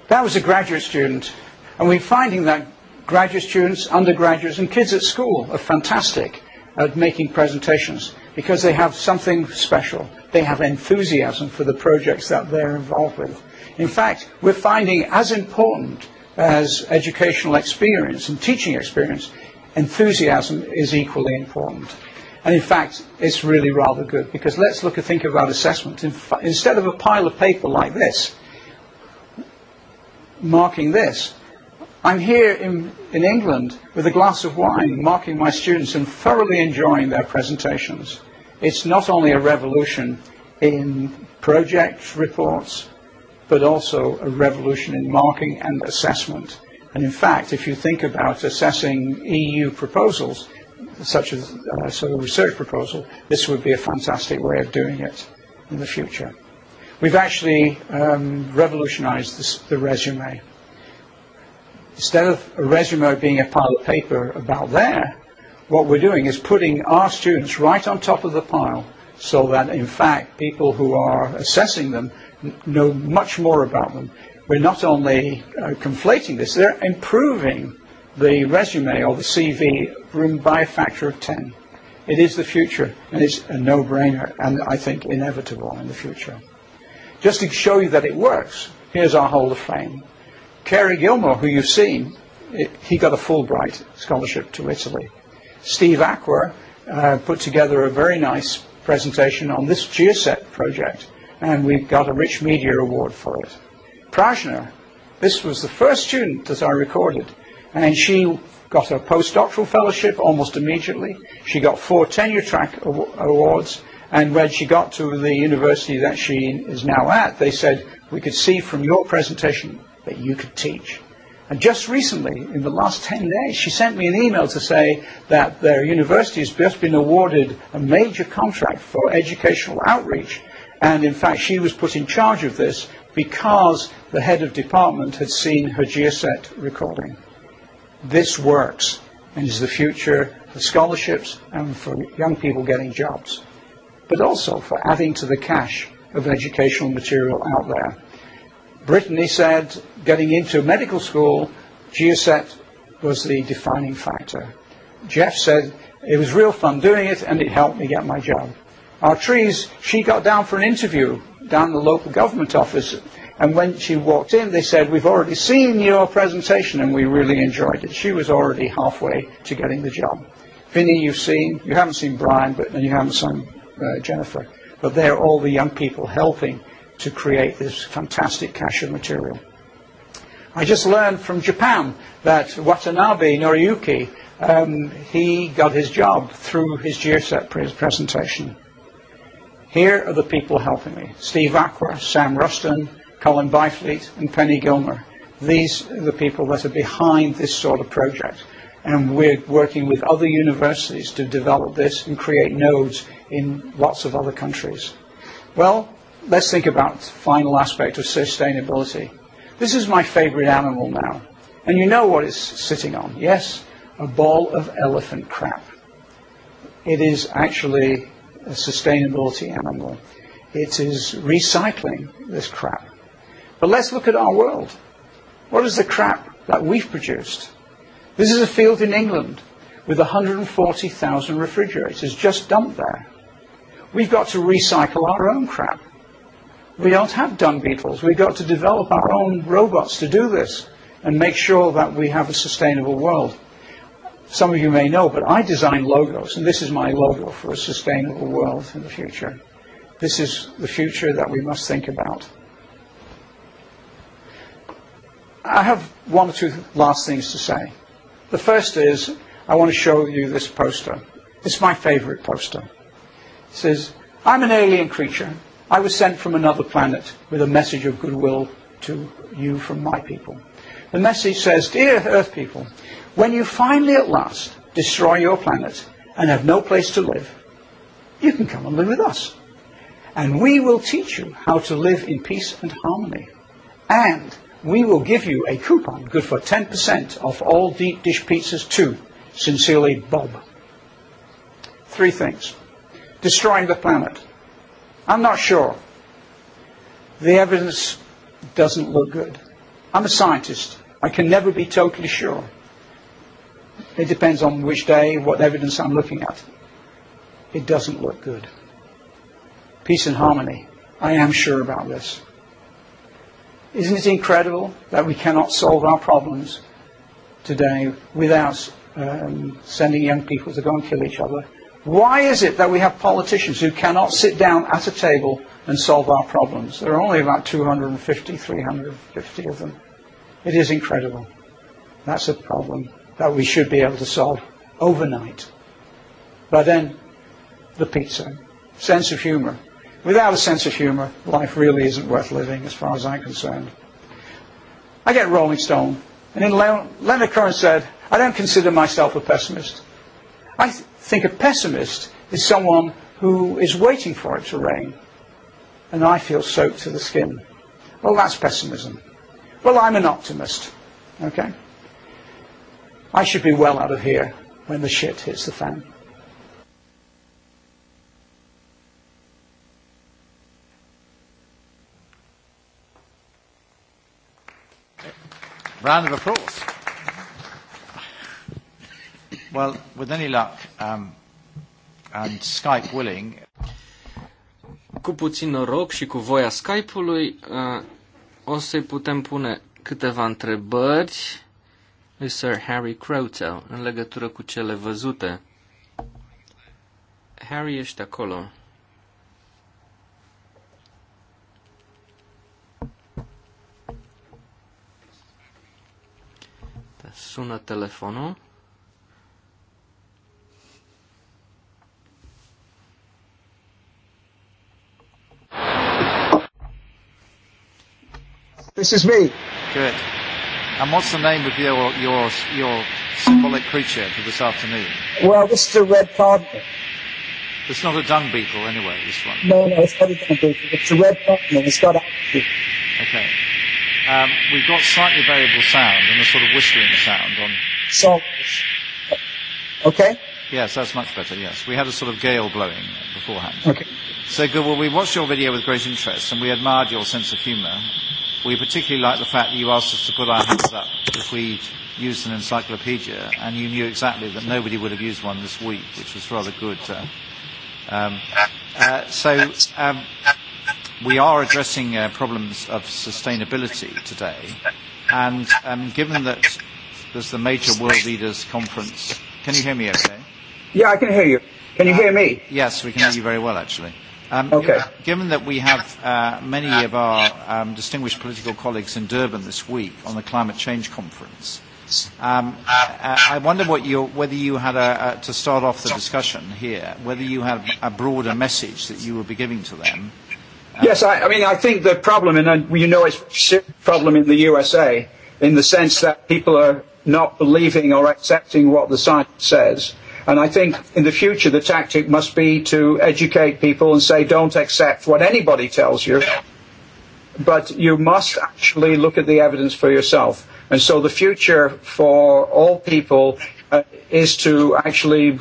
that was a graduate student, and we're finding that graduate students, undergraduates, and kids at school are fantastic at making presentations because they have something special. They have enthusiasm for the projects that they're involved with. In fact, we're finding as important as educational experience and teaching experience enthusiasm is equally important. And in fact, it's really rather good because let's look and think about assessment. In instead of a pile of paper like this, marking this, I'm here in, in England with a glass of wine, marking my students and thoroughly enjoying their presentations. It's not only a revolution in project reports, but also a revolution in marking and assessment. And in fact, if you think about assessing EU proposals, such as a sort of research proposal, this would be a fantastic way of doing it in the future. We've actually um, revolutionized this, the resume. Instead of a resume being a pile of paper about there, what we're doing is putting our students right on top of the pile so that in fact people who are assessing them know much more about them we're not only uh, conflating this, they're improving the resume or the CV room by a factor of 10. It is the future, and it's a no-brainer, and I think inevitable in the future. Just to show you that it works, here's our Hall of Fame. Kerry Gilmore, who you've seen, it, he got a Fulbright scholarship to Italy. Steve Aqua uh, put together a very nice presentation on this GeoSet project, and we've got a Rich Media Award for it. Prajna. This was the first student that I recorded. And she got a postdoctoral fellowship almost immediately. She got four tenure track awards. And when she got to the university that she is now at, they said, We could see from your presentation that you could teach. And just recently, in the last 10 days, she sent me an email to say that their university has just been awarded a major contract for educational outreach. And in fact, she was put in charge of this because the head of department had seen her GeoSet recording. This works and is the future for scholarships and for young people getting jobs, but also for adding to the cache of educational material out there. Brittany said getting into medical school, GeoSet was the defining factor. Jeff said it was real fun doing it and it helped me get my job. Our trees, she got down for an interview down the local government office. And when she walked in, they said, We've already seen your presentation and we really enjoyed it. She was already halfway to getting the job. Vinny, you've seen, you haven't seen Brian, but and you haven't seen uh, Jennifer. But they're all the young people helping to create this fantastic cache of material. I just learned from Japan that Watanabe Noriyuki, um, he got his job through his GeoSet presentation. Here are the people helping me. Steve Aqua, Sam Ruston, Colin Byfleet and Penny Gilmer. These are the people that are behind this sort of project. And we're working with other universities to develop this and create nodes in lots of other countries. Well, let's think about the final aspect of sustainability. This is my favorite animal now. And you know what it's sitting on. Yes, a ball of elephant crap. It is actually a sustainability angle. It is recycling this crap. But let's look at our world. What is the crap that we've produced? This is a field in England with 140,000 refrigerators just dumped there. We've got to recycle our own crap. We don't have dung beetles. We've got to develop our own robots to do this and make sure that we have a sustainable world. Some of you may know, but I design logos, and this is my logo for a sustainable world in the future. This is the future that we must think about. I have one or two last things to say. The first is I want to show you this poster. It's my favorite poster. It says, I'm an alien creature. I was sent from another planet with a message of goodwill to you from my people. The message says, Dear Earth people, When you finally at last destroy your planet and have no place to live, you can come and live with us. And we will teach you how to live in peace and harmony. And we will give you a coupon good for 10% off all deep dish pizzas too. Sincerely, Bob. Three things. Destroying the planet. I'm not sure. The evidence doesn't look good. I'm a scientist. I can never be totally sure. It depends on which day, what evidence I'm looking at. It doesn't look good. Peace and harmony. I am sure about this. Isn't it incredible that we cannot solve our problems today without um, sending young people to go and kill each other? Why is it that we have politicians who cannot sit down at a table and solve our problems? There are only about 250, 350 of them. It is incredible. That's a problem that we should be able to solve overnight. But then, the pizza, sense of humour. Without a sense of humour, life really isn't worth living, as far as I'm concerned. I get Rolling Stone, and in Leonard Cohen said, I don't consider myself a pessimist. I th- think a pessimist is someone who is waiting for it to rain, and I feel soaked to the skin. Well, that's pessimism. Well, I'm an optimist. Okay? I should be well out of here when the shit hits the fan. Round of applause. Well, with any luck um, and Skype willing. Cu puțin noroc și cu voia Skype-ului, uh, o să-i putem pune câteva întrebări lui Sir Harry Croteau în legătură cu cele văzute. Harry, ești acolo. Sună telefonul. This is me. Good. And what's the name of your, your, your symbolic creature for this afternoon? Well, this is a red cardinal. It's not a dung beetle, anyway, this one. No, no, it's not a dung beetle. It's a red cardinal. It's got a... Okay. Um, we've got slightly variable sound and a sort of whistling sound on... So, okay? Yes, that's much better, yes. We had a sort of gale blowing beforehand. Okay. So good. Well, we watched your video with great interest and we admired your sense of humour We particularly like the fact that you asked us to put our hands up if we'd used an encyclopedia, and you knew exactly that nobody would have used one this week, which was rather good. Uh, um, uh, so um, we are addressing uh, problems of sustainability today, and um, given that there's the major world leaders conference, can you hear me okay? Yeah, I can hear you. Can you uh, hear me? Yes, we can hear you very well, actually. Um, okay. Given that we have uh, many of our um, distinguished political colleagues in Durban this week on the climate change conference, um, uh, I wonder what you, whether you had, a, a, to start off the discussion here, whether you had a broader message that you would be giving to them. Uh, yes, I, I mean, I think the problem, and uh, you know it's a problem in the USA, in the sense that people are not believing or accepting what the science says And I think in the future the tactic must be to educate people and say don't accept what anybody tells you, but you must actually look at the evidence for yourself. And so the future for all people uh, is to actually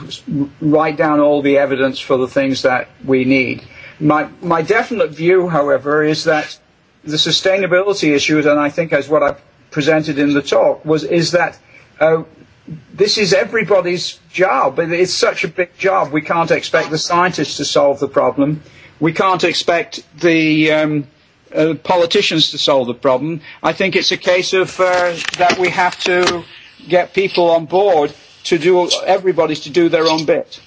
write down all the evidence for the things that we need. My, my definite view, however, is that the sustainability issues, and I think as what I presented in the talk, was is that uh, this is everybody's job. It's such a big job. We can't expect the scientists to solve the problem. We can't expect the um, uh, politicians to solve the problem. I think it's a case of uh, that we have to get people on board to do everybody to do their own bit.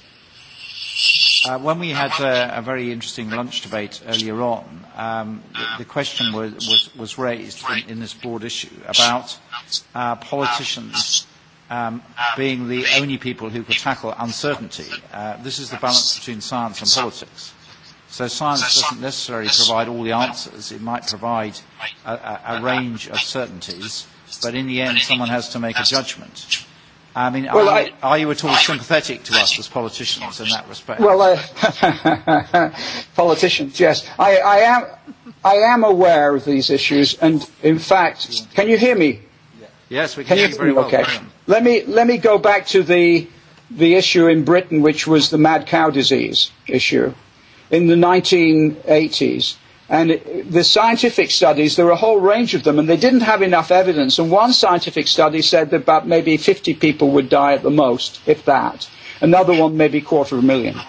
Uh, when we had a, uh, a very interesting lunch debate earlier on, um, the, the question was, was, was raised in, in this broad issue about uh, politicians um, being the only people who could tackle uncertainty. Uh, this is the balance between science and politics. So science doesn't necessarily provide all the answers. It might provide a, a, a range of certainties, but in the end, someone has to make a judgment. I mean, well, are, I, are you at all sympathetic to us as politicians in that respect? Well, uh, politicians, yes. I, I, am, I am aware of these issues, and in fact, can you hear me? Yes, we can, can hear you very well. Okay. Brilliant. Let me, let me go back to the, the issue in Britain, which was the mad cow disease issue in the 1980s. And the scientific studies, there were a whole range of them, and they didn't have enough evidence. And one scientific study said that about maybe 50 people would die at the most, if that. Another one, maybe quarter of a million.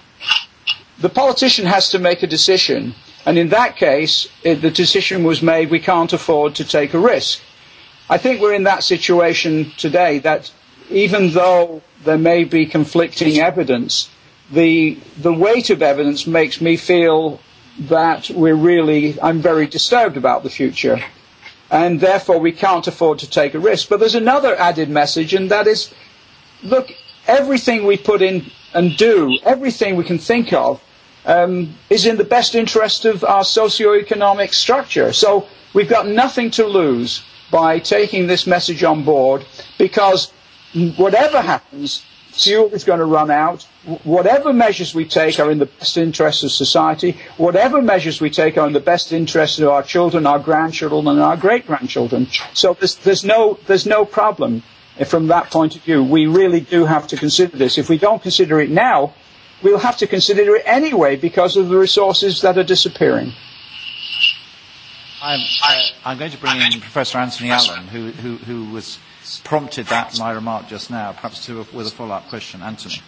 The politician has to make a decision. And in that case, it, the decision was made, we can't afford to take a risk I think we're in that situation today that even though there may be conflicting evidence, the, the weight of evidence makes me feel that we're really, I'm very disturbed about the future. And therefore we can't afford to take a risk. But there's another added message and that is, look, everything we put in and do, everything we can think of, um, is in the best interest of our socio-economic structure. So we've got nothing to lose by taking this message on board because whatever happens, fuel is going to run out. Whatever measures we take are in the best interests of society. Whatever measures we take are in the best interests of our children, our grandchildren, and our great grandchildren. So there's, there's, no, there's no problem from that point of view. We really do have to consider this. If we don't consider it now, we'll have to consider it anyway because of the resources that are disappearing. I'm, uh, I'm going to bring in Professor Anthony Allen, who, who, who was prompted that my remark just now, perhaps to, with a follow-up question. Anthony.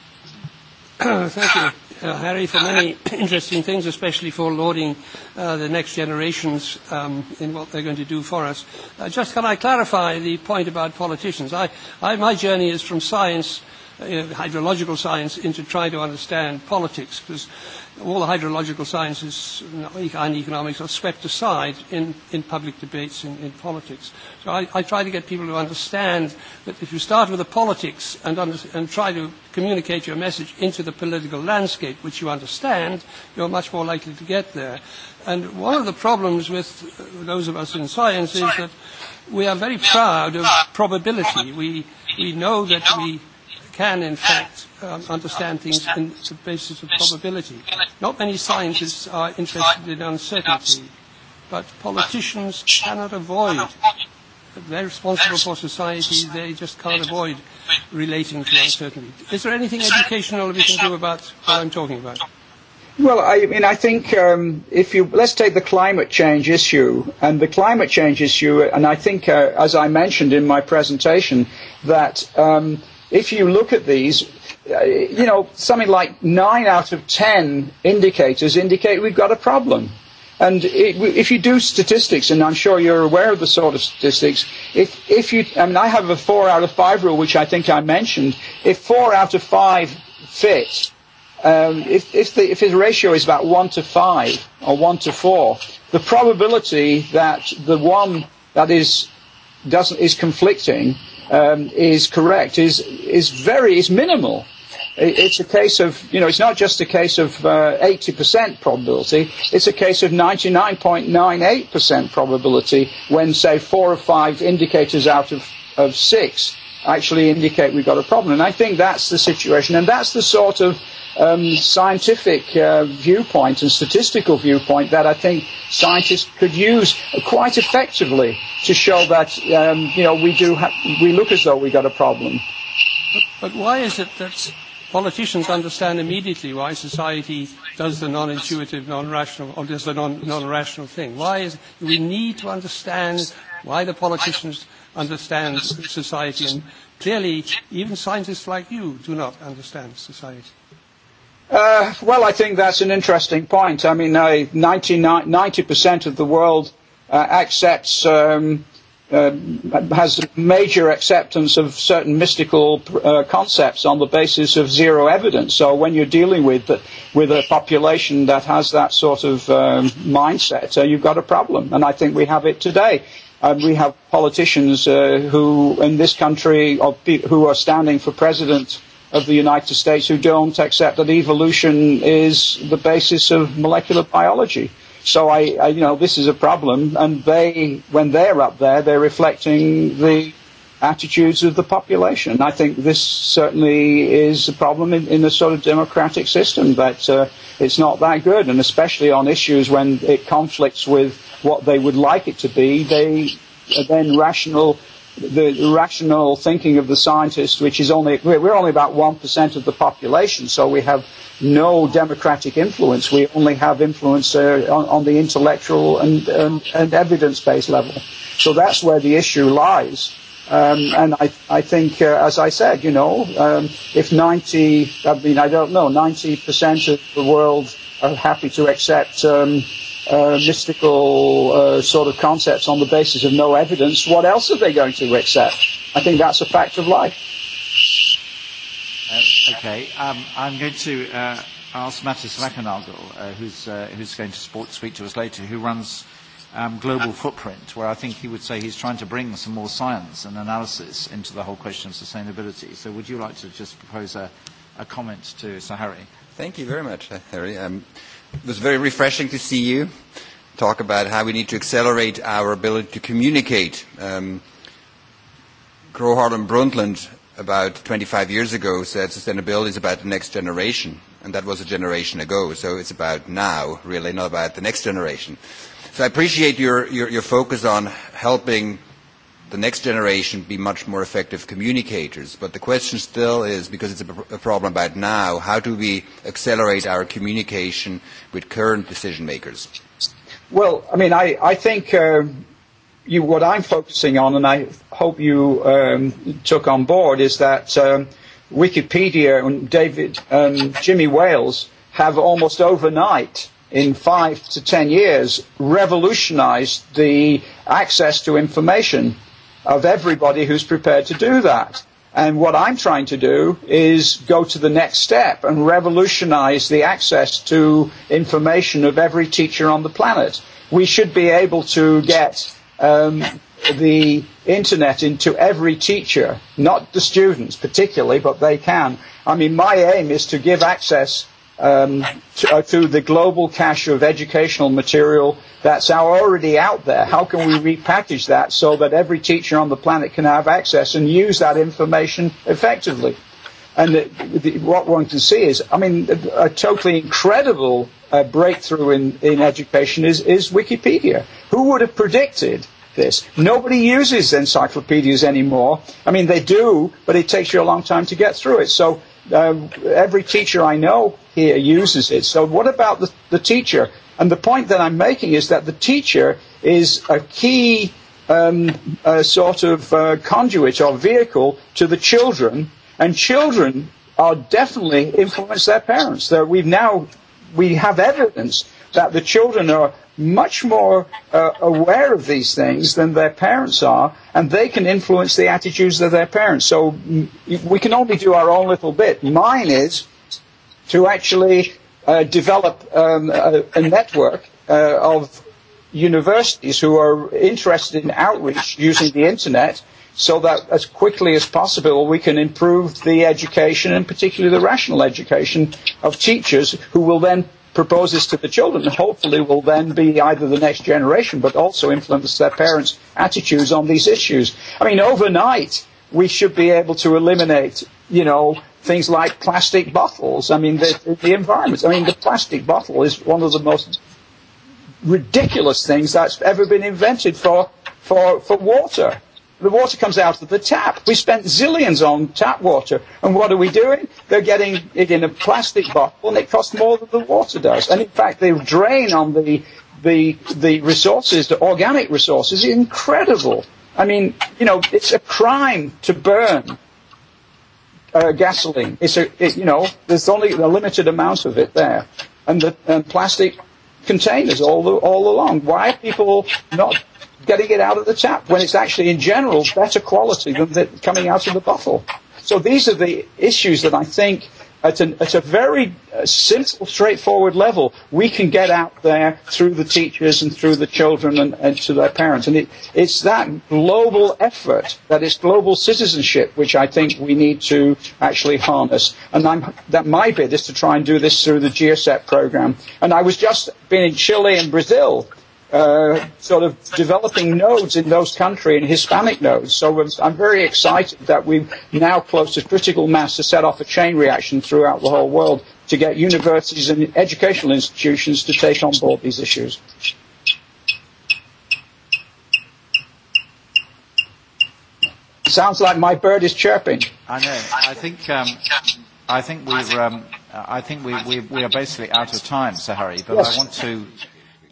Thank you, uh, Harry, for many interesting things, especially for lauding uh, the next generations um, in what they're going to do for us. Uh, just can I clarify the point about politicians? I, I, my journey is from science, uh, hydrological science, into trying to understand politics, because all the hydrological sciences and economics are swept aside in, in public debates in, in politics. So I, I try to get people to understand that if you start with the politics and, under, and try to communicate your message into the political landscape, which you understand, you're much more likely to get there. And one of the problems with uh, those of us in science is that we are very proud of probability. We, we know that we can, in uh, fact, um, understand things on the basis of probability. Not many scientists are interested in uncertainty, but politicians cannot avoid. They're responsible for society. They just can't avoid relating to uncertainty. Is there anything educational we can do about what I'm talking about? Well, I mean, I think um, if you let's take the climate change issue and the climate change issue, and I think, uh, as I mentioned in my presentation, that um, if you look at these, uh, you know, something like nine out of ten indicators indicate we've got a problem. And it, if you do statistics, and I'm sure you're aware of the sort of statistics, if, if you, I mean, I have a four out of five rule, which I think I mentioned. If four out of five fit, um, if, if, the, if his ratio is about one to five or one to four, the probability that the one that is, doesn't, is conflicting um, is correct is is very is minimal. It, it's a case of you know it's not just a case of uh, 80% probability. It's a case of 99.98% probability when say four or five indicators out of of six actually indicate we've got a problem. And I think that's the situation. And that's the sort of um, scientific uh, viewpoint and statistical viewpoint that I think scientists could use quite effectively to show that, um, you know, we do ha- we look as though we've got a problem. But, but why is it that politicians understand immediately why society does the non-intuitive, non-rational, or does the non- non-rational thing? Why is we need to understand why the politicians understands society. And clearly, even scientists like you do not understand society. Uh, well, I think that's an interesting point. I mean, uh, 90 of the world uh, accepts, um, uh, has major acceptance of certain mystical uh, concepts on the basis of zero evidence. So when you're dealing with the, with a population that has that sort of um, mindset, uh, you've got a problem, and I think we have it today and we have politicians uh, who in this country are who are standing for president of the United States who don't accept that evolution is the basis of molecular biology. So I, I you know, this is a problem, and they, when they're up there, they're reflecting the attitudes of the population. I think this certainly is a problem in, in a sort of democratic system that uh, it's not that good, and especially on issues when it conflicts with what they would like it to be, they are then rational the rational thinking of the scientists, which is only, we're only about 1% of the population, so we have no democratic influence. We only have influence uh, on, on the intellectual and, and, um, and evidence-based level. So that's where the issue lies. Um, and I, I think, uh, as I said, you know, um, if 90, I mean, I don't know, 90% of the world are happy to accept um, uh, mystical uh, sort of concepts on the basis of no evidence, what else are they going to accept? I think that's a fact of life. Uh, okay, um, I'm going to uh, ask Mattis Rakanagel, uh, who's, uh, who's going to support, speak to us later, who runs um, Global Footprint, where I think he would say he's trying to bring some more science and analysis into the whole question of sustainability. So would you like to just propose a, a comment to Sahari? Thank you very much, Harry. Um, It was very refreshing to see you talk about how we need to accelerate our ability to communicate. Um, Gro Harlem Brundtland about 25 years ago said sustainability is about the next generation, and that was a generation ago, so it's about now, really, not about the next generation. So I appreciate your, your, your focus on helping the next generation be much more effective communicators. But the question still is, because it's a, pr a problem about now, how do we accelerate our communication with current decision makers? Well, I mean, I, I think uh, you, what I'm focusing on, and I hope you um, took on board, is that um, Wikipedia and David, um, Jimmy Wales have almost overnight in five to ten years revolutionized the access to information of everybody who's prepared to do that. And what I'm trying to do is go to the next step and revolutionize the access to information of every teacher on the planet. We should be able to get um, the internet into every teacher, not the students particularly, but they can. I mean, my aim is to give access um, to, uh, through the global cache of educational material that's already out there. How can we repackage that so that every teacher on the planet can have access and use that information effectively? And it, the, what one can see is, I mean, a, a totally incredible uh, breakthrough in, in education is, is Wikipedia. Who would have predicted this? Nobody uses encyclopedias anymore. I mean, they do, but it takes you a long time to get through it. So uh, every teacher I know here uses it. So what about the, the teacher? And the point that I'm making is that the teacher is a key um, a sort of uh, conduit or vehicle to the children, and children are definitely influence their parents. That we've now we have evidence that the children are much more uh, aware of these things than their parents are, and they can influence the attitudes of their parents. So we can only do our own little bit. Mine is to actually uh, develop um, a, a network uh, of universities who are interested in outreach using the internet so that as quickly as possible we can improve the education and particularly the rational education of teachers who will then propose this to the children and hopefully will then be either the next generation but also influence their parents' attitudes on these issues. I mean, overnight we should be able to eliminate, you know, things like plastic bottles. I mean, the, the environment. I mean, the plastic bottle is one of the most ridiculous things that's ever been invented for, for, for water. The water comes out of the tap. We spent zillions on tap water. And what are we doing? They're getting it in a plastic bottle and it costs more than the water does. And in fact, the drain on the, the, the resources, the organic resources, is incredible. I mean, you know, it's a crime to burn uh, gasoline. It's a, it, you know, there's only a limited amount of it there, and the and plastic containers all the, all along. Why are people not getting it out of the tap when it's actually in general better quality than the, coming out of the bottle? So these are the issues that I think at, an, at a very uh, simple, straightforward level, we can get out there through the teachers and through the children and, and to their parents. And it, it's that global effort, that is global citizenship, which I think we need to actually harness. And I'm, that my bid is to try and do this through the GSEP program. And I was just been in Chile and Brazil uh, sort of developing nodes in those country and Hispanic nodes. So I'm, very excited that we've now close to critical mass to set off a chain reaction throughout the whole world to get universities and educational institutions to take on board these issues. Sounds like my bird is chirping. I know. I think um, I think we're um, I think we, we we are basically out of time, Sir Harry. But yes. I want to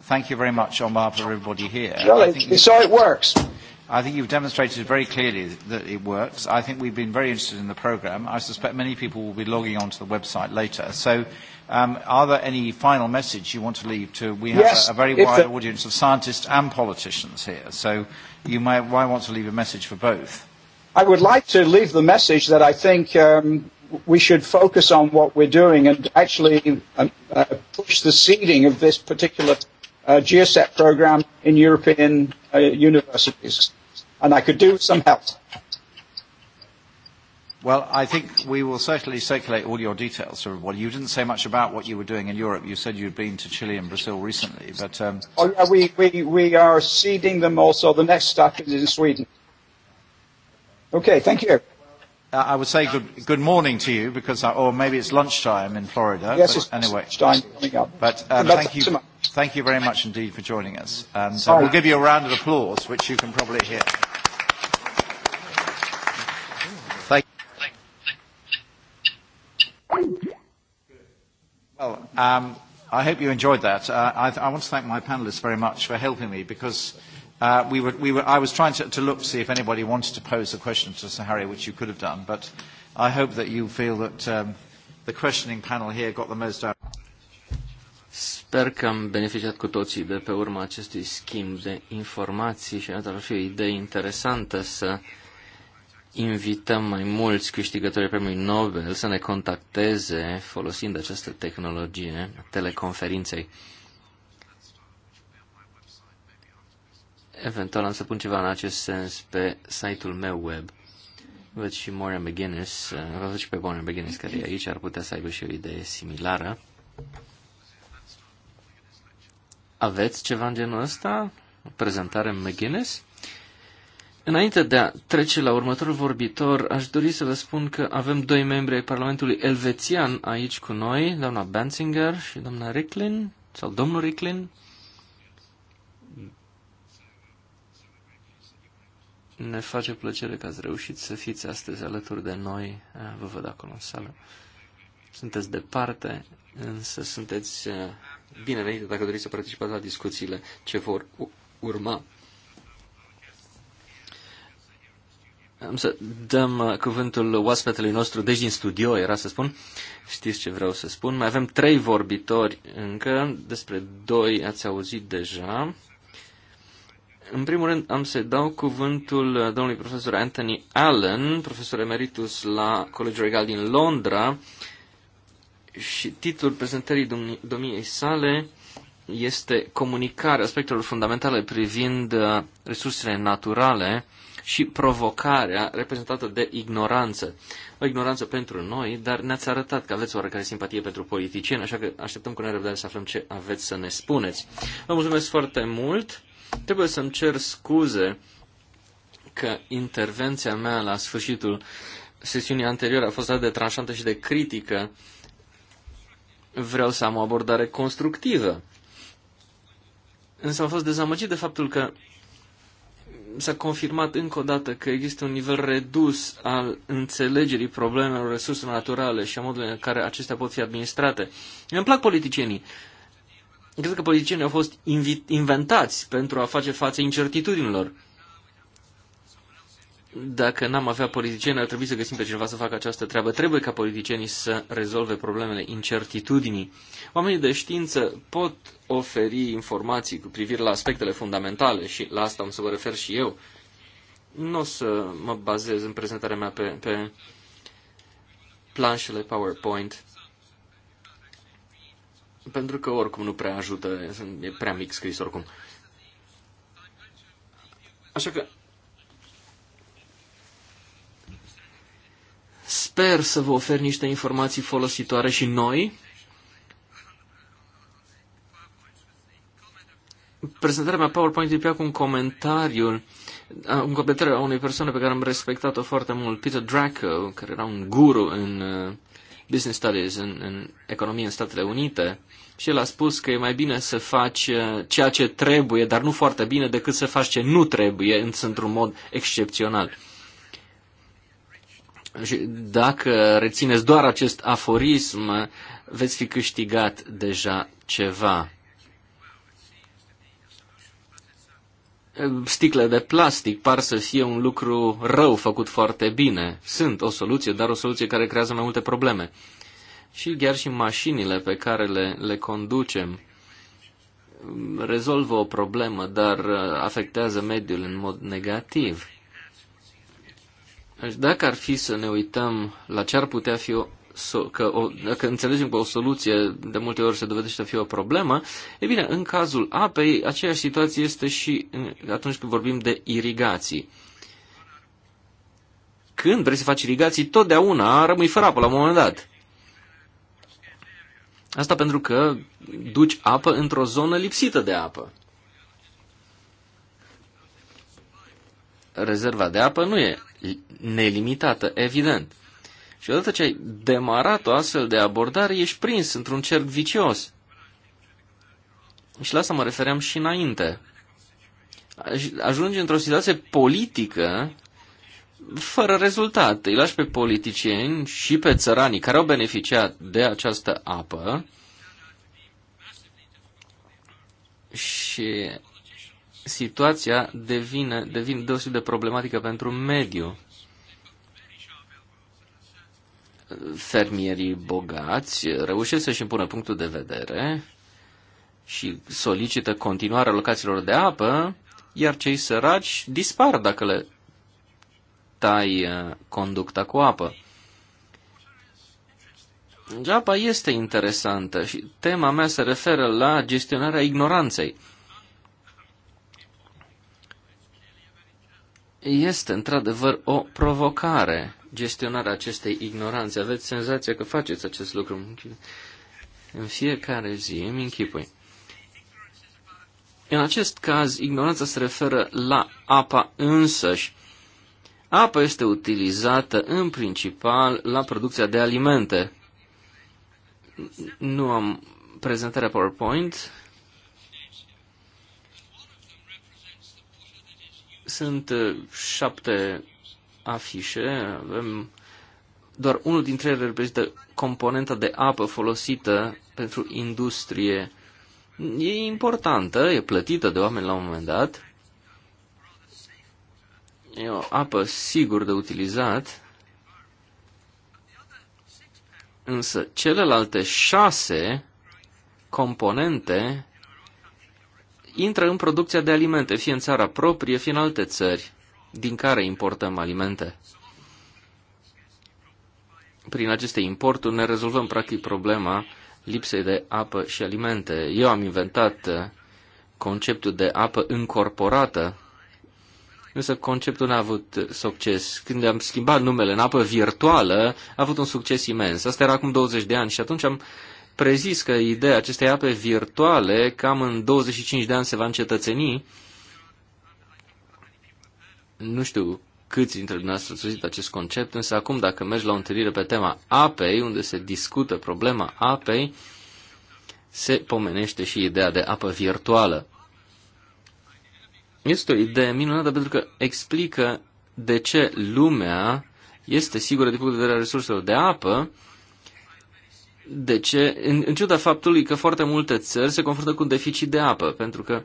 thank you very much, Omar, for everybody here. Well, so it works. I think you've demonstrated very clearly that it works. I think we've been very interested in the programme. I suspect many people will be logging onto the website later. So um, are there any final message you want to leave to? We have yes, a, a very wide the... audience of scientists and politicians here. So you might, might want to leave a message for both. I would like to leave the message that I think um, we should focus on what we're doing and actually um, uh, push the seeding of this particular uh, GSET program in European uh, universities. And I could do with some help. Well, I think we will certainly circulate all your details Well, You didn't say much about what you were doing in Europe. You said you'd been to Chile and Brazil recently, but... Um... Oh, yeah, we, we, we are seeding them also. The next stop is in Sweden. Okay, thank you. Uh, I would say good, good morning to you, because, I, uh, or maybe it's lunchtime in Florida. Yes, but it's anyway. lunchtime coming up. But um, thank you. So much. Thank you very much indeed for joining us. And so uh, we'll give you a round of applause, which you can probably hear. Thank well, um, I hope you enjoyed that. Uh, I, I want to thank my panelists very much for helping me because uh, we were, we were, I was trying to, to look to see if anybody wanted to pose a question to Sir Harry, which you could have done, but I hope that you feel that um, the questioning panel here got the most out. Sper că am beneficiat cu toții de pe urma acestui schimb de informații și ar fi o idee interesantă să invităm mai mulți câștigători premiului Nobel să ne contacteze folosind această tehnologie teleconferinței. Eventual am să pun ceva în acest sens pe site-ul meu web. Văd și Moria McGuinness, uh, văd și pe Moria McGuinness care e aici, ar putea să aibă și o idee similară. Aveți ceva în genul ăsta? O prezentare McGuinness? Înainte de a trece la următorul vorbitor, aș dori să vă spun că avem doi membri ai Parlamentului elvețian aici cu noi, doamna Bansinger și doamna Ricklin, sau domnul Ricklin. Ne face plăcere că ați reușit să fiți astăzi alături de noi. Vă văd acolo în sală. Sunteți departe, însă sunteți bine înainte dacă doriți să participați la discuțiile ce vor urma. Am să dăm uh, cuvântul oaspetelui nostru, deci din studio era să spun. Știți ce vreau să spun. Mai avem trei vorbitori încă, despre doi ați auzit deja. În primul rând am să dau cuvântul uh, domnului profesor Anthony Allen, profesor emeritus la Colegiul Regal din Londra, și titlul prezentării domniei sale este comunicare aspectelor fundamentale privind uh, resursele naturale și provocarea reprezentată de ignoranță. O ignoranță pentru noi, dar ne-ați arătat că aveți oarecare simpatie pentru politicieni, așa că așteptăm cu nerăbdare să aflăm ce aveți să ne spuneți. Vă mulțumesc foarte mult. Trebuie să-mi cer scuze că intervenția mea la sfârșitul sesiunii anterioare a fost atât de tranșantă și de critică vreau să am o abordare constructivă. Însă am fost dezamăgit de faptul că s-a confirmat încă o dată că există un nivel redus al înțelegerii problemelor resurselor naturale și a modului în care acestea pot fi administrate. Îmi plac politicienii. Cred că politicienii au fost inventați pentru a face față incertitudinilor dacă n-am avea politicieni, ar trebui să găsim pe cineva să facă această treabă. Trebuie ca politicienii să rezolve problemele incertitudinii. Oamenii de știință pot oferi informații cu privire la aspectele fundamentale și la asta am să vă refer și eu. Nu o să mă bazez în prezentarea mea pe, pe planșele PowerPoint, pentru că oricum nu prea ajută, e prea mic scris oricum. Așa că Sper să vă ofer niște informații folositoare și noi. Prezentarea mea PowerPoint începea cu un comentariu, un comentariu a unei persoane pe care am respectat-o foarte mult, Peter Draco, care era un guru în uh, business studies, în, în economie în Statele Unite. Și el a spus că e mai bine să faci uh, ceea ce trebuie, dar nu foarte bine, decât să faci ce nu trebuie, într-un mod excepțional. Și dacă rețineți doar acest aforism, veți fi câștigat deja ceva. Sticle de plastic par să fie un lucru rău făcut foarte bine. Sunt o soluție, dar o soluție care creează mai multe probleme. Și chiar și mașinile pe care le, le conducem rezolvă o problemă, dar afectează mediul în mod negativ. Deci dacă ar fi să ne uităm la ce ar putea fi o că o, dacă înțelegem că o soluție de multe ori se dovedește a fi o problemă, e bine, în cazul apei, aceeași situație este și atunci când vorbim de irigații. Când vrei să faci irigații, totdeauna rămâi fără apă la un moment dat. Asta pentru că duci apă într-o zonă lipsită de apă. Rezerva de apă nu e nelimitată, evident. Și odată ce ai demarat o astfel de abordare, ești prins într-un cerc vicios. Și la asta mă refeream și înainte. Ajungi într-o situație politică fără rezultat. Îi lași pe politicieni și pe țăranii care au beneficiat de această apă și situația devine, devine deosebit de problematică pentru mediu. Fermierii bogați reușesc să-și impună punctul de vedere și solicită continuarea locațiilor de apă, iar cei săraci dispar dacă le tai uh, conducta cu apă. Apa este interesantă și tema mea se referă la gestionarea ignoranței. este într-adevăr o provocare gestionarea acestei ignoranțe. Aveți senzația că faceți acest lucru în fiecare zi, îmi închipui. În acest caz, ignoranța se referă la apa însăși. Apa este utilizată în principal la producția de alimente. Nu am prezentarea PowerPoint, Sunt uh, șapte afișe, avem doar unul dintre ele reprezintă componenta de apă folosită pentru industrie. E importantă, e plătită de oameni la un moment dat. E o apă sigur de utilizat. Însă celelalte șase componente intră în producția de alimente, fie în țara proprie, fie în alte țări din care importăm alimente. Prin aceste importuri ne rezolvăm practic problema lipsei de apă și alimente. Eu am inventat uh, conceptul de apă încorporată, însă conceptul n-a avut succes. Când am schimbat numele în apă virtuală, a avut un succes imens. Asta era acum 20 de ani și atunci am prezis că ideea acestei ape virtuale cam în 25 de ani se va încetățeni. Nu știu câți dintre dumneavoastră ați auzit acest concept, însă acum dacă mergi la o întâlnire pe tema apei, unde se discută problema apei, se pomenește și ideea de apă virtuală. Este o idee minunată pentru că explică de ce lumea este sigură din punct de vedere a resurselor de apă, de ce? În, în ciuda faptului că foarte multe țări se confruntă cu un deficit de apă, pentru că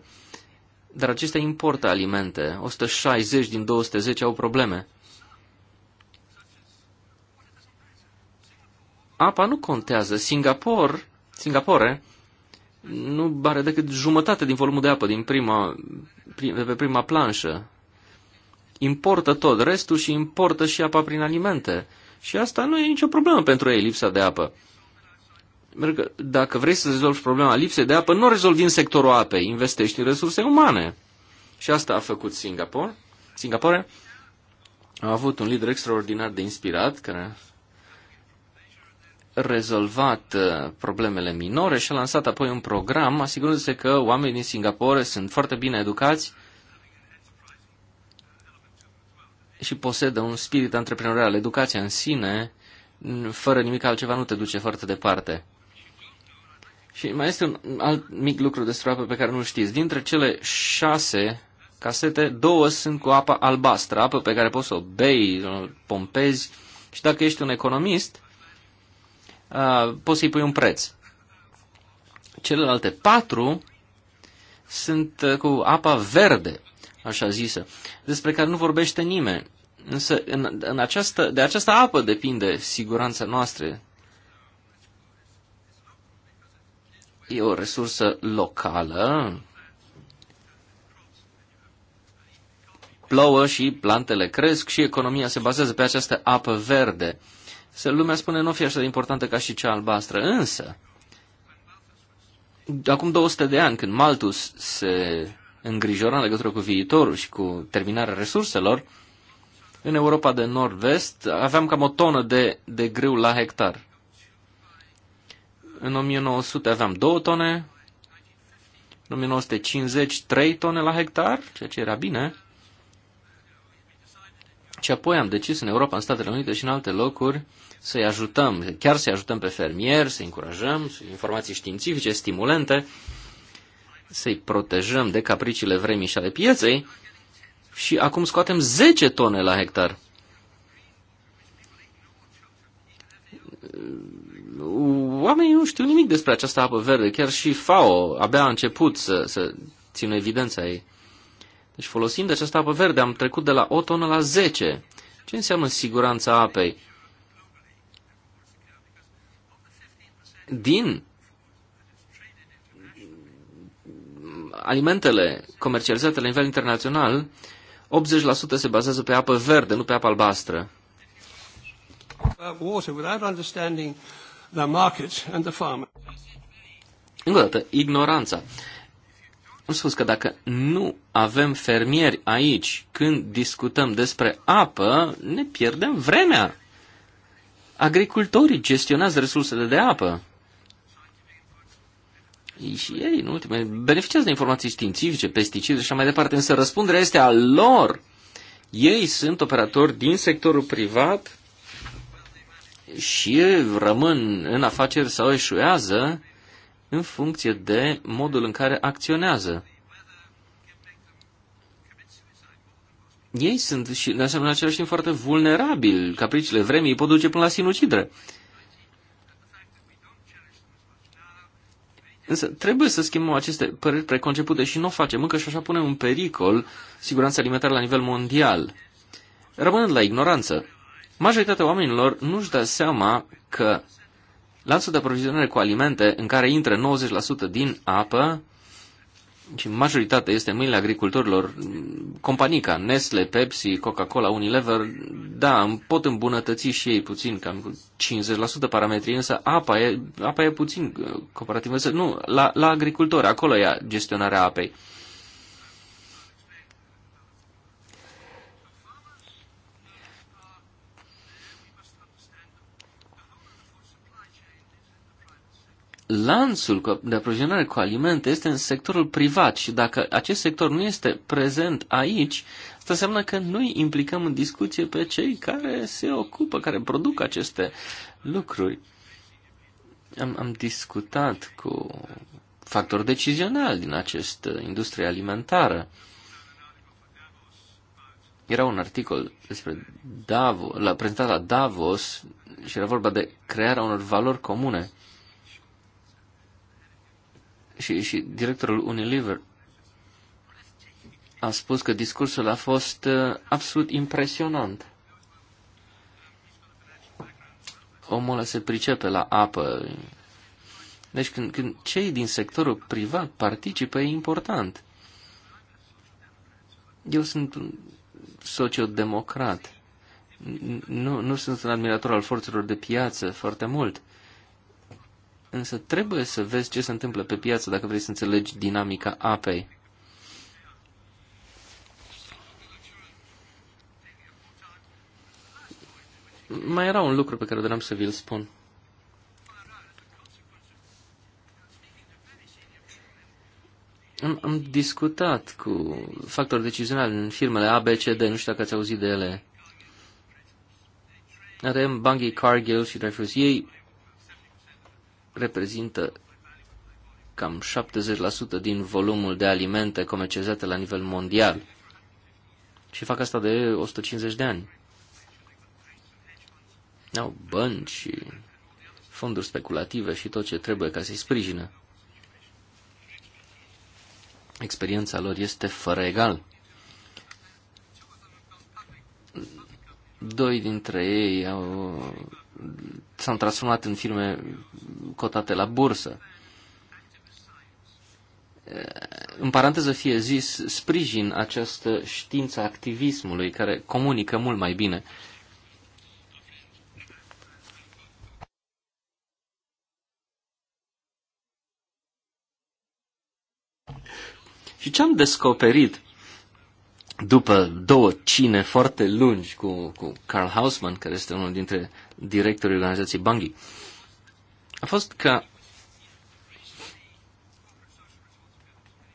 dar acestea importă alimente. 160 din 210 au probleme. Apa nu contează. Singapore, Singapore nu are decât jumătate din volumul de apă din prima, de pe prima planșă. Importă tot restul și importă și apa prin alimente. Și asta nu e nicio problemă pentru ei, lipsa de apă. Pentru că dacă vrei să rezolvi problema lipsei de apă, nu rezolvi în sectorul apei, investești în resurse umane. Și asta a făcut Singapore. Singapore a avut un lider extraordinar de inspirat care a rezolvat uh, problemele minore și a lansat apoi un program asigurându-se că oamenii din Singapore sunt foarte bine educați și posedă un spirit antreprenorial. Educația în sine, fără nimic altceva, nu te duce foarte departe. Și mai este un alt mic lucru despre apă pe care nu știți. Dintre cele șase casete, două sunt cu apă albastră, apă pe care poți să o bei, o pompezi și dacă ești un economist, poți să-i pui un preț. Celelalte patru sunt cu apa verde, așa zisă, despre care nu vorbește nimeni. Însă în, în această, de această apă depinde siguranța noastră, E o resursă locală. Plouă și plantele cresc și economia se bazează pe această apă verde. Să lumea spune, nu fi așa de importantă ca și cea albastră, însă, acum 200 de ani, când Malthus se îngrijora în legătură cu viitorul și cu terminarea resurselor, în Europa de nord-vest aveam cam o tonă de, de grâu la hectar. În 1900 aveam 2 tone, în 1950 3 tone la hectar, ceea ce era bine. Și apoi am decis în Europa, în Statele Unite și în alte locuri să-i ajutăm, chiar să-i ajutăm pe fermieri, să-i încurajăm, informații științifice, stimulente, să-i protejăm de capriciile vremii și ale pieței și acum scoatem 10 tone la hectar. Oamenii nu știu nimic despre această apă verde, chiar și FAO abia a început să, să țină evidența ei. Deci folosind această apă verde am trecut de la o tonă la 10. Ce înseamnă siguranța apei? Din alimentele comercializate la nivel internațional, 80% se bazează pe apă verde, nu pe apă albastră the market and the farmer. Încă o dată, ignoranța. Am spus că dacă nu avem fermieri aici când discutăm despre apă, ne pierdem vremea. Agricultorii gestionează resursele de apă. Și ei, în ultime, beneficiază de informații științifice, pesticide și așa mai departe, însă răspunderea este a lor. Ei sunt operatori din sectorul privat și rămân în afaceri sau eșuează în funcție de modul în care acționează. Ei sunt și, de asemenea, același timp foarte vulnerabili. Capricile vremii pot duce până la sinucidere. Însă trebuie să schimbăm aceste păreri preconcepute și nu o facem încă și așa punem în pericol siguranța alimentară la nivel mondial. Rămânând la ignoranță, Majoritatea oamenilor nu-și dă seama că lanțul de aprovizionare cu alimente în care intră 90% din apă și majoritatea este în mâinile agricultorilor, companii ca Nestle, Pepsi, Coca-Cola, Unilever, da, pot îmbunătăți și ei puțin, cam 50% parametrii, însă apa e, apa e puțin uh, comparativ. Însă, nu, la, la agricultori, acolo e gestionarea apei. lanțul de aprovizionare cu alimente este în sectorul privat și dacă acest sector nu este prezent aici, asta înseamnă că noi implicăm în discuție pe cei care se ocupă, care produc aceste lucruri. Am, am discutat cu factor decizional din această industrie alimentară. Era un articol despre Davos, l-a prezentat la Davos și era vorba de crearea unor valori comune și, și directorul Unilever a spus că discursul a fost uh, absolut impresionant. Omul se pricepe la apă. Deci când, când cei din sectorul privat participă, e important. Eu sunt un sociodemocrat. Nu, nu sunt un admirator al forțelor de piață foarte mult. Însă trebuie să vezi ce se întâmplă pe piață dacă vrei să înțelegi dinamica apei. Mai era un lucru pe care doream să vi-l spun. Am, am discutat cu factori decizionali în firmele ABCD, nu știu dacă ați auzit de ele. Avem Bungie, Cargill și Dreyfus. Ei reprezintă cam 70% din volumul de alimente comercializate la nivel mondial. Și fac asta de 150 de ani. Au bănci și fonduri speculative și tot ce trebuie ca să-i sprijină. Experiența lor este fără egal. Doi dintre ei au s-au transformat în firme cotate la bursă. În paranteză fie zis, sprijin această știință activismului care comunică mult mai bine. Și ce am descoperit după două cine foarte lungi cu, cu Carl Hausman, care este unul dintre directorii organizației Bungie, a fost că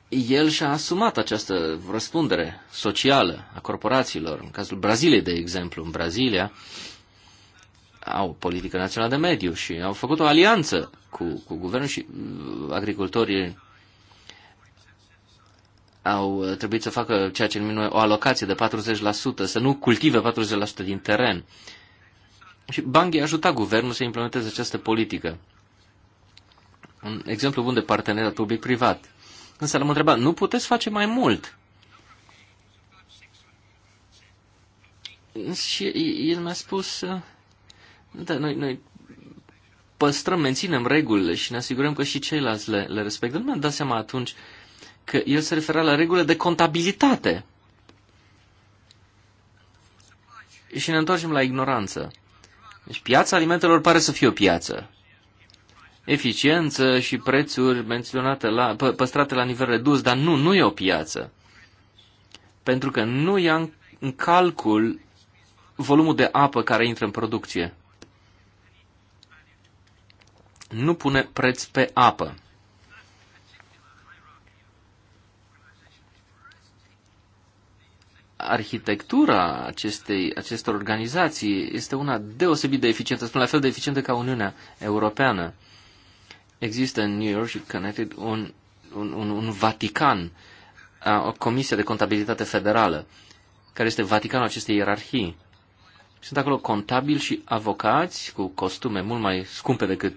el și-a asumat această răspundere socială a corporațiilor. În cazul Braziliei, de exemplu, în Brazilia, au politică națională de mediu și au făcut o alianță cu, cu guvernul și uh, agricultorii au uh, trebuit să facă ceea ce numim o alocație de 40%, să nu cultive 40% din teren. Și Banghi a ajutat guvernul să implementeze această politică. Un exemplu bun de parteneriat public-privat. Însă l-am întrebat, nu puteți face mai mult? Și el mi-a spus, uh, da, noi, noi păstrăm, menținem regulile și ne asigurăm că și ceilalți le, le respectă. Nu mi-am dat seama atunci uh, că el se referea la regulile de contabilitate. Și ne întoarcem la ignoranță. Deci piața alimentelor pare să fie o piață. Eficiență și prețuri menționate la, pă, păstrate la nivel redus, dar nu, nu e o piață. Pentru că nu ia în calcul volumul de apă care intră în producție. Nu pune preț pe apă. arhitectura acestei, acestor organizații este una deosebit de eficientă, spun la fel de eficientă ca Uniunea Europeană. Există în New York și Connecticut un, un, un, un Vatican, o comisie de contabilitate federală, care este Vaticanul acestei ierarhii. Sunt acolo contabili și avocați cu costume mult mai scumpe decât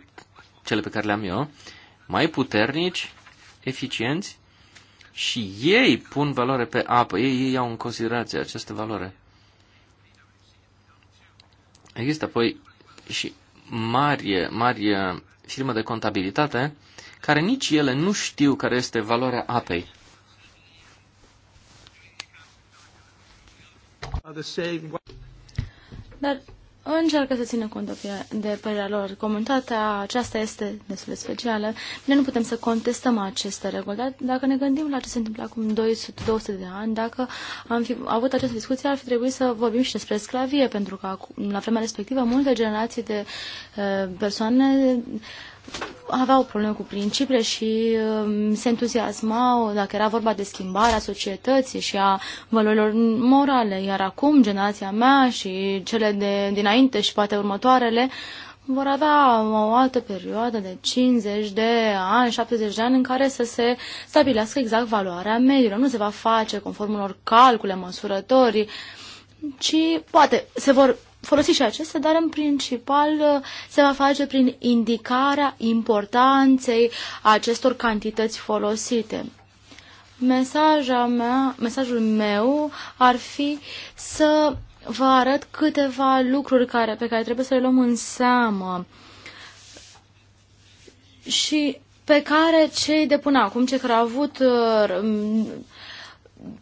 cele pe care le am eu, mai puternici, eficienți și ei pun valoare pe apă, ei, ei iau în considerație această valoare. Există apoi și mari, mari firme de contabilitate care nici ele nu știu care este valoarea apei. Dar încearcă să țină cont de părerea lor. Comunitatea aceasta este destul de specială. Noi nu putem să contestăm aceste reguli, dar dacă ne gândim la ce se întâmplă acum 200, 200 de ani, dacă am fi avut această discuție, ar fi trebuit să vorbim și despre sclavie, pentru că la vremea respectivă multe generații de uh, persoane aveau probleme cu principiile și uh, se entuziasmau dacă era vorba de schimbarea societății și a valorilor morale. Iar acum generația mea și cele de dinainte și poate următoarele vor avea o altă perioadă de 50 de ani, 70 de ani în care să se stabilească exact valoarea mediului. Nu se va face conform unor calcule măsurători, ci poate se vor folosi și acestea, dar în principal uh, se va face prin indicarea importanței acestor cantități folosite. Mesaja mea, mesajul meu ar fi să vă arăt câteva lucruri care, pe care trebuie să le luăm în seamă și pe care cei de până acum, cei care au avut uh,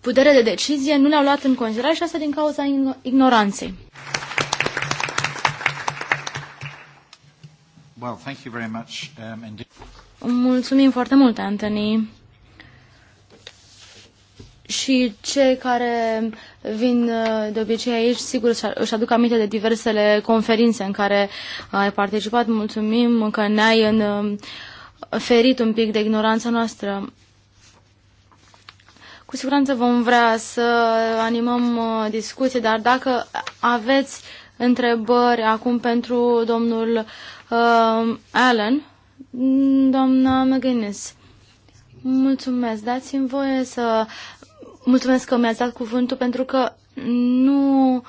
putere de decizie, nu le-au luat în considerare și asta din cauza ignoranței. Well, thank you very much, um, Mulțumim foarte mult, Anthony. Și cei care vin uh, de obicei aici, sigur, își aduc aminte de diversele conferințe în care ai participat. Mulțumim că ne-ai în, uh, ferit un pic de ignoranța noastră. Cu siguranță vom vrea să animăm uh, discuții, dar dacă aveți întrebări acum pentru domnul uh, Alan, doamna McGuinness. Mulțumesc. Dați-mi voie să... Mulțumesc că mi-ați dat cuvântul pentru că nu...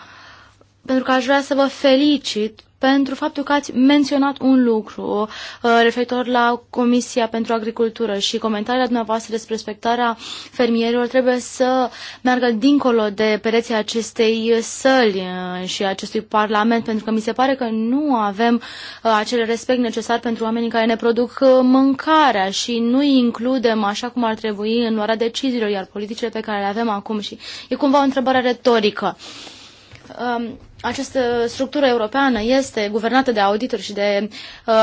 Pentru că aș vrea să vă felicit pentru faptul că ați menționat un lucru uh, referitor la Comisia pentru Agricultură și comentariile dumneavoastră despre respectarea fermierilor trebuie să meargă dincolo de pereții acestei săli uh, și acestui parlament, pentru că mi se pare că nu avem uh, acel respect necesar pentru oamenii care ne produc mâncarea și nu îi includem așa cum ar trebui în luarea deciziilor, iar politicile pe care le avem acum și e cumva o întrebare retorică. Um, această structură europeană este guvernată de auditori și de uh,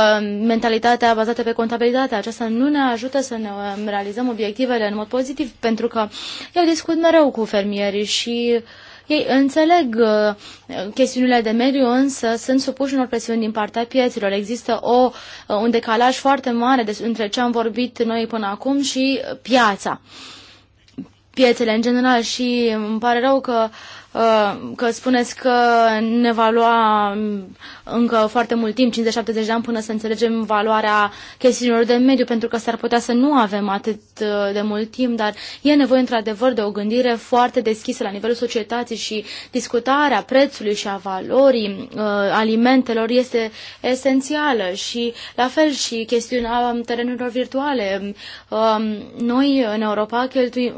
mentalitatea bazată pe contabilitate. Aceasta nu ne ajută să ne uh, realizăm obiectivele în mod pozitiv, pentru că eu discut mereu cu fermierii și ei înțeleg uh, chestiunile de mediu, însă sunt supuși unor presiuni din partea pieților. Există o, uh, un decalaj foarte mare de, între ce am vorbit noi până acum și piața. Piețele în general și îmi pare rău că uh, Uh, că spuneți că ne va lua mm, încă foarte mult timp, 50-70 de ani, până să înțelegem valoarea chestiunilor de mediu, pentru că s-ar putea să nu avem atât uh, de mult timp, dar e nevoie într-adevăr de o gândire foarte deschisă la nivelul societății și discutarea prețului și a valorii uh, alimentelor este esențială și la fel și chestiunea terenurilor virtuale. Um, noi în Europa cheltuim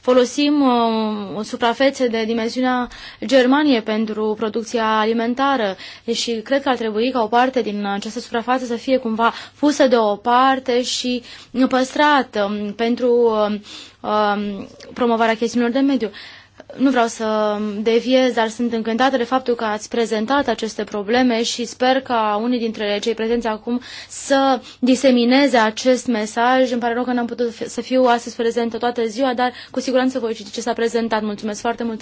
folosim uh, suprafețe de dimensiunea Germanie pentru producția alimentară și cred că ar trebui ca o parte din această suprafață să fie cumva pusă deoparte și păstrată um, pentru uh, promovarea chestiunilor de mediu nu vreau să deviez, dar sunt încântată de faptul că ați prezentat aceste probleme și sper ca unii dintre cei prezenți acum să disemineze acest mesaj. Îmi pare rău că n-am putut să fiu astăzi prezentă toată ziua, dar cu siguranță voi citi ce s-a prezentat. Mulțumesc foarte mult!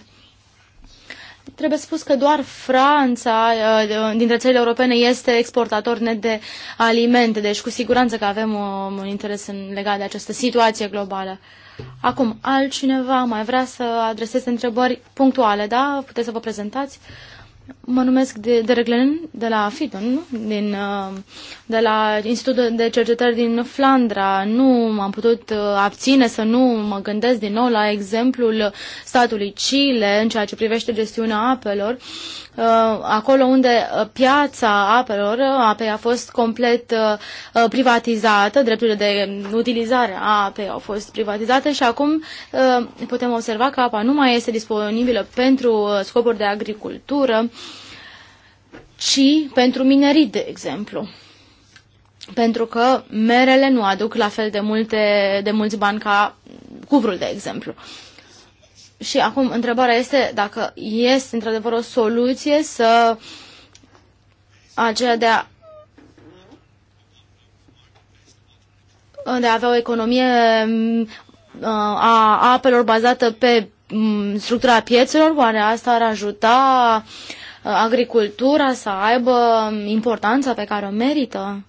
Trebuie spus că doar Franța, uh, uh, dintre țările europene, este exportator net de alimente, deci cu siguranță că avem uh, un interes legat de această situație globală. Acum, altcineva mai vrea să adreseze întrebări punctuale, da? Puteți să vă prezentați? Mă numesc de, de Reglen de la Fiton, din, uh, de la Institutul de Cercetări din Flandra. Nu m-am putut uh, abține să nu mă gândesc din nou la exemplul statului Chile în ceea ce privește gestiunea apelor. Uh, Uh, acolo unde uh, piața apelor, uh, apei a fost complet privatizată, drepturile de utilizare a apei au fost privatizate și acum putem observa că apa nu mai este disponibilă pentru scopuri de agricultură, ci pentru minerit, de exemplu pentru că merele nu aduc la fel de, multe, de mulți bani ca cuvrul, de exemplu. Și acum întrebarea este dacă este într-adevăr o soluție să aceea de a de a avea o economie uh, a apelor bazată pe mm, structura piețelor, oare asta ar ajuta uh, agricultura să aibă importanța pe care o merită?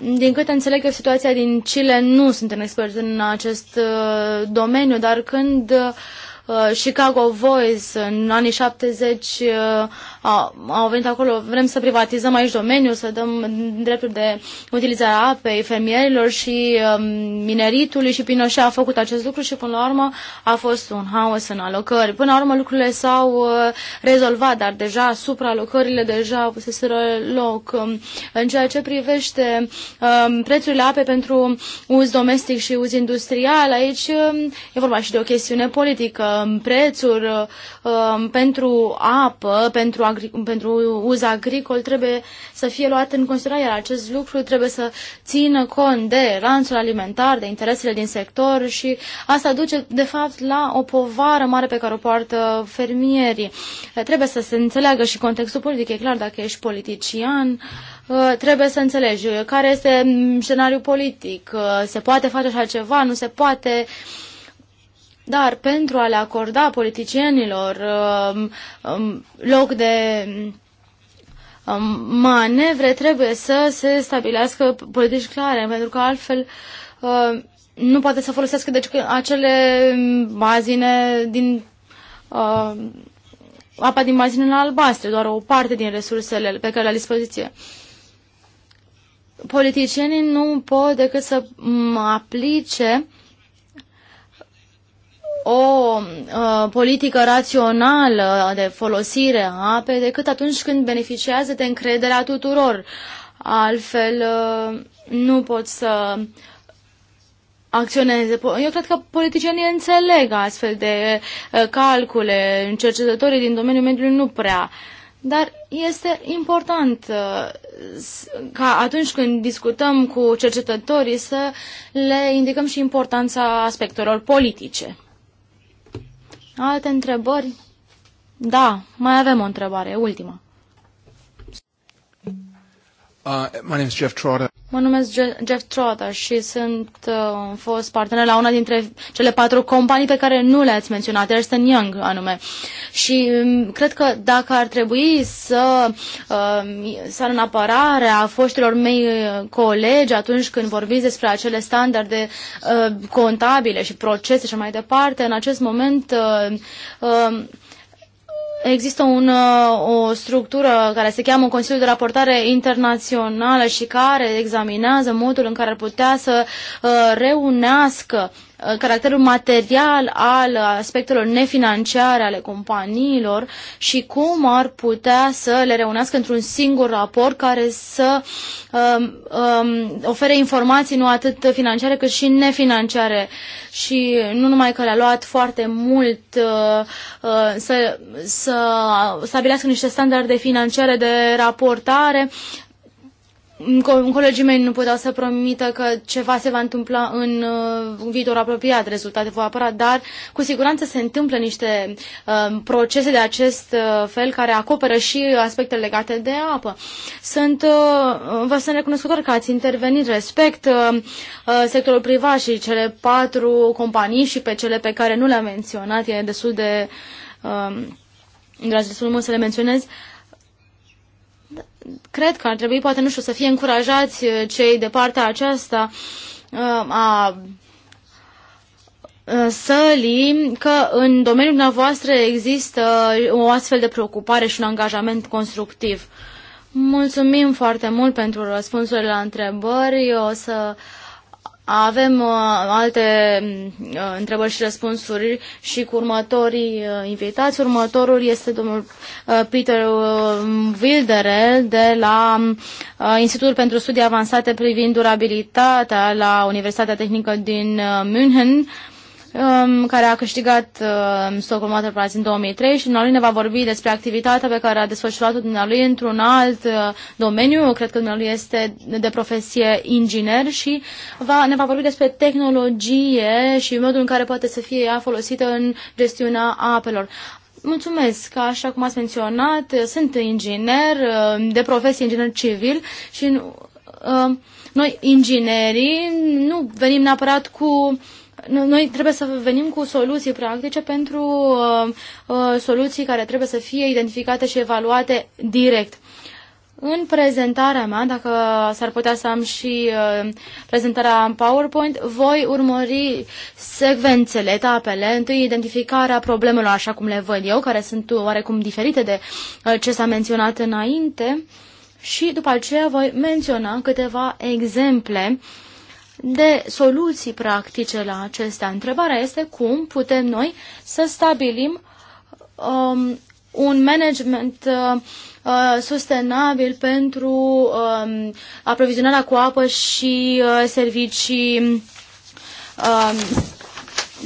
Din câte înțeleg că situația din Chile nu suntem experți în acest uh, domeniu, dar când uh, Chicago Voice în anii 70 au venit acolo, vrem să privatizăm aici domeniul, să dăm dreptul de utilizare a apei fermierilor și um, mineritului și Pinochet a făcut acest lucru și până la urmă a fost un haos în alocări. Până la urmă lucrurile s-au uh, rezolvat, dar deja supraalocările deja se loc. Um, în ceea ce privește um, prețurile apei pentru uz domestic și uz industrial, aici e vorba și de o chestiune politică. Prețuri uh, pentru apă, pentru pentru, pentru uz agricol trebuie să fie luat în considerare, iar acest lucru trebuie să țină cont de lanțul alimentar, de interesele din sector și asta duce, de fapt, la o povară mare pe care o poartă fermierii. Trebuie să se înțeleagă și contextul politic, e clar, dacă ești politician, uh, trebuie să înțelegi care este scenariul politic, uh, se poate face așa ceva, nu se poate, dar pentru a le acorda politicienilor um, um, loc de um, manevre, trebuie să se stabilească politici clare, pentru că altfel uh, nu poate să folosească deci, acele bazine din uh, apa din bazinele albastre, doar o parte din resursele pe care le-a dispoziție. Politicienii nu pot decât să aplice o uh, politică rațională de folosire a apei decât atunci când beneficiază de încrederea tuturor. Altfel, uh, nu pot să acționeze. Eu cred că politicienii înțeleg astfel de uh, calcule, cercetătorii din domeniul mediului nu prea. Dar este important uh, ca atunci când discutăm cu cercetătorii să le indicăm și importanța aspectelor politice. Alte întrebări? Da, mai avem o întrebare, ultima. Uh, my name is Jeff Trotter. Mă numesc Jeff Trotter și sunt uh, fost partener la una dintre cele patru companii pe care nu le-ați menționat, Ernst Young anume. Și um, cred că dacă ar trebui să uh, sar în apărare a foștilor mei uh, colegi atunci când vorbiți despre acele standarde uh, contabile și procese și mai departe, în acest moment uh, uh, există un, uh, o structură care se cheamă Consiliul de Raportare Internațională și care examinează modul în care ar putea să uh, reunească Uh, caracterul material al aspectelor nefinanciare ale companiilor și cum ar putea să le reunească într-un singur raport care să um, um, ofere informații nu atât financiare cât și nefinanciare. Și nu numai că le-a luat foarte mult uh, uh, să, să stabilească niște standarde financiare de raportare, Colegii mei nu puteau să promită că ceva se va întâmpla în uh, viitor apropiat, rezultate vor apăra, dar cu siguranță se întâmplă niște uh, procese de acest uh, fel care acoperă și aspecte legate de apă. Sunt, uh, vă sunt recunoscător că ați intervenit, respect uh, uh, sectorul privat și cele patru companii și pe cele pe care nu le-am menționat, e destul de, destul de să le menționez, cred că ar trebui, poate, nu știu, să fie încurajați uh, cei de partea aceasta uh, a uh, sălii că în domeniul dumneavoastră există o astfel de preocupare și un angajament constructiv. Mulțumim foarte mult pentru răspunsurile la întrebări. Eu o să avem uh, alte mm, uh, întrebări și răspunsuri și cu următorii uh, invitați. Următorul este domnul uh, Peter uh, Wilderel de la uh, Institutul pentru Studii Avansate privind durabilitatea la Universitatea Tehnică din uh, München. Uh, um, care a câștigat um, Stockholm Water Prize în 2003 și dumneavoastră ne va vorbi despre activitatea pe care a desfășurat-o dumneavoastră într-un alt uh, domeniu. Cred că dumneavoastră este de profesie inginer și va, ne va vorbi despre tehnologie și modul în care poate să fie ea folosită în gestiunea apelor. Mulțumesc, că, așa cum ați menționat, sunt inginer, um, de profesie inginer civil și uh, noi, inginerii, nu venim neapărat cu noi trebuie să venim cu soluții practice pentru uh, uh, soluții care trebuie să fie identificate și evaluate direct. În prezentarea mea, dacă s-ar putea să am și uh, prezentarea în PowerPoint, voi urmări secvențele, etapele, întâi identificarea problemelor așa cum le văd eu, care sunt oarecum diferite de uh, ce s-a menționat înainte și după aceea voi menționa câteva exemple uh, de soluții practice la acestea. Întrebarea este cum putem noi să stabilim um, un management uh, uh, sustenabil pentru uh, aprovizionarea cu apă și uh, servicii uh,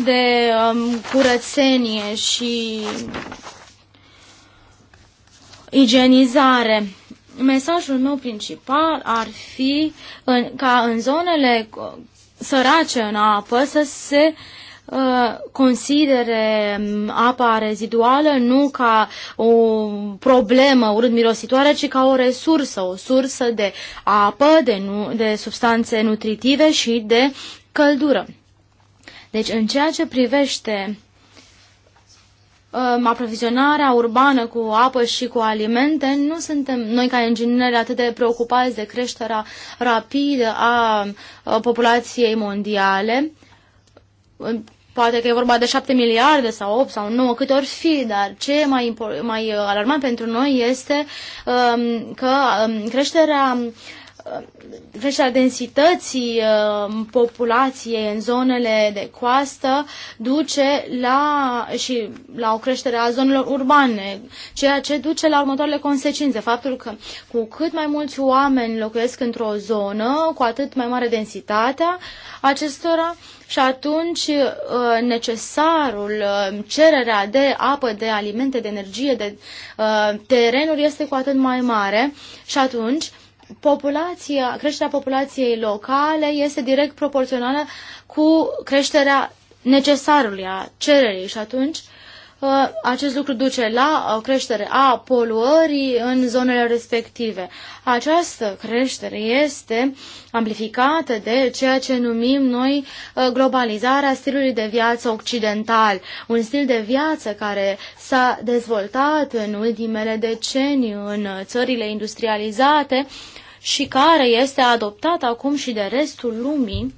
de um, curățenie și igienizare. Mesajul meu principal ar fi în, ca în zonele sărace în apă să se uh, considere mm, apa reziduală nu ca o problemă urât-mirositoare, ci ca o resursă, o sursă de apă, de, nu, de substanțe nutritive și de căldură. Deci, în ceea ce privește aprovizionarea urbană cu apă și cu alimente, nu suntem noi ca ingineri atât de preocupați de creșterea rapidă a populației mondiale. Poate că e vorba de 7 miliarde sau 8 sau 9, cât ori fi, dar ce e mai, mai uh, alarmant pentru noi este um, că um, creșterea uh, creșterea densității uh, populației în zonele de coastă duce la, și la o creștere a zonelor urbane, ceea ce duce la următoarele consecințe. Faptul că cu cât mai mulți oameni locuiesc într-o zonă, cu atât mai mare densitatea acestora, și atunci uh, necesarul, uh, cererea de apă, de alimente, de energie, de terenuri este cu atât mai mare și atunci populația, creșterea populației locale este direct proporțională cu creșterea necesarului, a cererii și atunci uh, acest lucru duce la o creștere a poluării în zonele respective. Această creștere este amplificată de ceea ce numim noi uh, globalizarea stilului de viață occidental, un stil de viață care s-a dezvoltat în ultimele decenii în țările industrializate și care este adoptat acum și de restul lumii,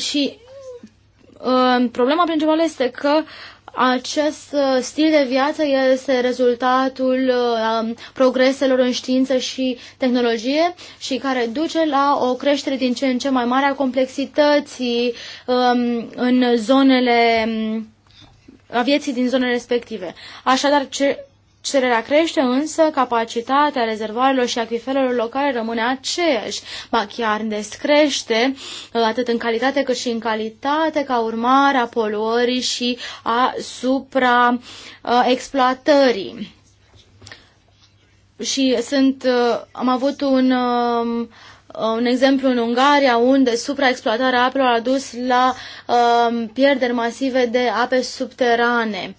și uh, problema principală este că acest uh, stil de viață este rezultatul uh, progreselor în știință și tehnologie și care duce la o creștere din ce în ce mai mare a complexității uh, în zonele uh, a vieții din zonele respective. Așadar, ce, cererea crește, însă capacitatea rezervoarelor și acviferelor locale rămâne aceeași, ba chiar descrește, uh, atât în calitate cât și în calitate, ca urmare a poluării și a supraexploatării. Uh, și sunt, uh, am avut un uh, Uh, un exemplu în Ungaria, unde supraexploatarea apelor a dus la um, pierderi masive de ape subterane.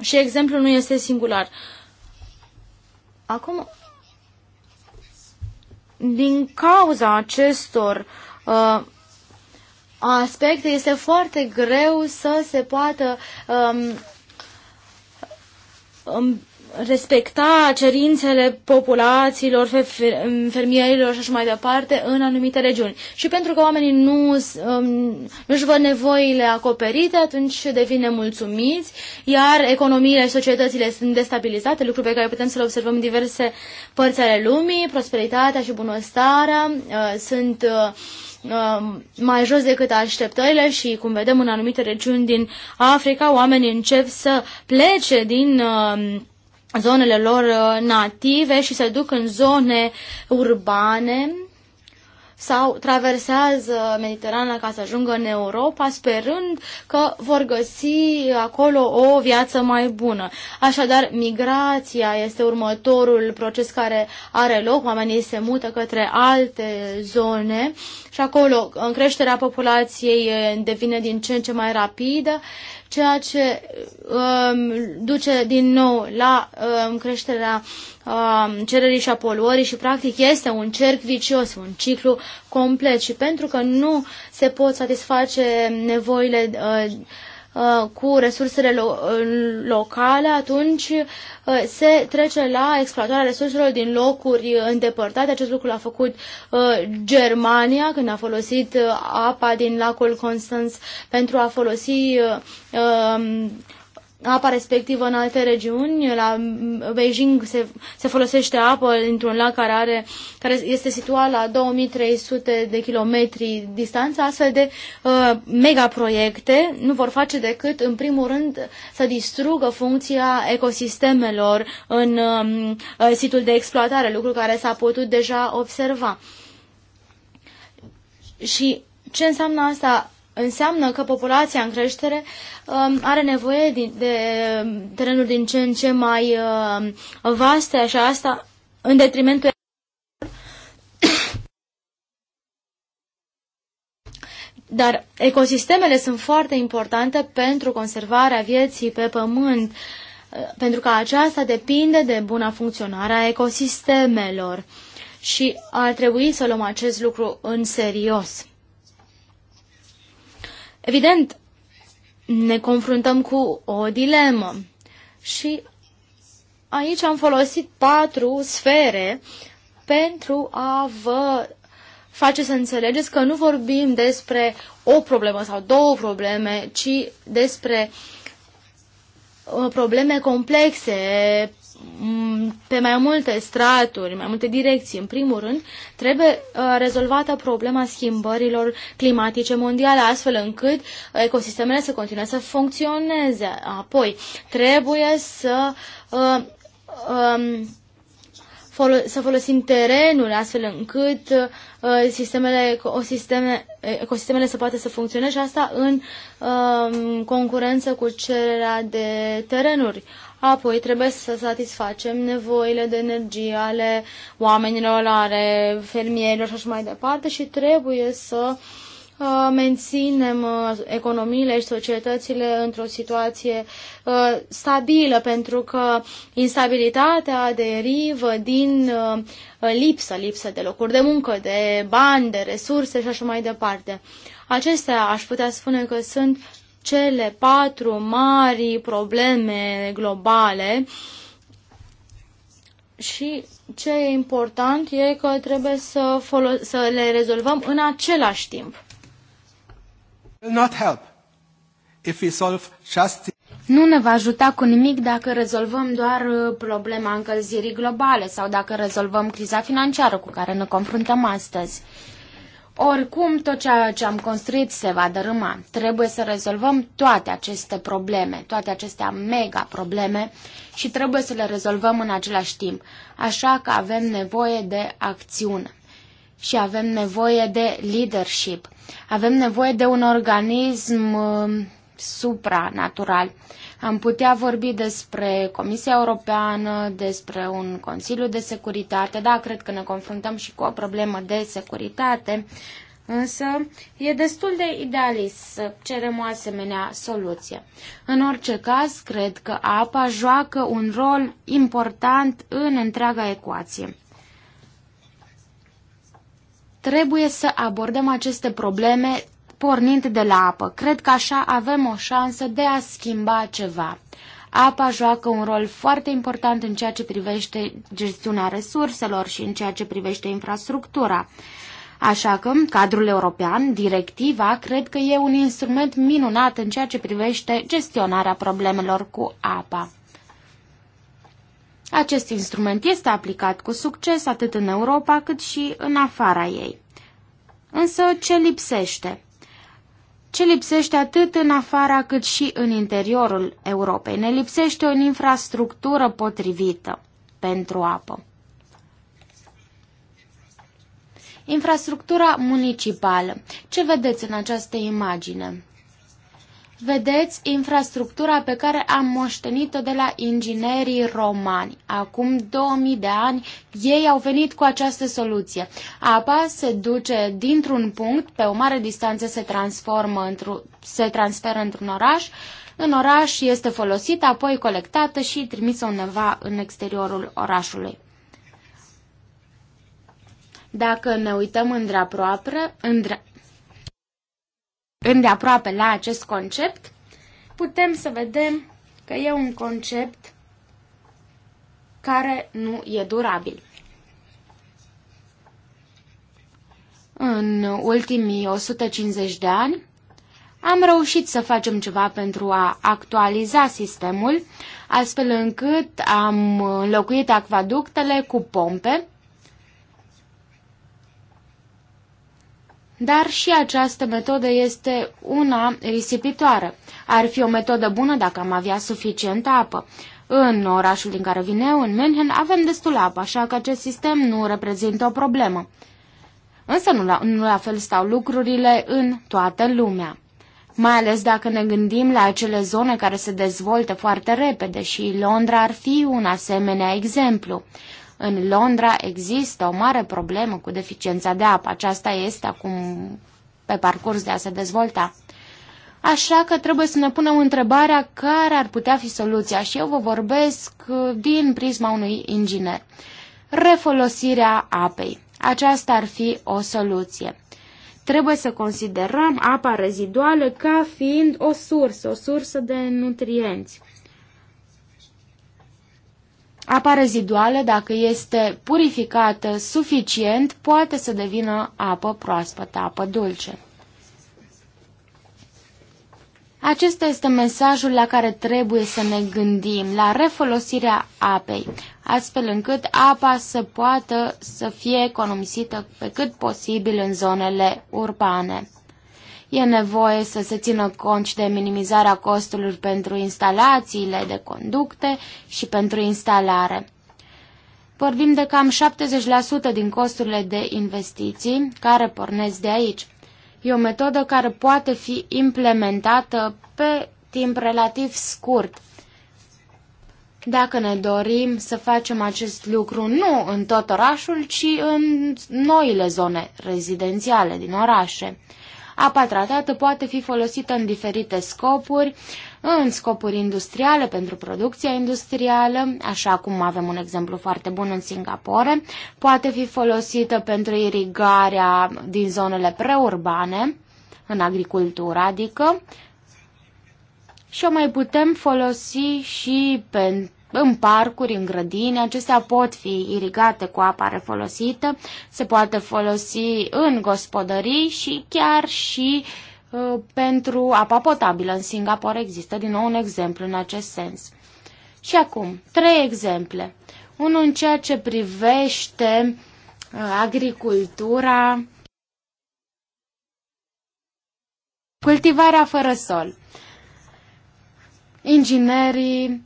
Și exemplul nu este singular. Acum, din cauza acestor uh, aspecte, este foarte greu să se poată um, um respecta cerințele populațiilor, fermierilor și așa mai departe în anumite regiuni. Și pentru că oamenii nu um, își văd nevoile acoperite, atunci devin nemulțumiți, iar economiile și societățile sunt destabilizate, lucru pe care putem să-l observăm în diverse părți ale lumii, prosperitatea și bunăstarea uh, sunt uh, um, mai jos decât așteptările și, cum vedem în anumite regiuni din Africa, oamenii încep să plece din uh, zonele lor uh, native și se duc în zone urbane sau traversează Mediterana ca să ajungă în Europa, sperând că vor găsi acolo o viață mai bună. Așadar, migrația este următorul proces care are loc. Oamenii se mută către alte zone și acolo în creșterea populației devine din ce în ce mai rapidă ceea ce um, duce din nou la um, creșterea um, cererii și a poluării și practic este un cerc vicios, un ciclu complet și pentru că nu se pot satisface nevoile uh, Uh, cu resursele lo uh, locale, atunci uh, se trece la exploatarea resurselor din locuri îndepărtate. Acest lucru l-a făcut Germania când a folosit apa din lacul Constans pentru a folosi um, apa respectivă în alte regiuni. La Beijing se, se folosește apă într un lac care, are, care este situat la 2300 de kilometri distanță. Astfel de uh, megaproiecte nu vor face decât, în primul rând, să distrugă funcția ecosistemelor în um, uh, situl de exploatare, lucru care s-a putut deja observa. Și ce înseamnă asta? înseamnă că populația în creștere um, are nevoie de um, terenuri din ce în ce mai um, vaste și asta în detrimentul Dar ecosistemele sunt foarte importante pentru conservarea vieții pe pământ, uh, pentru că aceasta depinde de buna funcționare a ecosistemelor și ar trebui să luăm acest lucru în serios. Evident, ne confruntăm cu o dilemă și aici am folosit patru sfere pentru a vă face să înțelegeți că nu vorbim despre o problemă sau două probleme, ci despre uh, probleme complexe pe mai multe straturi, mai multe direcții. În primul rând, trebuie uh, rezolvată problema schimbărilor climatice mondiale, astfel încât ecosistemele să continue să funcționeze. Apoi, trebuie să uh, um, să folosim terenul astfel încât uh, sistemele, ecosisteme, ecosistemele să poată să funcționeze și asta în uh, concurență cu cererea de terenuri. Apoi trebuie să satisfacem nevoile de energie ale oamenilor, ale fermierilor și așa mai departe și trebuie să uh, menținem uh, economiile și societățile într-o situație uh, stabilă, pentru că instabilitatea derivă din lipsă, lipsă de locuri de muncă, de bani, de resurse și așa mai departe. Acestea aș putea spune că sunt cele patru mari probleme globale și ce e important e că trebuie să, să le rezolvăm în același timp. Not help if we solve just nu ne va ajuta cu nimic dacă rezolvăm doar uh, problema încălzirii globale sau dacă rezolvăm criza financiară cu care ne confruntăm astăzi. Oricum, tot ceea ce am construit se va dărâma. Trebuie să rezolvăm toate aceste probleme, toate acestea mega probleme și trebuie să le rezolvăm în același timp. Așa că avem nevoie de acțiune și avem nevoie de leadership. Avem nevoie de un organism uh, supranatural. Uh, am putea vorbi despre Comisia Europeană, despre un Consiliu de Securitate. Da, cred că ne confruntăm și cu o problemă de securitate, însă e destul de idealist să cerem o asemenea soluție. În orice caz, cred că apa joacă un rol important în întreaga ecuație trebuie să abordăm aceste probleme pornind de la apă. Cred că așa avem o șansă de a schimba ceva. Apa joacă un rol foarte important în ceea ce privește gestiunea resurselor și în ceea ce privește infrastructura. Așa că cadrul european, directiva, cred că e un instrument minunat în ceea ce privește gestionarea problemelor cu apa. Acest instrument este aplicat cu succes atât în Europa cât și în afara ei. Însă ce lipsește? ce lipsește atât în afara cât și în interiorul Europei. Ne lipsește o infrastructură potrivită pentru apă. Infrastructura municipală. Ce vedeți în această imagine? vedeți infrastructura pe care am moștenit-o de la inginerii romani. Acum 2000 de ani ei au venit cu această soluție. Apa se duce dintr-un punct, pe o mare distanță se, transformă într se transferă într-un oraș, în oraș este folosită, apoi colectată și trimisă undeva în exteriorul orașului. Dacă ne uităm îndreaproape, îndre îndeaproape la acest concept, putem să vedem că e un concept care nu e durabil. În ultimii 150 de ani am reușit să facem ceva pentru a actualiza sistemul, astfel încât am înlocuit acvaductele cu pompe, Dar și această metodă este una risipitoară. Ar fi o metodă bună dacă am avea suficientă apă. În orașul din care vine, eu, în München, avem destul apă, așa că acest sistem nu reprezintă o problemă. Însă nu la, nu la fel stau lucrurile în toată lumea. Mai ales dacă ne gândim la acele zone care se dezvoltă foarte repede și Londra ar fi un asemenea exemplu. În Londra există o mare problemă cu deficiența de apă. Aceasta este acum pe parcurs de a se dezvolta. Așa că trebuie să ne punem întrebarea care ar putea fi soluția și eu vă vorbesc din prisma unui inginer. Refolosirea apei. Aceasta ar fi o soluție. Trebuie să considerăm apa reziduală ca fiind o sursă, o sursă de nutrienți. Apa reziduală, dacă este purificată suficient, poate să devină apă proaspătă, apă dulce. Acesta este mesajul la care trebuie să ne gândim, la refolosirea apei, astfel încât apa să poată să fie economisită pe cât posibil în zonele urbane. E nevoie să se țină cont și de minimizarea costurilor pentru instalațiile de conducte și pentru instalare. Vorbim de cam 70% din costurile de investiții care pornesc de aici. E o metodă care poate fi implementată pe timp relativ scurt. Dacă ne dorim să facem acest lucru nu în tot orașul, ci în noile zone rezidențiale din orașe. Apa tratată poate fi folosită în diferite scopuri, în scopuri industriale, pentru producția industrială, așa cum avem un exemplu foarte bun în Singapore, poate fi folosită pentru irigarea din zonele preurbane, în agricultură, adică, și o mai putem folosi și pentru în parcuri, în grădini, acestea pot fi irigate cu apa refolosită, se poate folosi în gospodării și chiar și uh, pentru apa potabilă. În Singapore există din nou un exemplu în acest sens. Și acum, trei exemple. Unul în ceea ce privește uh, agricultura, cultivarea fără sol. Inginerii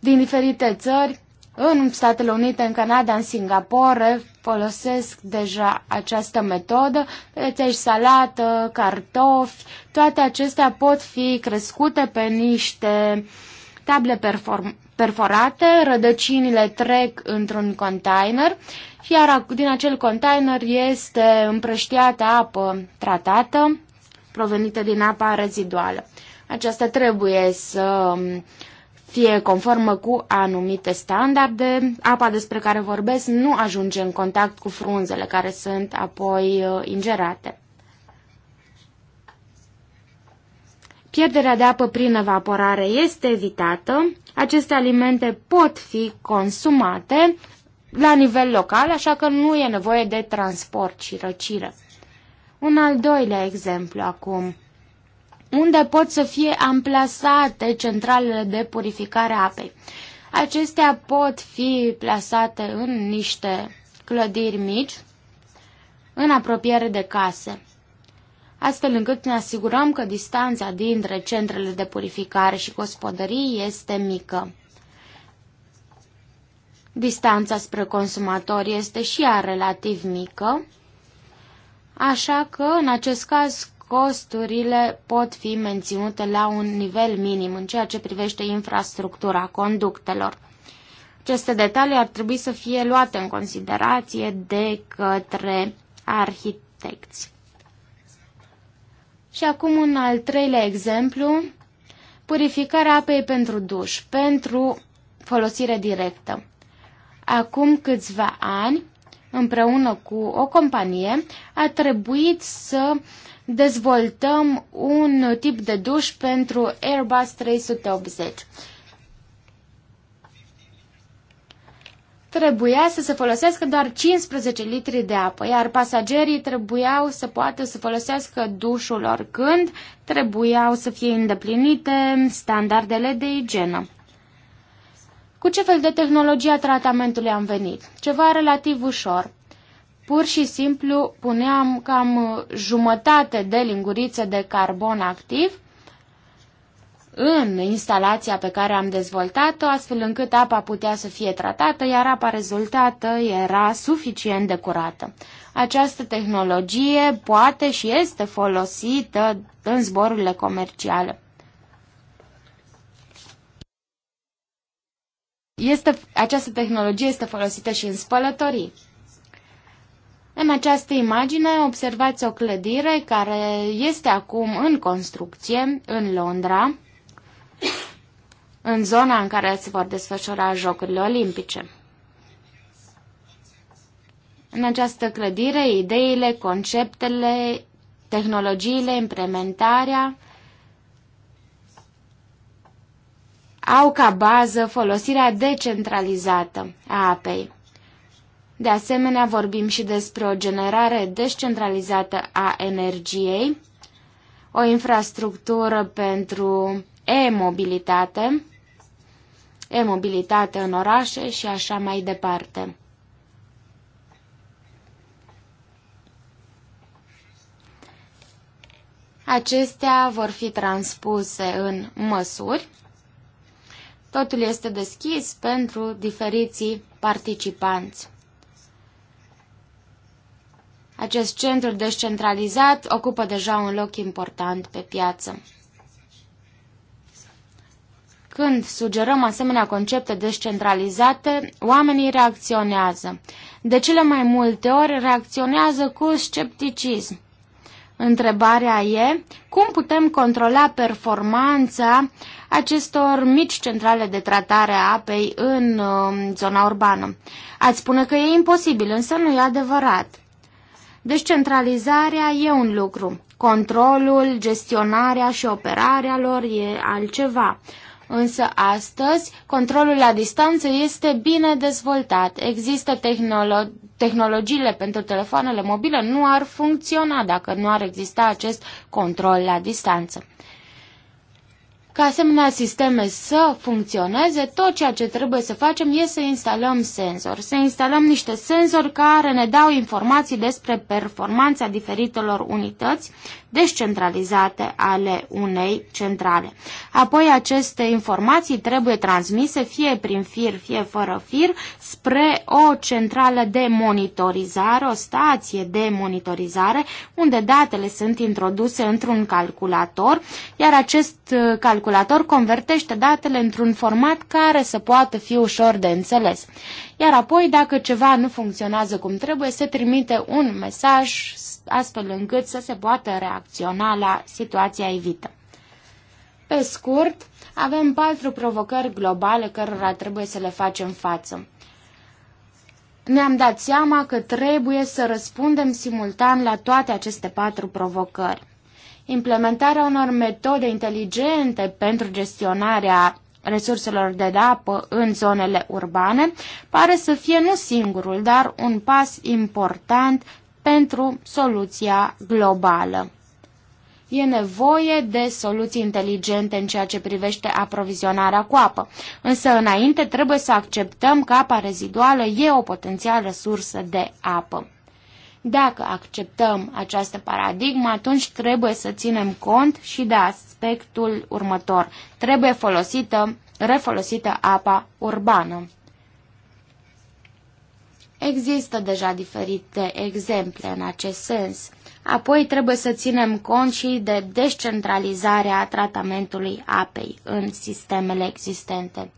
din diferite țări, în Statele Unite, în Canada, în Singapore, folosesc deja această metodă. Vedeți aici salată, cartofi, toate acestea pot fi crescute pe niște table perform- perforate, rădăcinile trec într-un container, iar din acel container este împrăștiată apă tratată, provenită din apa reziduală. Aceasta trebuie să fie conformă cu anumite standarde. Apa despre care vorbesc nu ajunge în contact cu frunzele care sunt apoi uh, ingerate. Pierderea de apă prin evaporare este evitată. Aceste alimente pot fi consumate la nivel local, așa că nu e nevoie de transport și răcire. Un al doilea exemplu acum unde pot să fie amplasate centralele de purificare a apei. Acestea pot fi plasate în niște clădiri mici, în apropiere de case, astfel încât ne asigurăm că distanța dintre centrele de purificare și gospodării este mică. Distanța spre consumator este și ea relativ mică, așa că, în acest caz, costurile pot fi menținute la un nivel minim în ceea ce privește infrastructura conductelor. Aceste detalii ar trebui să fie luate în considerație de către arhitecți. Și acum un al treilea exemplu, purificarea apei pentru duș, pentru folosire directă. Acum câțiva ani, împreună cu o companie, a trebuit să dezvoltăm un tip de duș pentru Airbus 380. Trebuia să se folosească doar 15 litri de apă, iar pasagerii trebuiau să poată să folosească dușul oricând, trebuiau să fie îndeplinite standardele de igienă. Cu ce fel de tehnologie a tratamentului am venit? Ceva relativ ușor. Pur și simplu puneam cam jumătate de lingurițe de carbon activ în instalația pe care am dezvoltat-o, astfel încât apa putea să fie tratată, iar apa rezultată era suficient de curată. Această tehnologie poate și este folosită în zborurile comerciale. Este, această tehnologie este folosită și în spălătorii. În această imagine observați o clădire care este acum în construcție în Londra, în zona în care se vor desfășura Jocurile Olimpice. În această clădire, ideile, conceptele, tehnologiile, implementarea au ca bază folosirea decentralizată a apei. De asemenea, vorbim și despre o generare descentralizată a energiei, o infrastructură pentru e-mobilitate, e-mobilitate în orașe și așa mai departe. Acestea vor fi transpuse în măsuri. Totul este deschis pentru diferiții participanți. Acest centru descentralizat ocupă deja un loc important pe piață. Când sugerăm asemenea concepte descentralizate, oamenii reacționează. De cele mai multe ori reacționează cu scepticism. Întrebarea e cum putem controla performanța acestor mici centrale de tratare a apei în uh, zona urbană. Ați spune că e imposibil, însă nu e adevărat. Decentralizarea e un lucru. Controlul, gestionarea și operarea lor e altceva. Însă astăzi, controlul la distanță este bine dezvoltat. Există tehnolo- tehnologiile pentru telefoanele mobile, nu ar funcționa dacă nu ar exista acest control la distanță ca asemenea sisteme să funcționeze, tot ceea ce trebuie să facem este să instalăm senzori. Să instalăm niște senzori care ne dau informații despre performanța diferitelor unități descentralizate ale unei centrale. Apoi aceste informații trebuie transmise fie prin fir, fie fără fir spre o centrală de monitorizare, o stație de monitorizare, unde datele sunt introduse într-un calculator, iar acest uh, calculator convertește datele într-un format care să poată fi ușor de înțeles. Iar apoi, dacă ceva nu funcționează cum trebuie, se trimite un mesaj astfel încât să se poată reacționa la situația evită. Pe scurt, avem patru provocări globale cărora trebuie să le facem față. Ne-am dat seama că trebuie să răspundem simultan la toate aceste patru provocări. Implementarea unor metode inteligente pentru gestionarea resurselor de apă în zonele urbane pare să fie nu singurul, dar un pas important pentru soluția globală. E nevoie de soluții inteligente în ceea ce privește aprovizionarea cu apă, însă înainte trebuie să acceptăm că apa reziduală e o potențială sursă de apă. Dacă acceptăm această paradigmă, atunci trebuie să ținem cont și de aspectul următor. Trebuie folosită, refolosită apa urbană. Există deja diferite exemple în acest sens. Apoi trebuie să ținem cont și de descentralizarea tratamentului apei în sistemele existente.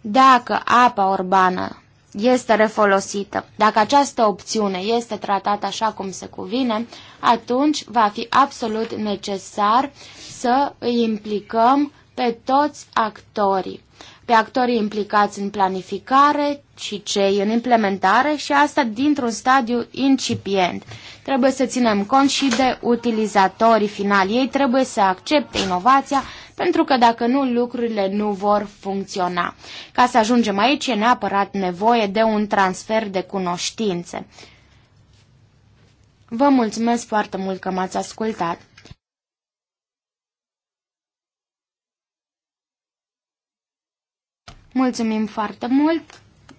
Dacă apa urbană este refolosită, dacă această opțiune este tratată așa cum se cuvine, atunci va fi absolut necesar să îi implicăm pe toți actorii pe actorii implicați în planificare și cei în implementare și asta dintr-un stadiu incipient. Trebuie să ținem cont și de utilizatorii finali. Ei trebuie să accepte inovația pentru că dacă nu, lucrurile nu vor funcționa. Ca să ajungem aici, e neapărat nevoie de un transfer de cunoștințe. Vă mulțumesc foarte mult că m-ați ascultat. Mulțumim foarte mult,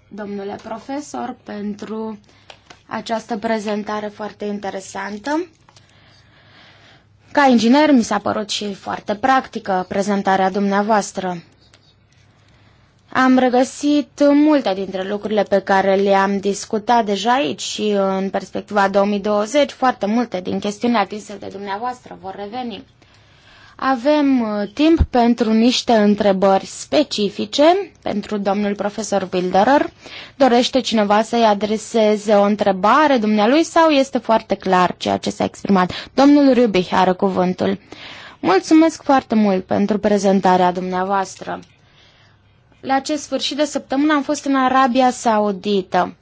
domnule profesor, pentru această prezentare foarte interesantă. Ca inginer mi s-a părut și foarte practică prezentarea dumneavoastră. Am regăsit multe dintre lucrurile pe care le-am discutat deja aici și în perspectiva 2020, foarte multe din chestiunile atinse de dumneavoastră vor reveni. Avem uh, timp pentru niște întrebări specifice pentru domnul profesor Wilderer. Dorește cineva să-i adreseze o întrebare dumnealui sau este foarte clar ceea ce s-a exprimat? Domnul Rubi are cuvântul. Mulțumesc foarte mult pentru prezentarea dumneavoastră. La acest sfârșit de săptămână am fost în Arabia Saudită.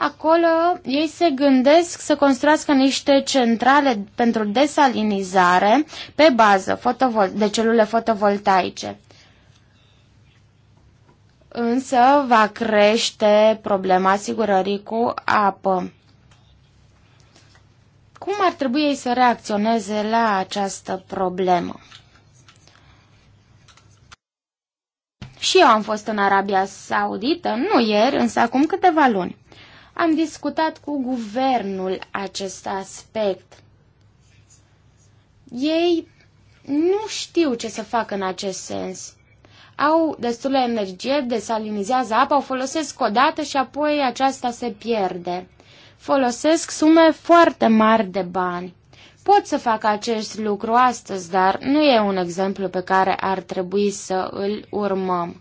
Acolo ei se gândesc să construiască niște centrale pentru desalinizare pe bază de celule fotovoltaice. Însă va crește problema asigurării cu apă. Cum ar trebui ei să reacționeze la această problemă? Și eu am fost în Arabia Saudită, nu ieri, însă acum câteva luni. Am discutat cu guvernul acest aspect. Ei nu știu ce să facă în acest sens. Au destulă de energie, desalinizează apa, o folosesc odată și apoi aceasta se pierde. Folosesc sume foarte mari de bani. Pot să fac acest lucru astăzi, dar nu e un exemplu pe care ar trebui să îl urmăm.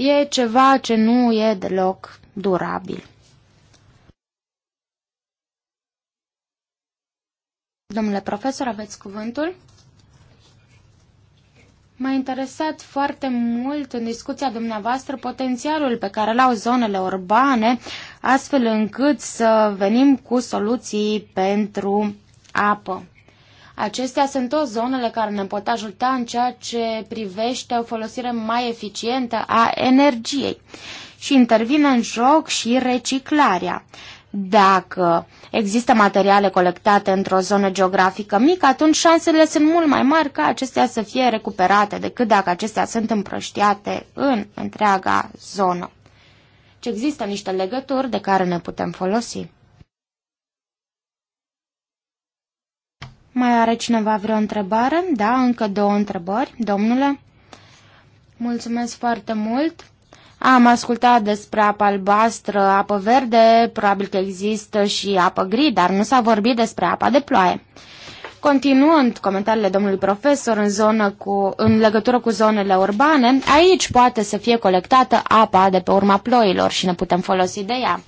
E ceva ce nu e deloc durabil. Domnule profesor, aveți cuvântul? M-a interesat foarte mult în discuția dumneavoastră potențialul pe care l-au zonele urbane, astfel încât să venim cu soluții pentru apă. Acestea sunt toți zonele care ne pot ajuta în ceea ce privește o folosire mai eficientă a energiei. Și intervine în joc și reciclarea. Dacă există materiale colectate într-o zonă geografică mică, atunci șansele sunt mult mai mari ca acestea să fie recuperate decât dacă acestea sunt împrăștiate în întreaga zonă. Ce deci există niște legături de care ne putem folosi. Mai are cineva vreo întrebare? Da, încă două întrebări, domnule. Mulțumesc foarte mult. Am ascultat despre apă albastră, apă verde, probabil că există și apă gri, dar nu s-a vorbit despre apa de ploaie. Continuând comentariile domnului profesor în, zonă cu, în legătură cu zonele urbane, aici poate să fie colectată apa de pe urma ploilor și ne putem folosi de ea.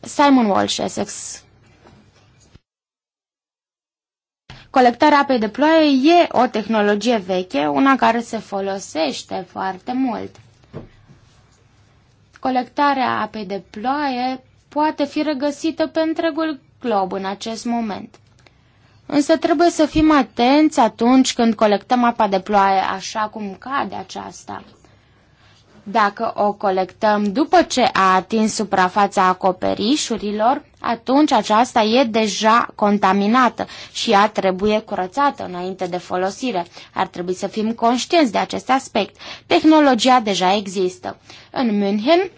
Simon Walsh, Essex Colectarea apei de ploaie e o tehnologie veche, una care se folosește foarte mult. Colectarea apei de ploaie poate fi regăsită pe întregul glob în acest moment. Însă trebuie să fim atenți atunci când colectăm apa de ploaie așa cum cade aceasta. Dacă o colectăm după ce a atins suprafața acoperișurilor, atunci aceasta e deja contaminată și ea trebuie curățată înainte de folosire. Ar trebui să fim conștienți de acest aspect. Tehnologia deja există. În München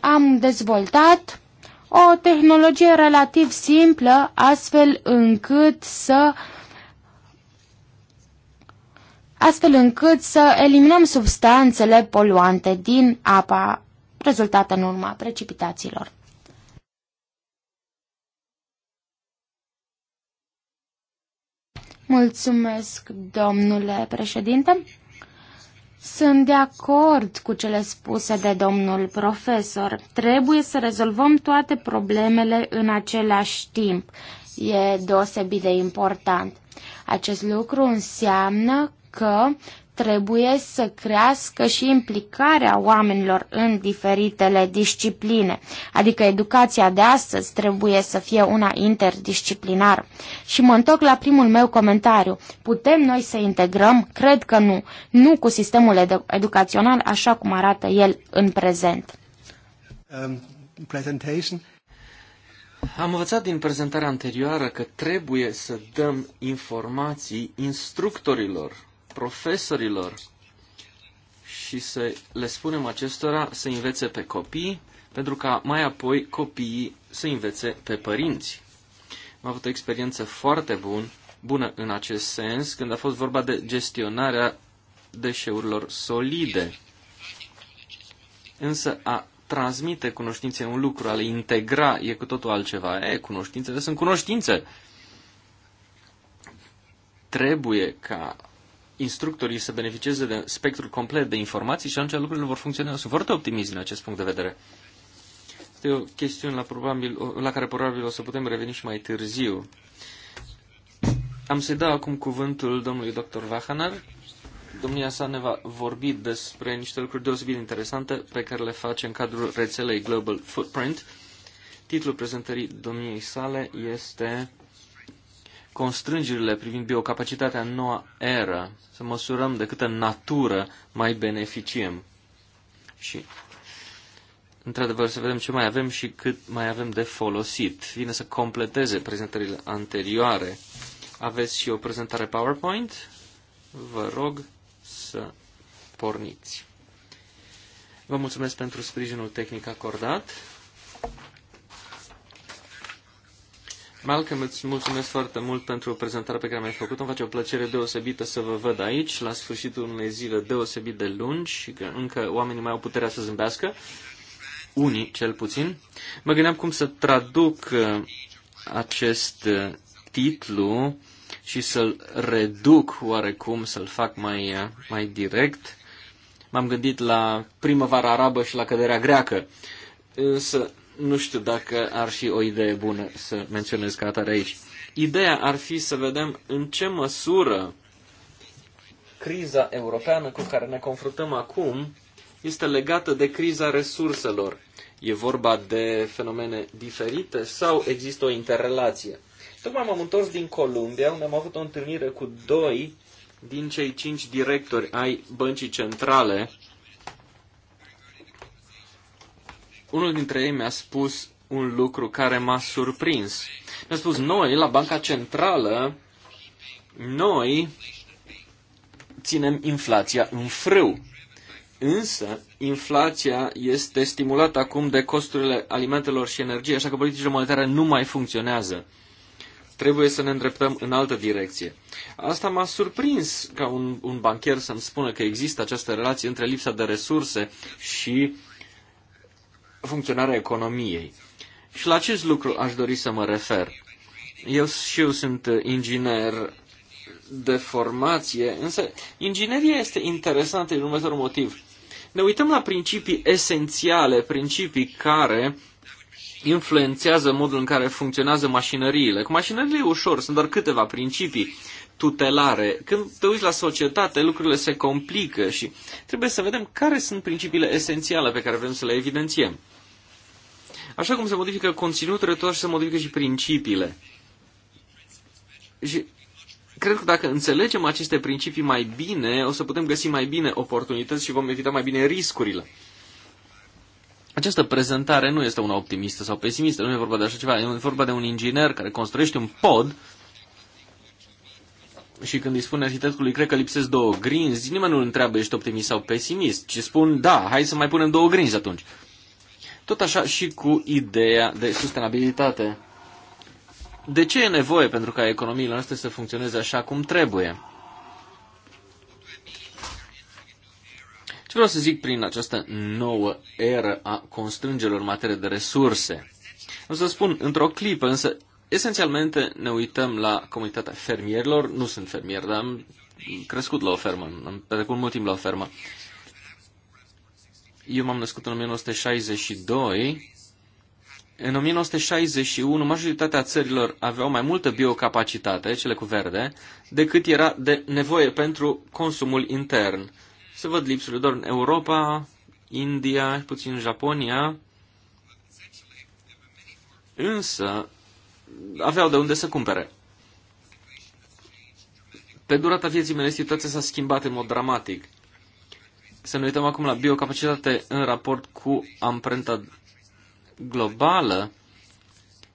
am dezvoltat o tehnologie relativ simplă, astfel încât să uh, astfel încât să eliminăm substanțele poluante din apa rezultată în urma precipitațiilor. Mulțumesc, domnule președinte. Sunt de acord cu cele spuse de domnul profesor. Trebuie să rezolvăm toate problemele în același timp. E deosebit de important. Acest lucru înseamnă că trebuie să crească și implicarea oamenilor în diferitele discipline. Adică educația de astăzi trebuie să fie una interdisciplinară. Și mă întorc la primul meu comentariu. Putem noi să integrăm? Cred că nu. Nu cu sistemul edu- educațional așa cum arată el în prezent. Um, presentation. Am învățat din prezentarea anterioară că trebuie să dăm informații instructorilor profesorilor și să le spunem acestora să învețe pe copii, pentru ca mai apoi copiii să învețe pe părinți. Am avut o experiență foarte bun, bună în acest sens când a fost vorba de gestionarea deșeurilor solide. Însă a transmite cunoștințe un lucru, a le integra e cu totul altceva. E, cunoștințele sunt cunoștințe. Trebuie ca instructorii să beneficieze de spectrul complet de informații și atunci lucrurile vor funcționa. Sunt foarte optimist din acest punct de vedere. Este o chestiune la, probabil, la care probabil o să putem reveni și mai târziu. Am să-i dau acum cuvântul domnului dr. Vahanar. Domnia sa ne va vorbi despre niște lucruri deosebit interesante pe care le face în cadrul rețelei Global Footprint. Titlul prezentării domniei sale este constrângerile privind biocapacitatea în noua eră, să măsurăm de câtă natură mai beneficiem. Și, într-adevăr, să vedem ce mai avem și cât mai avem de folosit. Vine să completeze prezentările anterioare. Aveți și o prezentare PowerPoint? Vă rog să porniți. Vă mulțumesc pentru sprijinul tehnic acordat. Malcolm, îți mulțumesc foarte mult pentru prezentarea pe care mi-ai făcut-o. Îmi face o plăcere deosebită să vă văd aici, la sfârșitul unei zile deosebit de lungi și că încă oamenii mai au puterea să zâmbească, unii cel puțin. Mă gândeam cum să traduc uh, acest uh, titlu și să-l reduc oarecum, să-l fac mai, uh, mai direct. M-am gândit la primăvara arabă și la căderea greacă. Însă nu știu dacă ar fi o idee bună să menționez ca atare aici. Ideea ar fi să vedem în ce măsură criza europeană cu care ne confruntăm acum este legată de criza resurselor. E vorba de fenomene diferite sau există o interrelație? Tocmai m-am întors din Columbia, unde am avut o întâlnire cu doi din cei cinci directori ai băncii centrale unul dintre ei mi-a spus un lucru care m-a surprins. Mi-a spus, noi, la Banca Centrală, noi ținem inflația în frâu. Însă, inflația este stimulată acum de costurile alimentelor și energie, așa că politicile monetare nu mai funcționează. Trebuie să ne îndreptăm în altă direcție. Asta m-a surprins ca un, un bancher să-mi spună că există această relație între lipsa de resurse și funcționarea economiei. Și la acest lucru aș dori să mă refer. Eu și eu sunt inginer de formație, însă ingineria este interesantă din următorul motiv. Ne uităm la principii esențiale, principii care influențează modul în care funcționează mașinăriile. Cu mașinăriile e ușor, sunt doar câteva principii tutelare. Când te uiți la societate, lucrurile se complică și trebuie să vedem care sunt principiile esențiale pe care vrem să le evidențiem. Așa cum se modifică conținutul, tot așa se modifică și principiile. Și cred că dacă înțelegem aceste principii mai bine, o să putem găsi mai bine oportunități și vom evita mai bine riscurile. Această prezentare nu este una optimistă sau pesimistă, nu e vorba de așa ceva, e vorba de un inginer care construiește un pod și când îi spune arhitectului, cred că lipsesc două grinzi, nimeni nu întreabă ești optimist sau pesimist, ci spun, da, hai să mai punem două grinzi atunci. Tot așa și cu ideea de sustenabilitate. De ce e nevoie pentru ca economiile noastre să funcționeze așa cum trebuie? Ce vreau să zic prin această nouă eră a constrângerilor în materie de resurse? O să spun într-o clipă, însă Esențialmente ne uităm la comunitatea fermierilor, nu sunt fermier, dar am crescut la o fermă, am petrecut mult timp la o fermă. Eu m-am născut în 1962. În 1961, majoritatea țărilor aveau mai multă biocapacitate, cele cu verde, decât era de nevoie pentru consumul intern. Se văd lipsurile doar în Europa, India puțin în Japonia. Însă, aveau de unde să cumpere. Pe durata vieții mele, situația s-a schimbat în mod dramatic. Să ne uităm acum la biocapacitate în raport cu amprenta globală.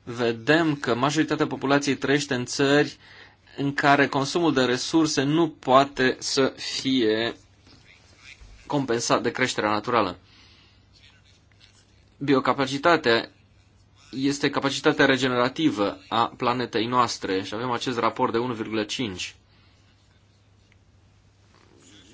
Vedem că majoritatea populației trăiește în țări în care consumul de resurse nu poate să fie compensat de creșterea naturală. Biocapacitatea este capacitatea regenerativă a planetei noastre și avem acest raport de 1,5.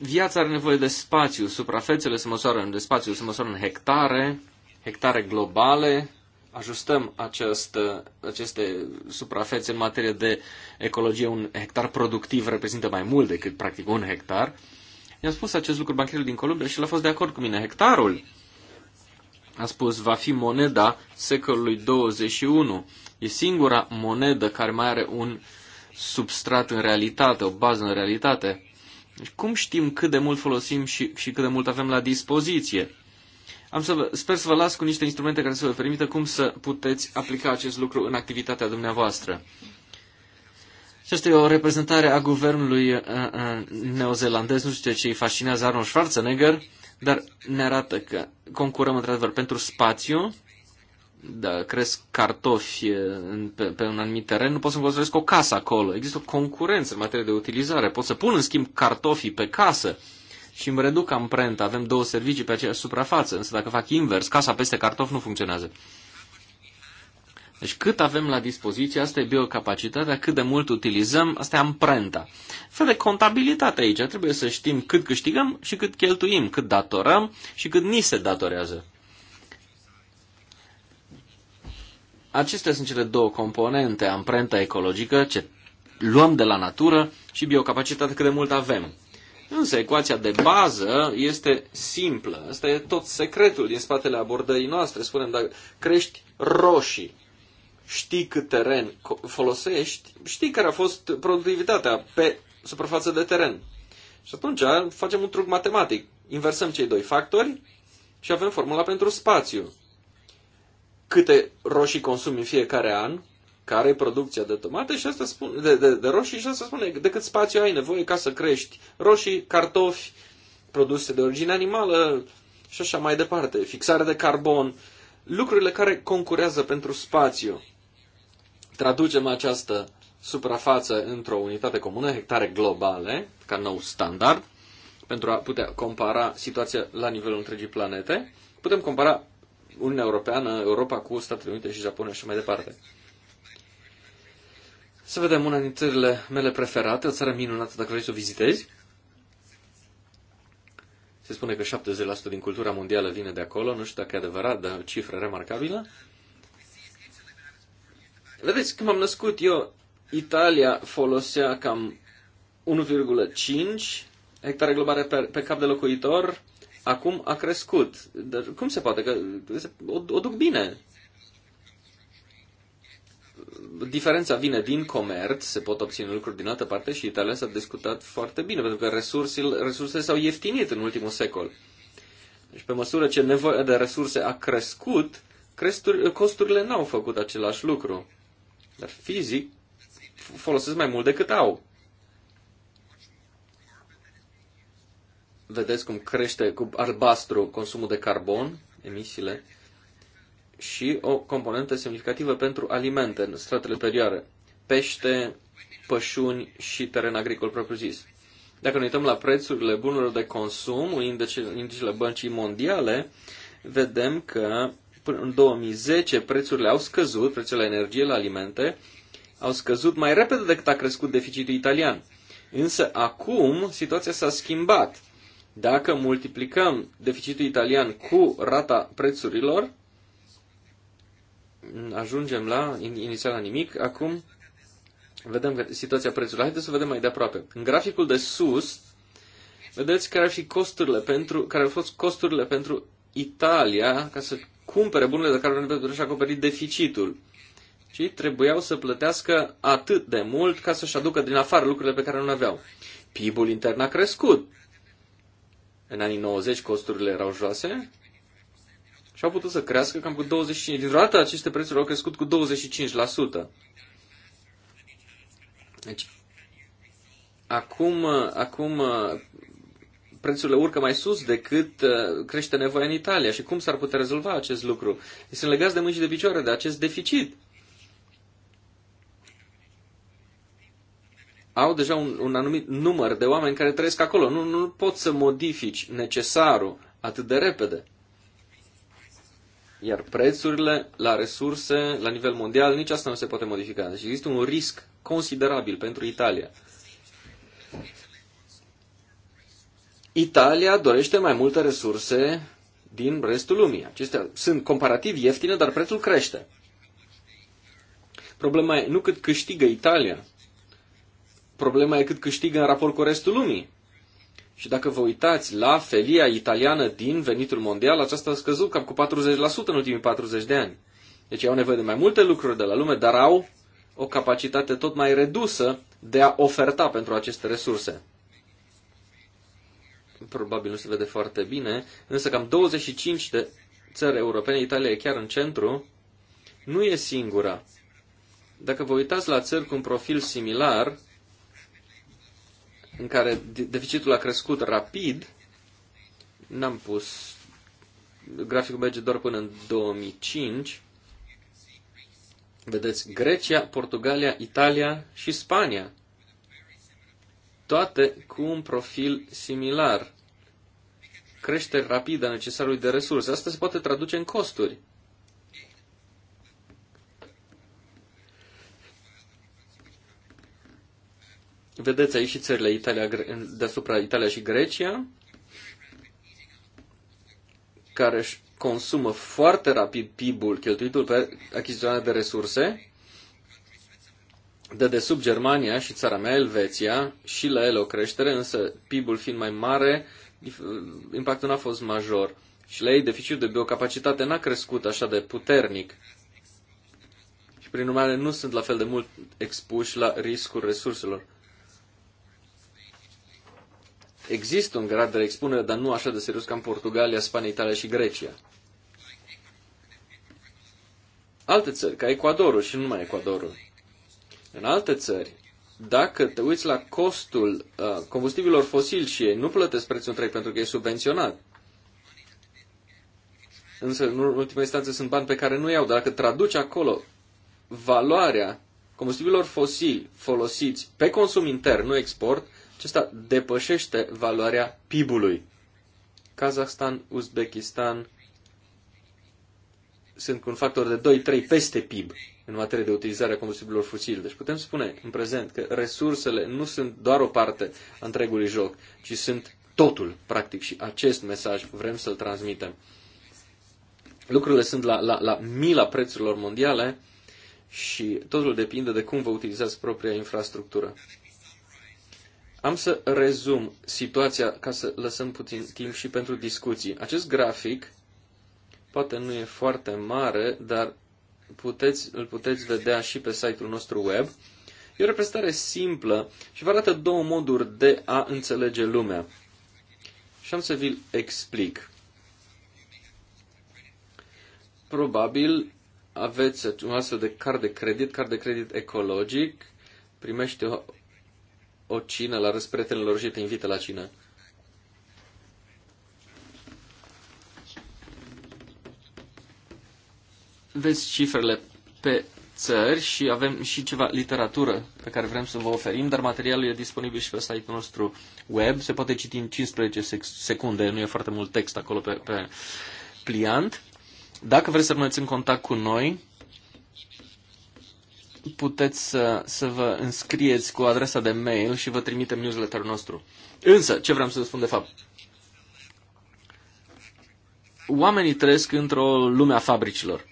Viața are nevoie de spațiu, suprafețele se măsoară de spațiu, se măsoară în hectare, hectare globale, ajustăm acest, aceste suprafețe în materie de ecologie, un hectar productiv reprezintă mai mult decât practic un hectar. I-am spus acest lucru bancherul din Columbia și l a fost de acord cu mine. Hectarul a spus, va fi moneda secolului 21. E singura monedă care mai are un substrat în realitate, o bază în realitate. Deci cum știm cât de mult folosim și, și cât de mult avem la dispoziție? Am să vă, sper să vă las cu niște instrumente care să vă permită cum să puteți aplica acest lucru în activitatea dumneavoastră. Aceasta e o reprezentare a guvernului uh, uh, neozelandez, nu știu ce îi fascinează Arnold Schwarzenegger, dar ne arată că concurăm într-adevăr pentru spațiu, da, cresc cartofi în, pe, pe un anumit teren, nu pot să-mi construiesc o casă acolo. Există o concurență în materie de utilizare. Pot să pun, în schimb, cartofii pe casă și îmi reduc amprenta. Avem două servicii pe aceeași suprafață, însă dacă fac invers, casa peste cartof nu funcționează. Deci cât avem la dispoziție, asta e biocapacitatea, cât de mult utilizăm, asta e amprenta. Fel de contabilitate aici, trebuie să știm cât câștigăm și cât cheltuim, cât datorăm și cât ni se datorează. Acestea sunt cele două componente, amprenta ecologică, ce luăm de la natură și biocapacitatea, cât de mult avem. Însă ecuația de bază este simplă. Asta e tot secretul din spatele abordării noastre. Spunem, dacă crești roșii, știi cât teren folosești, știi care a fost productivitatea pe suprafață de teren. Și atunci facem un truc matematic. Inversăm cei doi factori și avem formula pentru spațiu. Câte roșii consumi în fiecare an, care e producția de tomate și asta spune, de, de, de roșii și asta spune de cât spațiu ai nevoie ca să crești roșii, cartofi, produse de origine animală și așa mai departe, fixare de carbon, lucrurile care concurează pentru spațiu traducem această suprafață într-o unitate comună, hectare globale, ca nou standard, pentru a putea compara situația la nivelul întregii planete, putem compara Uniunea Europeană, Europa cu Statele Unite și Japonia și mai departe. Să vedem una din țările mele preferate, o țară minunată dacă vrei să o vizitezi. Se spune că 70% din cultura mondială vine de acolo, nu știu dacă e adevărat, dar o cifră remarcabilă. Vedeți, când m-am născut eu, Italia folosea cam 1,5 hectare globale pe, pe cap de locuitor, acum a crescut. Dar cum se poate? Că o, o duc bine. Diferența vine din comerț, se pot obține lucruri din altă parte și Italia s-a discutat foarte bine, pentru că resursele, resursele s-au ieftinit în ultimul secol. Deci, pe măsură ce nevoia de resurse a crescut, costurile n-au făcut același lucru. Dar fizic folosesc mai mult decât au. Vedeți cum crește cu albastru consumul de carbon, emisiile, și o componentă semnificativă pentru alimente în stratele superioare: pește, pășuni și teren agricol propriu-zis. Dacă ne uităm la prețurile bunurilor de consum, indicele băncii mondiale, vedem că Până în 2010 prețurile au scăzut, prețurile la energie, la alimente, au scăzut mai repede decât a crescut deficitul italian. Însă acum situația s-a schimbat. Dacă multiplicăm deficitul italian cu rata prețurilor, ajungem la, inițial la nimic, acum vedem situația prețurilor. Haideți să vedem mai de aproape. În graficul de sus, vedeți care ar fi costurile pentru, care au fost costurile pentru Italia, ca să cumpere bunurile de care nu pentru a acoperi deficitul, și trebuiau să plătească atât de mult ca să-și aducă din afară lucrurile pe care nu le aveau. PIB-ul intern a crescut. În anii 90 costurile erau joase și au putut să crească cam cu 25%. Dintr-o dată aceste prețuri au crescut cu 25%. Deci, acum, acum prețurile urcă mai sus decât uh, crește nevoia în Italia. Și cum s-ar putea rezolva acest lucru? Ei sunt legați de mâini și de picioare, de acest deficit. Au deja un, un anumit număr de oameni care trăiesc acolo. Nu, nu pot să modifici necesarul atât de repede. Iar prețurile la resurse, la nivel mondial, nici asta nu se poate modifica. Deci există un risc considerabil pentru Italia. Italia dorește mai multe resurse din restul lumii. Acestea sunt comparativ ieftine, dar prețul crește. Problema e nu cât câștigă Italia, problema e cât câștigă în raport cu restul lumii. Și dacă vă uitați la felia italiană din venitul mondial, aceasta a scăzut cam cu 40% în ultimii 40 de ani. Deci au nevoie de mai multe lucruri de la lume, dar au o capacitate tot mai redusă de a oferta pentru aceste resurse probabil nu se vede foarte bine, însă cam 25 de țări europene, Italia e chiar în centru, nu e singura. Dacă vă uitați la țări cu un profil similar, în care deficitul a crescut rapid, n-am pus, graficul merge doar până în 2005, vedeți Grecia, Portugalia, Italia și Spania – toate cu un profil similar. Creștere rapidă a necesarului de resurse. Asta se poate traduce în costuri. Vedeți aici și țările Italia, deasupra Italia și Grecia, care își consumă foarte rapid PIB-ul, cheltuitul pe achiziționarea de resurse, dedesubt Germania și țara mea, Elveția, și la ele o creștere, însă PIB-ul fiind mai mare, impactul n-a fost major. Și la ei deficitul de biocapacitate n-a crescut așa de puternic. Și prin urmare nu sunt la fel de mult expuși la riscul resurselor. Există un grad de expunere, dar nu așa de serios ca în Portugalia, Spania, Italia și Grecia. Alte țări, ca Ecuadorul și numai Ecuadorul, în alte țări, dacă te uiți la costul uh, combustibilor fosili și ei nu plătesc prețul întreg pentru că e subvenționat, însă în ultima instanță sunt bani pe care nu iau, dar dacă traduci acolo valoarea combustibilor fosili folosiți pe consum intern, nu export, acesta depășește valoarea PIB-ului. Kazahstan, Uzbekistan, sunt cu un factor de 2-3 peste PIB în materie de utilizare a combustibilor fosili. Deci putem spune în prezent că resursele nu sunt doar o parte a întregului joc, ci sunt totul, practic, și acest mesaj vrem să-l transmitem. Lucrurile sunt la, la, la mila prețurilor mondiale și totul depinde de cum vă utilizați propria infrastructură. Am să rezum situația ca să lăsăm puțin timp și pentru discuții. Acest grafic poate nu e foarte mare, dar puteți, îl puteți vedea și pe site-ul nostru web. E o reprezentare simplă și vă arată două moduri de a înțelege lumea. Și am să vi-l explic. Probabil aveți un astfel de card de credit, card de credit ecologic, primește o, o cină la răspretenilor și te invită la cină. vezi cifrele pe țări și avem și ceva literatură pe care vrem să vă oferim, dar materialul e disponibil și pe site-ul nostru web. Se poate citi în 15 secunde, nu e foarte mult text acolo pe, pe pliant. Dacă vreți să rămâneți în contact cu noi, puteți să, să vă înscrieți cu adresa de mail și vă trimitem newsletterul nostru. Însă, ce vreau să spun de fapt? Oamenii trăiesc într-o lume a fabricilor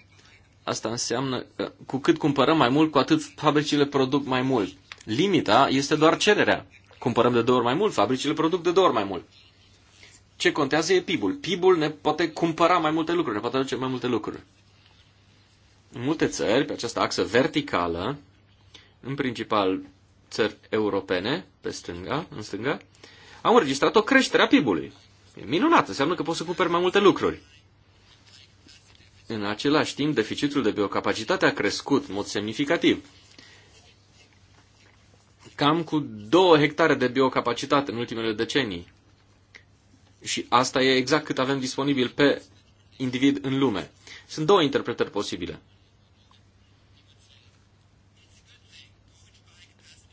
Asta înseamnă că cu cât cumpărăm mai mult, cu atât fabricile produc mai mult. Limita este doar cererea. Cumpărăm de două ori mai mult, fabricile produc de două ori mai mult. Ce contează e PIB-ul. PIB-ul ne poate cumpăra mai multe lucruri, ne poate aduce mai multe lucruri. În multe țări, pe această axă verticală, în principal țări europene, pe stânga, în stânga, au înregistrat o creștere a PIB-ului. E minunat, înseamnă că poți să cumperi mai multe lucruri. În același timp, deficitul de biocapacitate a crescut în mod semnificativ. Cam cu două hectare de biocapacitate în ultimele decenii. Și asta e exact cât avem disponibil pe individ în lume. Sunt două interpretări posibile.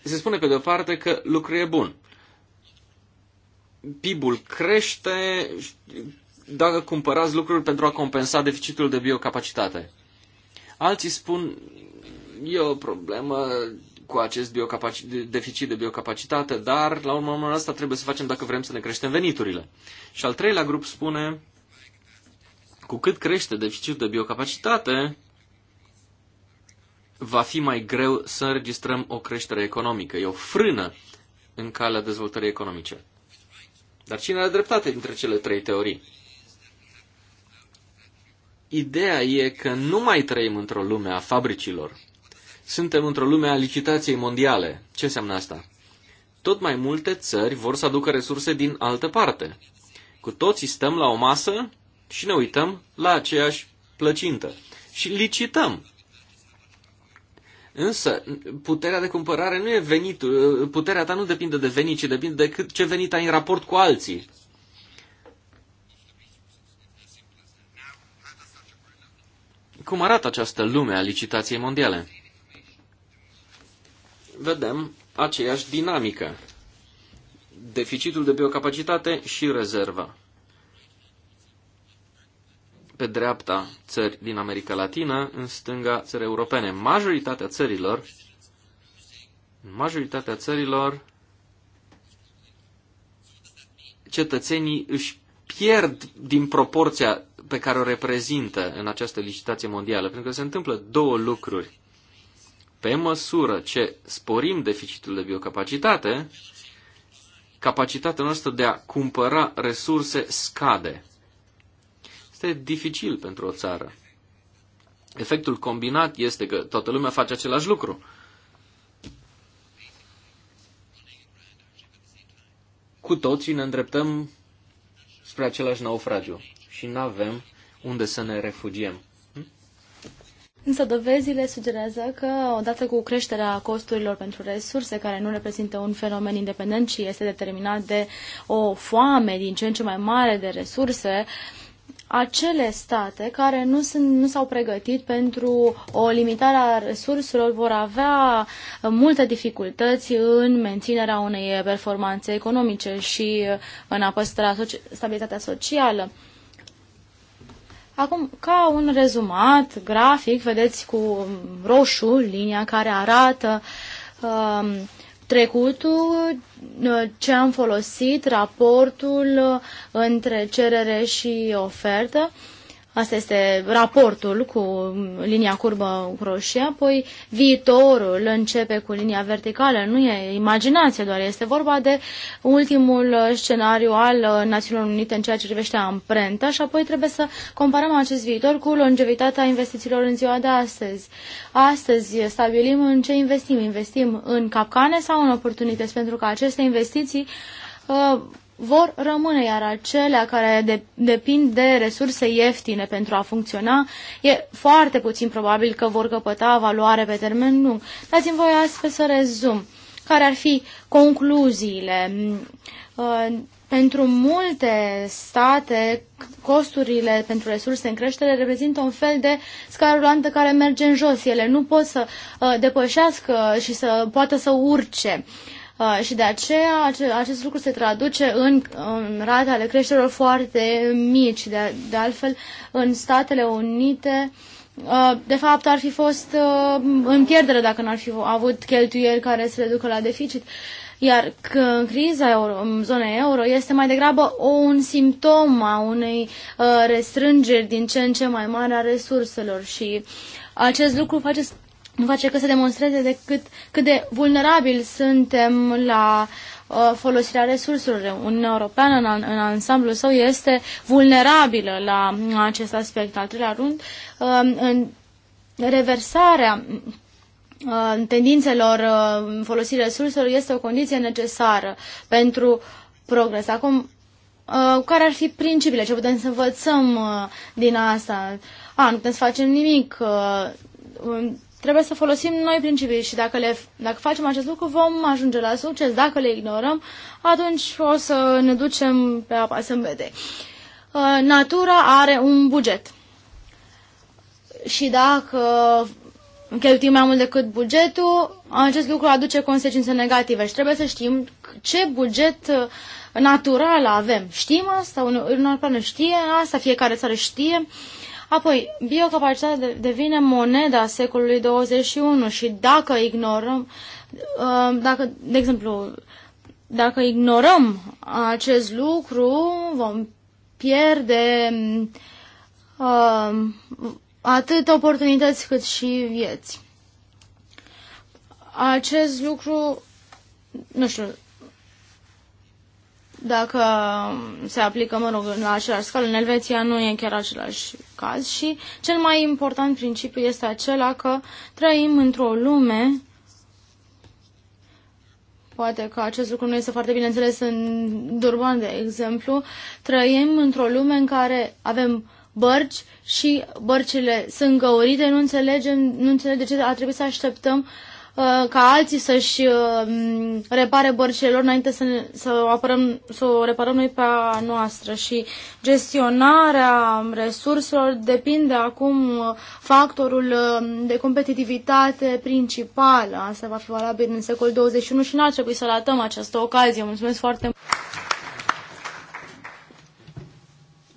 Se spune pe de-o parte că lucrul e bun. PIB-ul crește, dacă cumpărați lucruri pentru a compensa deficitul de biocapacitate. Alții spun, e o problemă cu acest biocapac deficit de biocapacitate, dar la urmă urmă asta trebuie să facem dacă vrem să ne creștem veniturile. Și al treilea grup spune, cu cât crește deficitul de biocapacitate, va fi mai greu să înregistrăm o creștere economică. E o frână în calea dezvoltării economice. Dar cine are dreptate dintre cele trei teorii? Ideea e că nu mai trăim într-o lume a fabricilor. Suntem într-o lume a licitației mondiale. Ce înseamnă asta? Tot mai multe țări vor să aducă resurse din altă parte. Cu toții stăm la o masă și ne uităm la aceeași plăcintă și licităm. Însă, puterea de cumpărare nu e venit. puterea ta nu depinde de venit, ci depinde de cât, ce venit ai în raport cu alții. Cum arată această lume a licitației mondiale? Vedem aceeași dinamică. Deficitul de biocapacitate și rezerva. Pe dreapta țări din America Latină, în stânga țări europene. Majoritatea țărilor, majoritatea țărilor, cetățenii își pierd din proporția pe care o reprezintă în această licitație mondială, pentru că se întâmplă două lucruri. Pe măsură ce sporim deficitul de biocapacitate, capacitatea noastră de a cumpăra resurse scade. Este dificil pentru o țară. Efectul combinat este că toată lumea face același lucru. Cu toții ne îndreptăm spre același naufragiu și nu avem unde să ne refugiem. Hm? Însă dovezile sugerează că, odată cu creșterea costurilor pentru resurse, care nu reprezintă un fenomen independent, ci este determinat de o foame din ce în ce mai mare de resurse, uh, acele state care nu, sunt, nu s-au pregătit pentru o limitare a resurselor vor avea multe dificultăți în menținerea unei performanțe economice și în a păstra stabilitatea socială. Acum, ca un rezumat grafic, vedeți cu roșu linia care arată uh, trecutul, uh, ce am folosit, raportul uh, între cerere și ofertă Asta este raportul cu linia curbă roșie, apoi viitorul începe cu linia verticală. Nu e imaginație doar, este vorba de ultimul scenariu al Națiunilor Unite în ceea ce privește amprenta și apoi trebuie să comparăm acest viitor cu longevitatea investițiilor în ziua de astăzi. Astăzi stabilim în ce investim. Investim în capcane sau în oportunități, pentru că aceste investiții uh, vor rămâne, iar acelea care de, depind de resurse ieftine pentru a funcționa, e foarte puțin probabil că vor căpăta valoare pe termen lung. Dați-mi voi astfel să rezum. Care ar fi concluziile? Mm, uh, pentru multe state, costurile pentru resurse în creștere reprezintă un fel de scară care merge în jos. Ele nu pot să uh, depășească și să poată să urce. Uh, și de aceea acest lucru se traduce în, în rate ale creșterilor foarte mici. De, de altfel, în Statele Unite, uh, de fapt, ar fi fost uh, în pierdere dacă n-ar fi avut cheltuieli care se reducă la deficit. Iar că criza euro, zona euro este mai degrabă o, un simptom a unei uh, restrângeri din ce în ce mai mare a resurselor și acest lucru face nu face că să demonstreze de cât, cât de vulnerabil suntem la uh, folosirea resurselor. Uniunea Europeană în, în ansamblul său este vulnerabilă la acest aspect. Al treilea rând, uh, în reversarea uh, tendințelor uh, folosirii resurselor este o condiție necesară pentru progres. Acum, uh, care ar fi principiile? Ce putem să învățăm uh, din asta? A, nu putem să facem nimic. Uh, Trebuie să folosim noi principii și dacă, le, dacă facem acest lucru vom ajunge la succes. Dacă le ignorăm, atunci o să ne ducem pe apa să vede. Uh, natura are un buget. Și dacă cheltuim mai mult decât bugetul, acest lucru aduce consecințe negative și trebuie să știm ce buget uh, natural avem. Știm asta, unul, Europeană știe asta, fiecare țară știe Apoi, biocapacitatea devine moneda secolului 21 și dacă ignorăm, uh, dacă, de exemplu, dacă ignorăm acest lucru, vom pierde uh, atât oportunități cât și vieți. Acest lucru, nu știu, dacă se aplică, mă rog, la același scală, în Elveția nu e chiar același caz și cel mai important principiu este acela că trăim într-o lume Poate că acest lucru nu este foarte bine înțeles în Durban, de exemplu. Trăim într-o lume în care avem bărci și bărcile sunt găurite, nu înțelegem, nu înțelegem de ce a trebuit să așteptăm uh, Uh, ca alții să-și uh, repare bărcile lor înainte să, ne, să, o apărăm, să o reparăm noi pe a noastră și gestionarea resurselor depinde acum uh, factorul de competitivitate principală. Asta va fi valabil în secolul 21 și n-ar trebui să ratăm această ocazie. Mulțumesc foarte mult!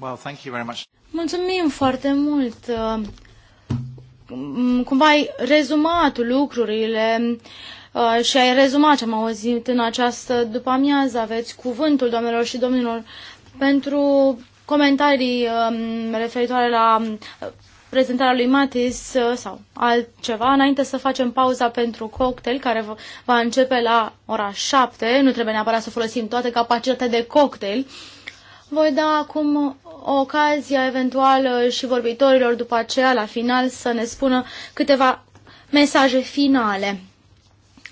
Well, thank you very much. Mulțumim foarte mult! Mm, cumva ai rezumat lucrurile uh, și ai rezumat ce am auzit în această după amiază. Aveți cuvântul, doamnelor și domnilor, pentru comentarii um, referitoare la uh, prezentarea lui Matis uh, sau altceva, înainte să facem pauza pentru cocktail, care va începe la ora 7. Nu trebuie neapărat să folosim toată capacitatea de cocktail, voi da acum ocazia eventual și vorbitorilor după aceea, la final, să ne spună câteva mesaje finale.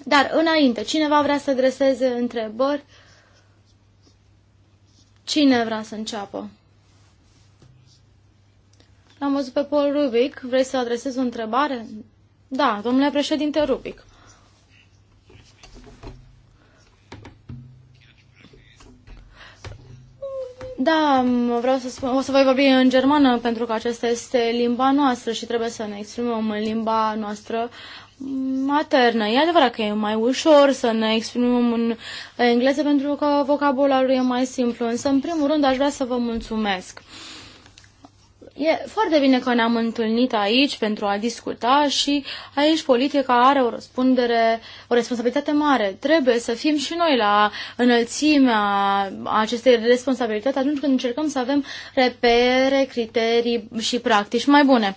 Dar înainte, cineva vrea să adreseze întrebări? Cine vrea să înceapă? L-am văzut pe Paul Rubic. Vrei să adresezi o întrebare? Da, domnule președinte Rubic. Da, vreau să spun, o să voi vorbi în germană pentru că aceasta este limba noastră și trebuie să ne exprimăm în limba noastră maternă. E adevărat că e mai ușor să ne exprimăm în engleză pentru că vocabularul e mai simplu, însă în primul rând aș vrea să vă mulțumesc. Uh, E foarte bine că ne-am întâlnit aici pentru a discuta și aici politica are o răspundere, o responsabilitate mare. Trebuie să fim și noi la înălțimea acestei responsabilități atunci când încercăm să avem repere, criterii și practici mai bune.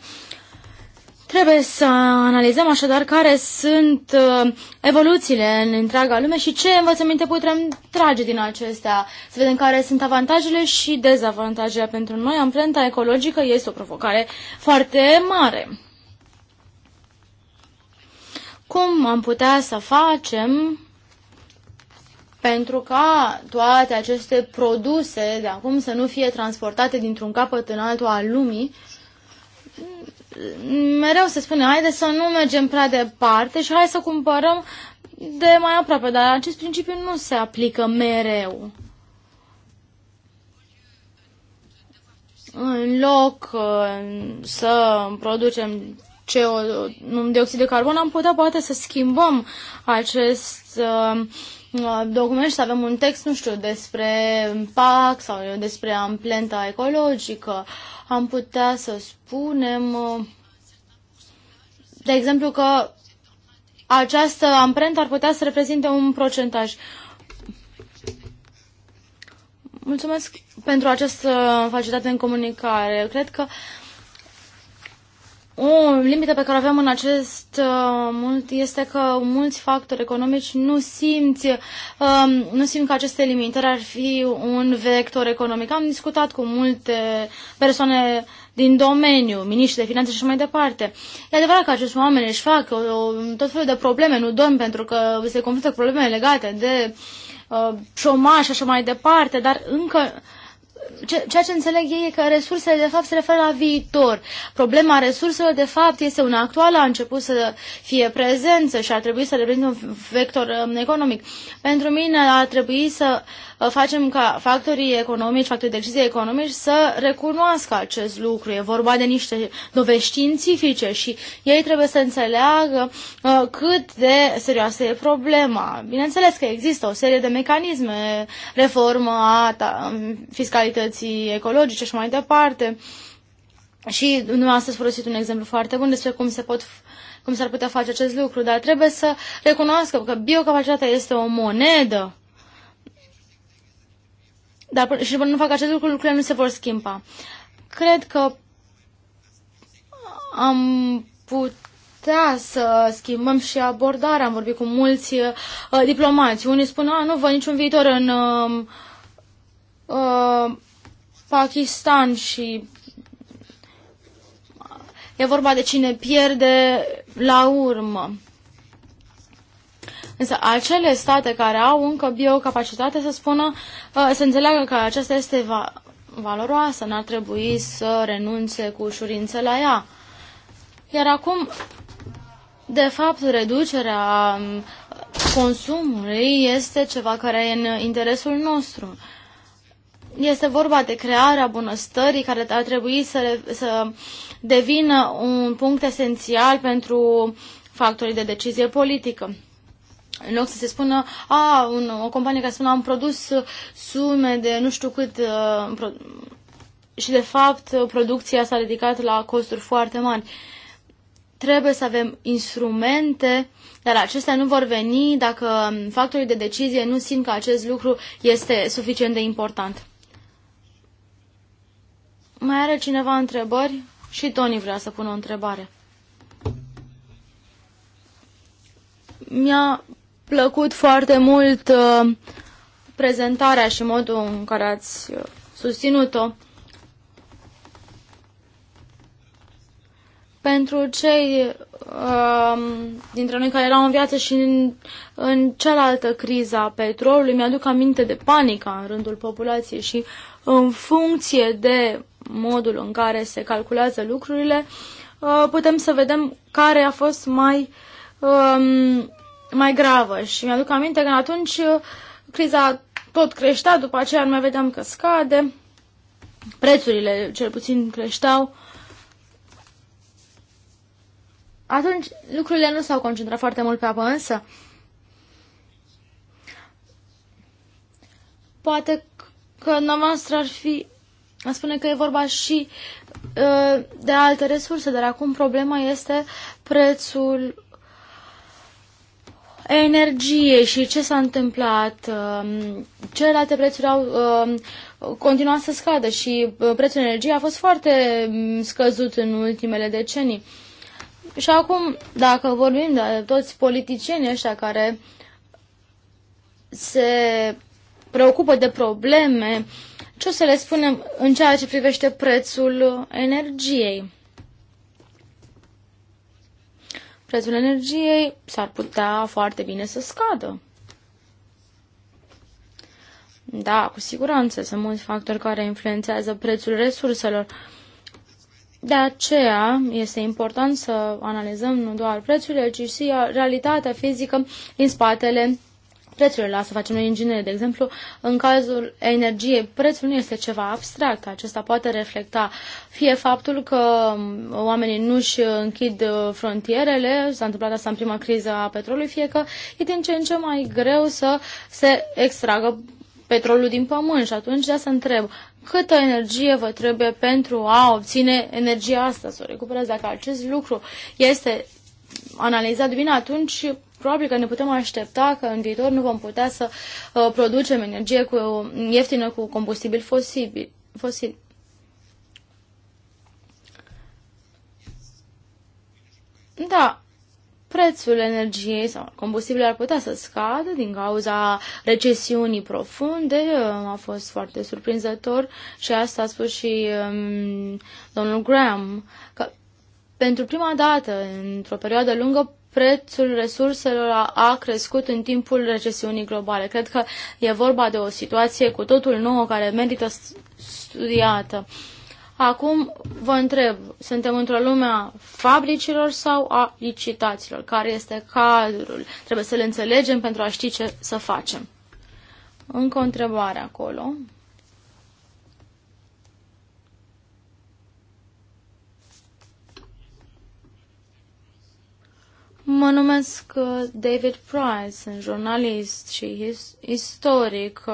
Trebuie să analizăm așadar care sunt uh, evoluțiile în întreaga lume și ce învățăminte putem trage din acestea. Să vedem care sunt avantajele și dezavantajele pentru noi. Amprenta ecologică este o provocare foarte mare. Cum am putea să facem pentru ca toate aceste produse de acum să nu fie transportate dintr-un capăt în altul al lumii mereu se spune, haide să nu mergem prea departe și hai să cumpărăm de mai aproape, dar acest principiu nu se aplică mereu. În loc uh, să producem CO, um, dioxid de carbon, am putea poate să schimbăm acest uh, uh, document și să avem un text, nu știu, despre PAC sau despre amplenta ecologică. Uh, am putea să spunem, uh, de exemplu, că această amprentă ar putea să reprezinte un procentaj. Mulțumesc pentru această facilitate în comunicare. Cred că o limită pe care avem în acest uh, mult este că mulți factori economici nu simți, um, nu simt că aceste limitări ar fi un vector economic. Am discutat cu multe persoane din domeniu, miniștri de finanțe și mai departe. E adevărat că acești oameni își fac o, uh, tot felul de probleme, nu dorm pentru că se confruntă cu probleme legate de uh, și așa mai departe, dar încă ceea ce înțeleg ei e că resursele de fapt se referă la viitor. Problema resurselor de fapt este una actuală, a început să fie prezență și ar trebui să reprezintă un vector um, economic. Pentru mine ar trebui să uh, Ă, facem ca factorii economici, factorii de decizie economici să recunoască acest lucru. E vorba de niște dovești științifice și ei trebuie să înțeleagă ă, cât de serioasă e problema. Bineînțeles că există o serie de mecanisme, reformă a fiscalității ecologice și mai departe. Și dumneavoastră ați folosit un exemplu foarte bun despre cum se pot cum s-ar putea face acest lucru, dar trebuie să recunoască că biocapacitatea este o monedă dar și până nu fac acest lucru, lucrurile nu se vor schimba. Cred că am putea să schimbăm și abordarea. Am vorbit cu mulți uh, diplomați. Unii spun, a, nu văd niciun viitor în uh, uh, Pakistan și e vorba de cine pierde la urmă. Însă acele state care au încă biocapacitate să spună, uh, să înțeleagă că aceasta este va valoroasă, n-ar trebui să renunțe cu ușurință la ea. Iar acum, de fapt, reducerea um, consumului este ceva care e în interesul nostru. Este vorba de crearea bunăstării care ar trebui să, să devină un punct esențial pentru factorii de decizie politică în loc să se spună, a, un, o companie care spune, am produs sume de nu știu cât uh, pro... și de fapt producția s-a ridicat la costuri foarte mari. Trebuie să avem instrumente, dar acestea nu vor veni dacă factorii de decizie nu simt că acest lucru este suficient de important. Mai are cineva întrebări? Și Tony vrea să pună o întrebare. mi-a plăcut foarte mult uh, prezentarea și modul în care ați uh, susținut-o. Pentru cei um, dintre noi care erau în viață și în, în cealaltă criza a petrolului, mi-aduc aminte de panica în rândul populației și în funcție de modul în care se calculează lucrurile, uh, putem să vedem care a fost mai um, mai gravă și mi-aduc aminte că atunci uh, criza tot creștea, după aceea nu mai vedeam că scade, prețurile cel puțin creșteau. Atunci lucrurile nu s-au concentrat foarte mult pe apă, însă poate că noastră ar fi a spune că e vorba și uh, de alte resurse, dar acum problema este prețul energie și ce s-a întâmplat. Um, celelalte prețuri au um, continuat să scadă și uh, prețul energiei a fost foarte um, scăzut în ultimele decenii. Și acum, dacă vorbim de toți politicienii ăștia care se preocupă de probleme, ce o să le spunem în ceea ce privește prețul energiei? prețul energiei s-ar putea foarte bine să scadă. Da, cu siguranță sunt mulți factori care influențează prețul resurselor. De aceea este important să analizăm nu doar prețurile, ci și realitatea fizică din spatele prețurile. să facem noi inginerie, De exemplu, în cazul energiei, prețul nu este ceva abstract. Acesta poate reflecta fie faptul că um, oamenii nu își închid uh, frontierele, s-a întâmplat asta în prima criză a petrolului, fie că e din ce în ce mai greu să se extragă petrolul din pământ și atunci de să întreb câtă energie vă trebuie pentru a obține energia asta, să o recuperați. Dacă acest lucru este analizat bine, atunci probabil că ne putem aștepta că în viitor nu vom putea să uh, producem energie cu, ieftină cu combustibil fosibil, fosil. Da, prețul energiei sau combustibil ar putea să scadă din cauza recesiunii profunde. Uh, a fost foarte surprinzător și asta a spus și um, domnul Graham, că pentru prima dată, într-o perioadă lungă, prețul resurselor a crescut în timpul recesiunii globale. Cred că e vorba de o situație cu totul nouă care merită studiată. Acum vă întreb, suntem într-o lume a fabricilor sau a licitațiilor? Care este cadrul? Trebuie să le înțelegem pentru a ști ce să facem. Încă o întrebare acolo. Mă numesc uh, David Price, sunt jurnalist și istoric uh,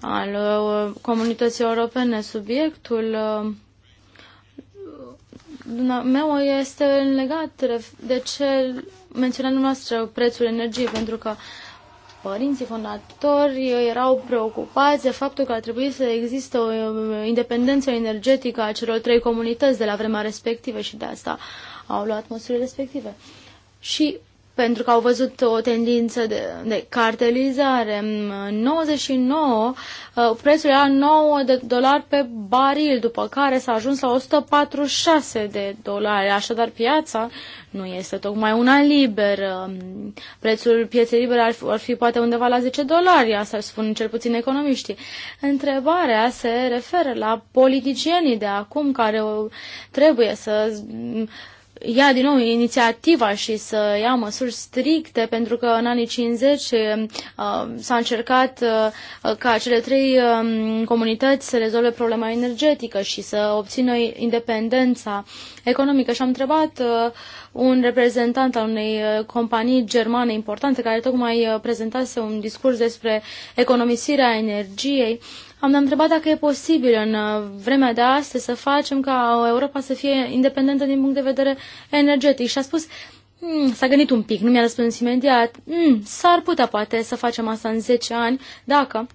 al uh, comunității europene. Subiectul meu este legat de ce menționat dumneavoastră prețul energiei, pentru că părinții fondatori erau preocupați de faptul că ar trebui să existe o independență energetică a celor trei comunități de la vremea respectivă și de asta au luat măsurile respective. Uh, și pentru că au văzut o tendință de, de cartelizare. În 99 uh, prețul era 9 de dolari pe baril, după care s-a ajuns la 146 de dolari. Așadar, piața nu este tocmai una liberă. Prețul pieței libere ar fi, ar fi poate undeva la 10 dolari, asta spun cel puțin economiștii. Întrebarea se referă la politicienii de acum care trebuie să ia din nou inițiativa și să ia măsuri stricte, pentru că în anii 50 eh, eh, s-a încercat eh, ca cele trei comunități să rezolve problema energetică și să obțină independența economică. Și am întrebat un reprezentant al unei companii germane importante care tocmai prezentase un discurs despre economisirea energiei am întrebat dacă e posibil în uh, vremea de astăzi să facem ca Europa să fie independentă din punct de vedere energetic. Și a spus, mm, s-a gândit un pic, nu mi-a răspuns imediat, mm, s-ar putea poate să facem asta în 10 ani, dacă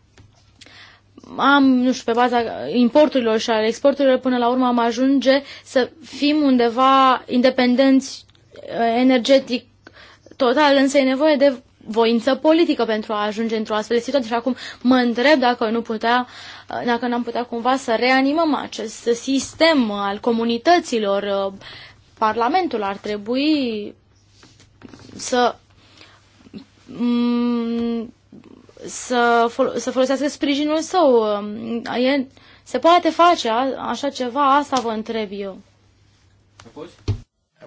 am, nu știu, pe baza importurilor și al exporturilor, până la urmă am ajunge să fim undeva independenți uh, energetic total, însă e nevoie de voință politică pentru a ajunge într-o astfel de situație. Și acum mă întreb dacă nu putea, dacă n-am putea cumva să reanimăm acest sistem al comunităților. Parlamentul ar trebui să să, fol- să folosească sprijinul său. E, se poate face a, așa ceva? Asta vă întreb eu.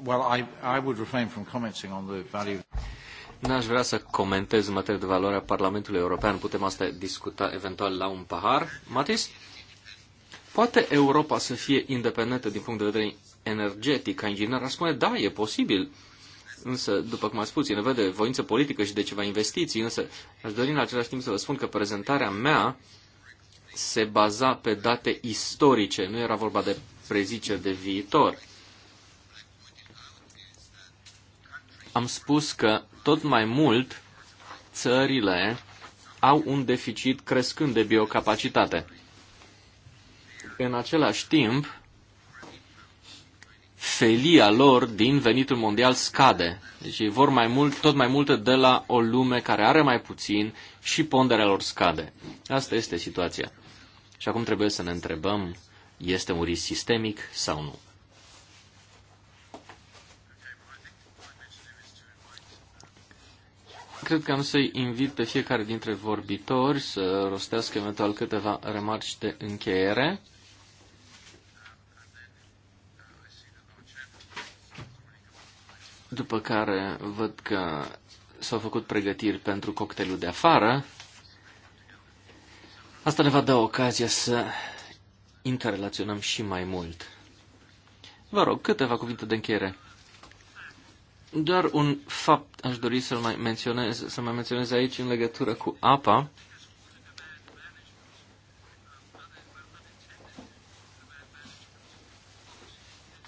Well, I, I would refrain from commenting on the value. N-aș vrea să comentez în materie de valoare a Parlamentului European, putem asta discuta eventual la un pahar. Matis, poate Europa să fie independentă din punct de vedere energetic? Ca inginer ar spune, da, e posibil. Însă, după cum ați spus, e nevoie de voință politică și de ceva investiții, însă aș dori în același timp să vă spun că prezentarea mea se baza pe date istorice, nu era vorba de prezice de viitor. Am spus că tot mai mult țările au un deficit crescând de biocapacitate. În același timp, felia lor din venitul mondial scade. Deci ei vor mai mult, tot mai multe de la o lume care are mai puțin și ponderea lor scade. Asta este situația. Și acum trebuie să ne întrebăm, este un risc sistemic sau nu? Cred că am să-i invit pe fiecare dintre vorbitori să rostească eventual câteva remarci de încheiere. După care văd că s-au făcut pregătiri pentru cocktailul de afară. Asta ne va da ocazia să interrelaționăm și mai mult. Vă rog, câteva cuvinte de încheiere. Doar un fapt aș dori să-l mai menționez, să mai menționez aici în legătură cu apa.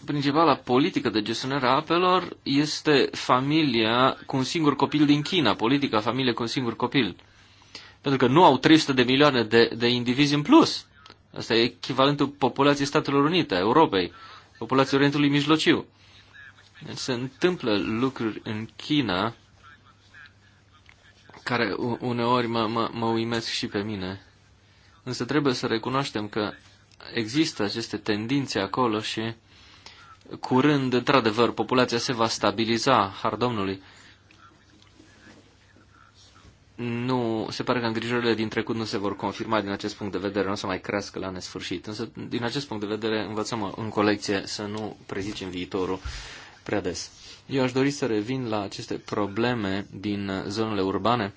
Principala politică de gestionare a apelor este familia cu un singur copil din China, politica familie cu un singur copil. Pentru că nu au 300 de milioane de, de indivizi în plus. Asta e echivalentul populației Statelor Unite, Europei, populației Orientului Mijlociu. Se întâmplă lucruri în China care uneori mă, mă, mă uimesc și pe mine. Însă trebuie să recunoaștem că există aceste tendințe acolo și curând, într-adevăr, populația se va stabiliza, har Domnului. Nu, se pare că îngrijorările din trecut nu se vor confirma din acest punct de vedere, nu o să mai crească la nesfârșit. Însă, din acest punct de vedere, învățăm în colecție să nu prezicem viitorul prea des. Eu aș dori să revin la aceste probleme din zonele urbane.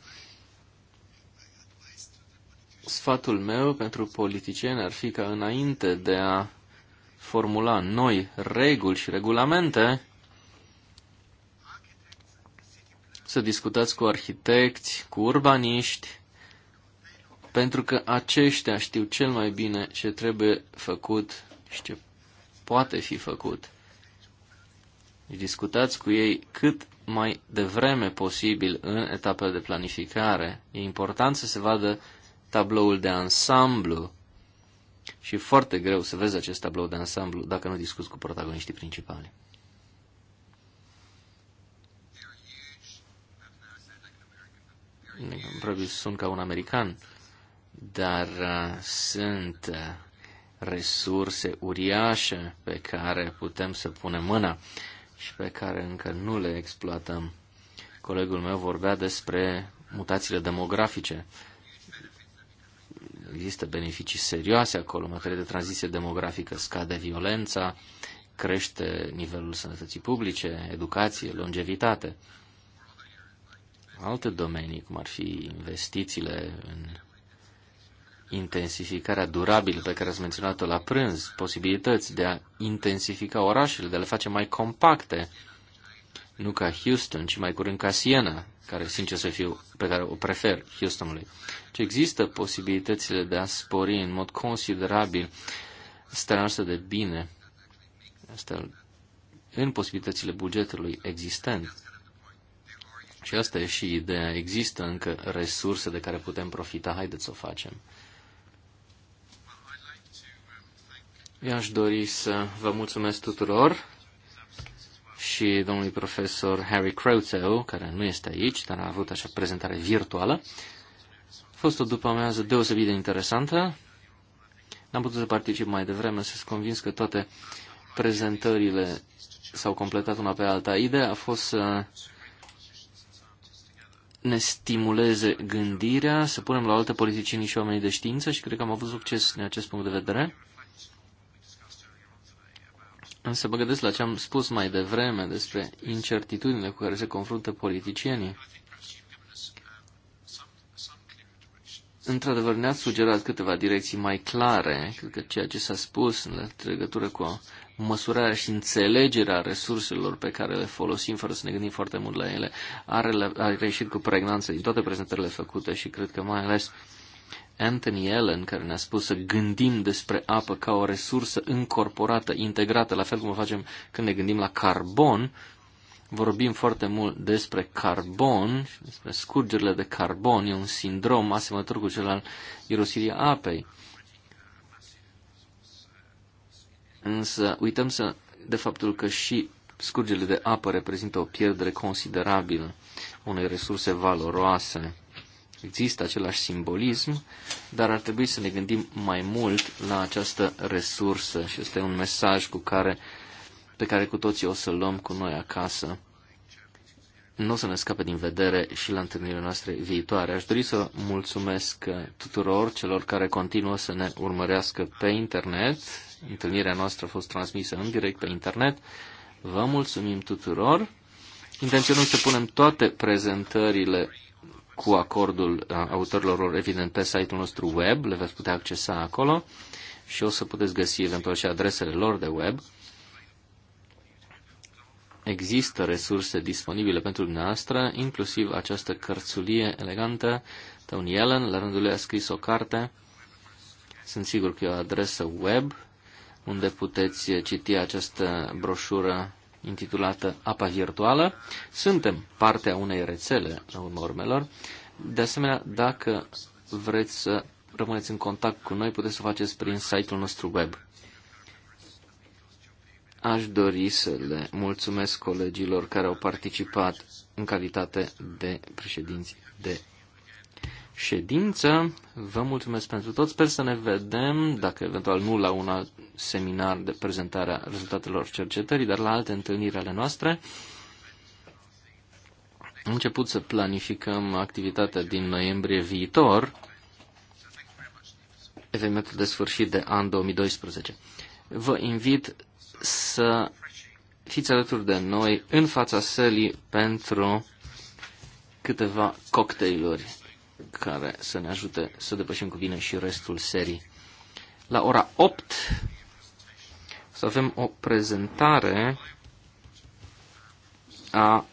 Sfatul meu pentru politicieni ar fi ca înainte de a formula noi reguli și regulamente, să discutați cu arhitecți, cu urbaniști, pentru că aceștia știu cel mai bine ce trebuie făcut și ce poate fi făcut discutați cu ei cât mai devreme posibil în etapele de planificare. E important să se vadă tabloul de ansamblu și e foarte greu să vezi acest tablou de ansamblu dacă nu discuți cu protagoniștii principali. Probabil sunt ca un american, dar uh, sunt uh, resurse uriașe pe care putem să punem mâna și pe care încă nu le exploatăm. Colegul meu vorbea despre mutațiile demografice. Există beneficii serioase acolo, în materie de tranziție demografică, scade violența, crește nivelul sănătății publice, educație, longevitate. Alte domenii, cum ar fi investițiile în intensificarea durabilă pe care ați menționat-o la prânz, posibilități de a intensifica orașele, de a le face mai compacte, nu ca Houston, ci mai curând ca Siena, care, sincer să fiu, pe care o prefer Houstonului. Ce deci există posibilitățile de a spori în mod considerabil starea noastră de bine, asta în posibilitățile bugetului existent. Și asta e și ideea. Există încă resurse de care putem profita. Haideți să o facem. Eu aș dori să vă mulțumesc tuturor și domnului profesor Harry Croteau, care nu este aici, dar a avut acea prezentare virtuală. A fost o după-amiază deosebit de interesantă. N-am putut să particip mai devreme, să ți convins că toate prezentările s-au completat una pe alta. Ideea a fost să ne stimuleze gândirea, să punem la alte politicieni și oamenii de știință și cred că am avut succes din acest punct de vedere. Însă mă gândesc la ce am spus mai devreme despre incertitudinile cu care se confruntă politicienii. Într-adevăr, ne-ați sugerat câteva direcții mai clare, cred că ceea ce s-a spus în legătură cu măsurarea și înțelegerea resurselor pe care le folosim fără să ne gândim foarte mult la ele, are, a reieșit cu pregnanță din toate prezentările făcute și cred că mai ales uh, Anthony Allen, care ne-a spus să gândim despre apă ca o resursă încorporată, integrată, la fel cum o facem când ne gândim la carbon, vorbim foarte mult despre carbon, despre scurgerile de carbon, e un sindrom asemănător cu cel al irosirii apei. Însă uităm să, de faptul că și scurgerile de apă reprezintă o pierdere considerabilă unei resurse valoroase. Există același simbolism, dar ar trebui să ne gândim mai mult la această resursă și este un mesaj cu care, pe care cu toții o să-l luăm cu noi acasă. Nu o să ne scape din vedere și la întâlnirile noastre viitoare. Aș dori să mulțumesc tuturor celor care continuă să ne urmărească pe internet. Întâlnirea noastră a fost transmisă în direct pe internet. Vă mulțumim tuturor. Intenționăm să punem toate prezentările cu acordul autorilor evident, pe site-ul nostru web, le veți putea accesa acolo și o să puteți găsi eventual și adresele lor de web. Există resurse disponibile pentru dumneavoastră, inclusiv această cărțulie elegantă. Tony Yellen, la rândul lui, a scris o carte. Sunt sigur că e o adresă web unde puteți citi această broșură intitulată Apa Virtuală. Suntem partea unei rețele, la urma urmelor. De asemenea, dacă vreți să rămâneți în contact cu noi, puteți să o faceți prin site-ul nostru web. Aș dori să le mulțumesc colegilor care au participat în calitate de președinți de ședință. Vă mulțumesc pentru tot. Sper să ne vedem, dacă eventual nu la un seminar de prezentare a rezultatelor cercetării, dar la alte întâlniri ale noastre. Am început să planificăm activitatea din noiembrie viitor, evenimentul de sfârșit de an 2012. Vă invit să fiți alături de noi în fața sălii pentru câteva cocktailuri care să ne ajute să depășim cu bine și restul serii. La ora 8 să avem o prezentare a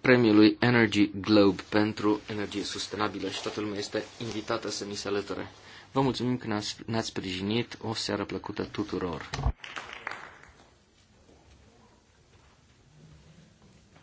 premiului Energy Globe pentru energie sustenabilă și toată lumea este invitată să mi se alăture. Vă mulțumim că ne-ați sprijinit. O seară plăcută tuturor!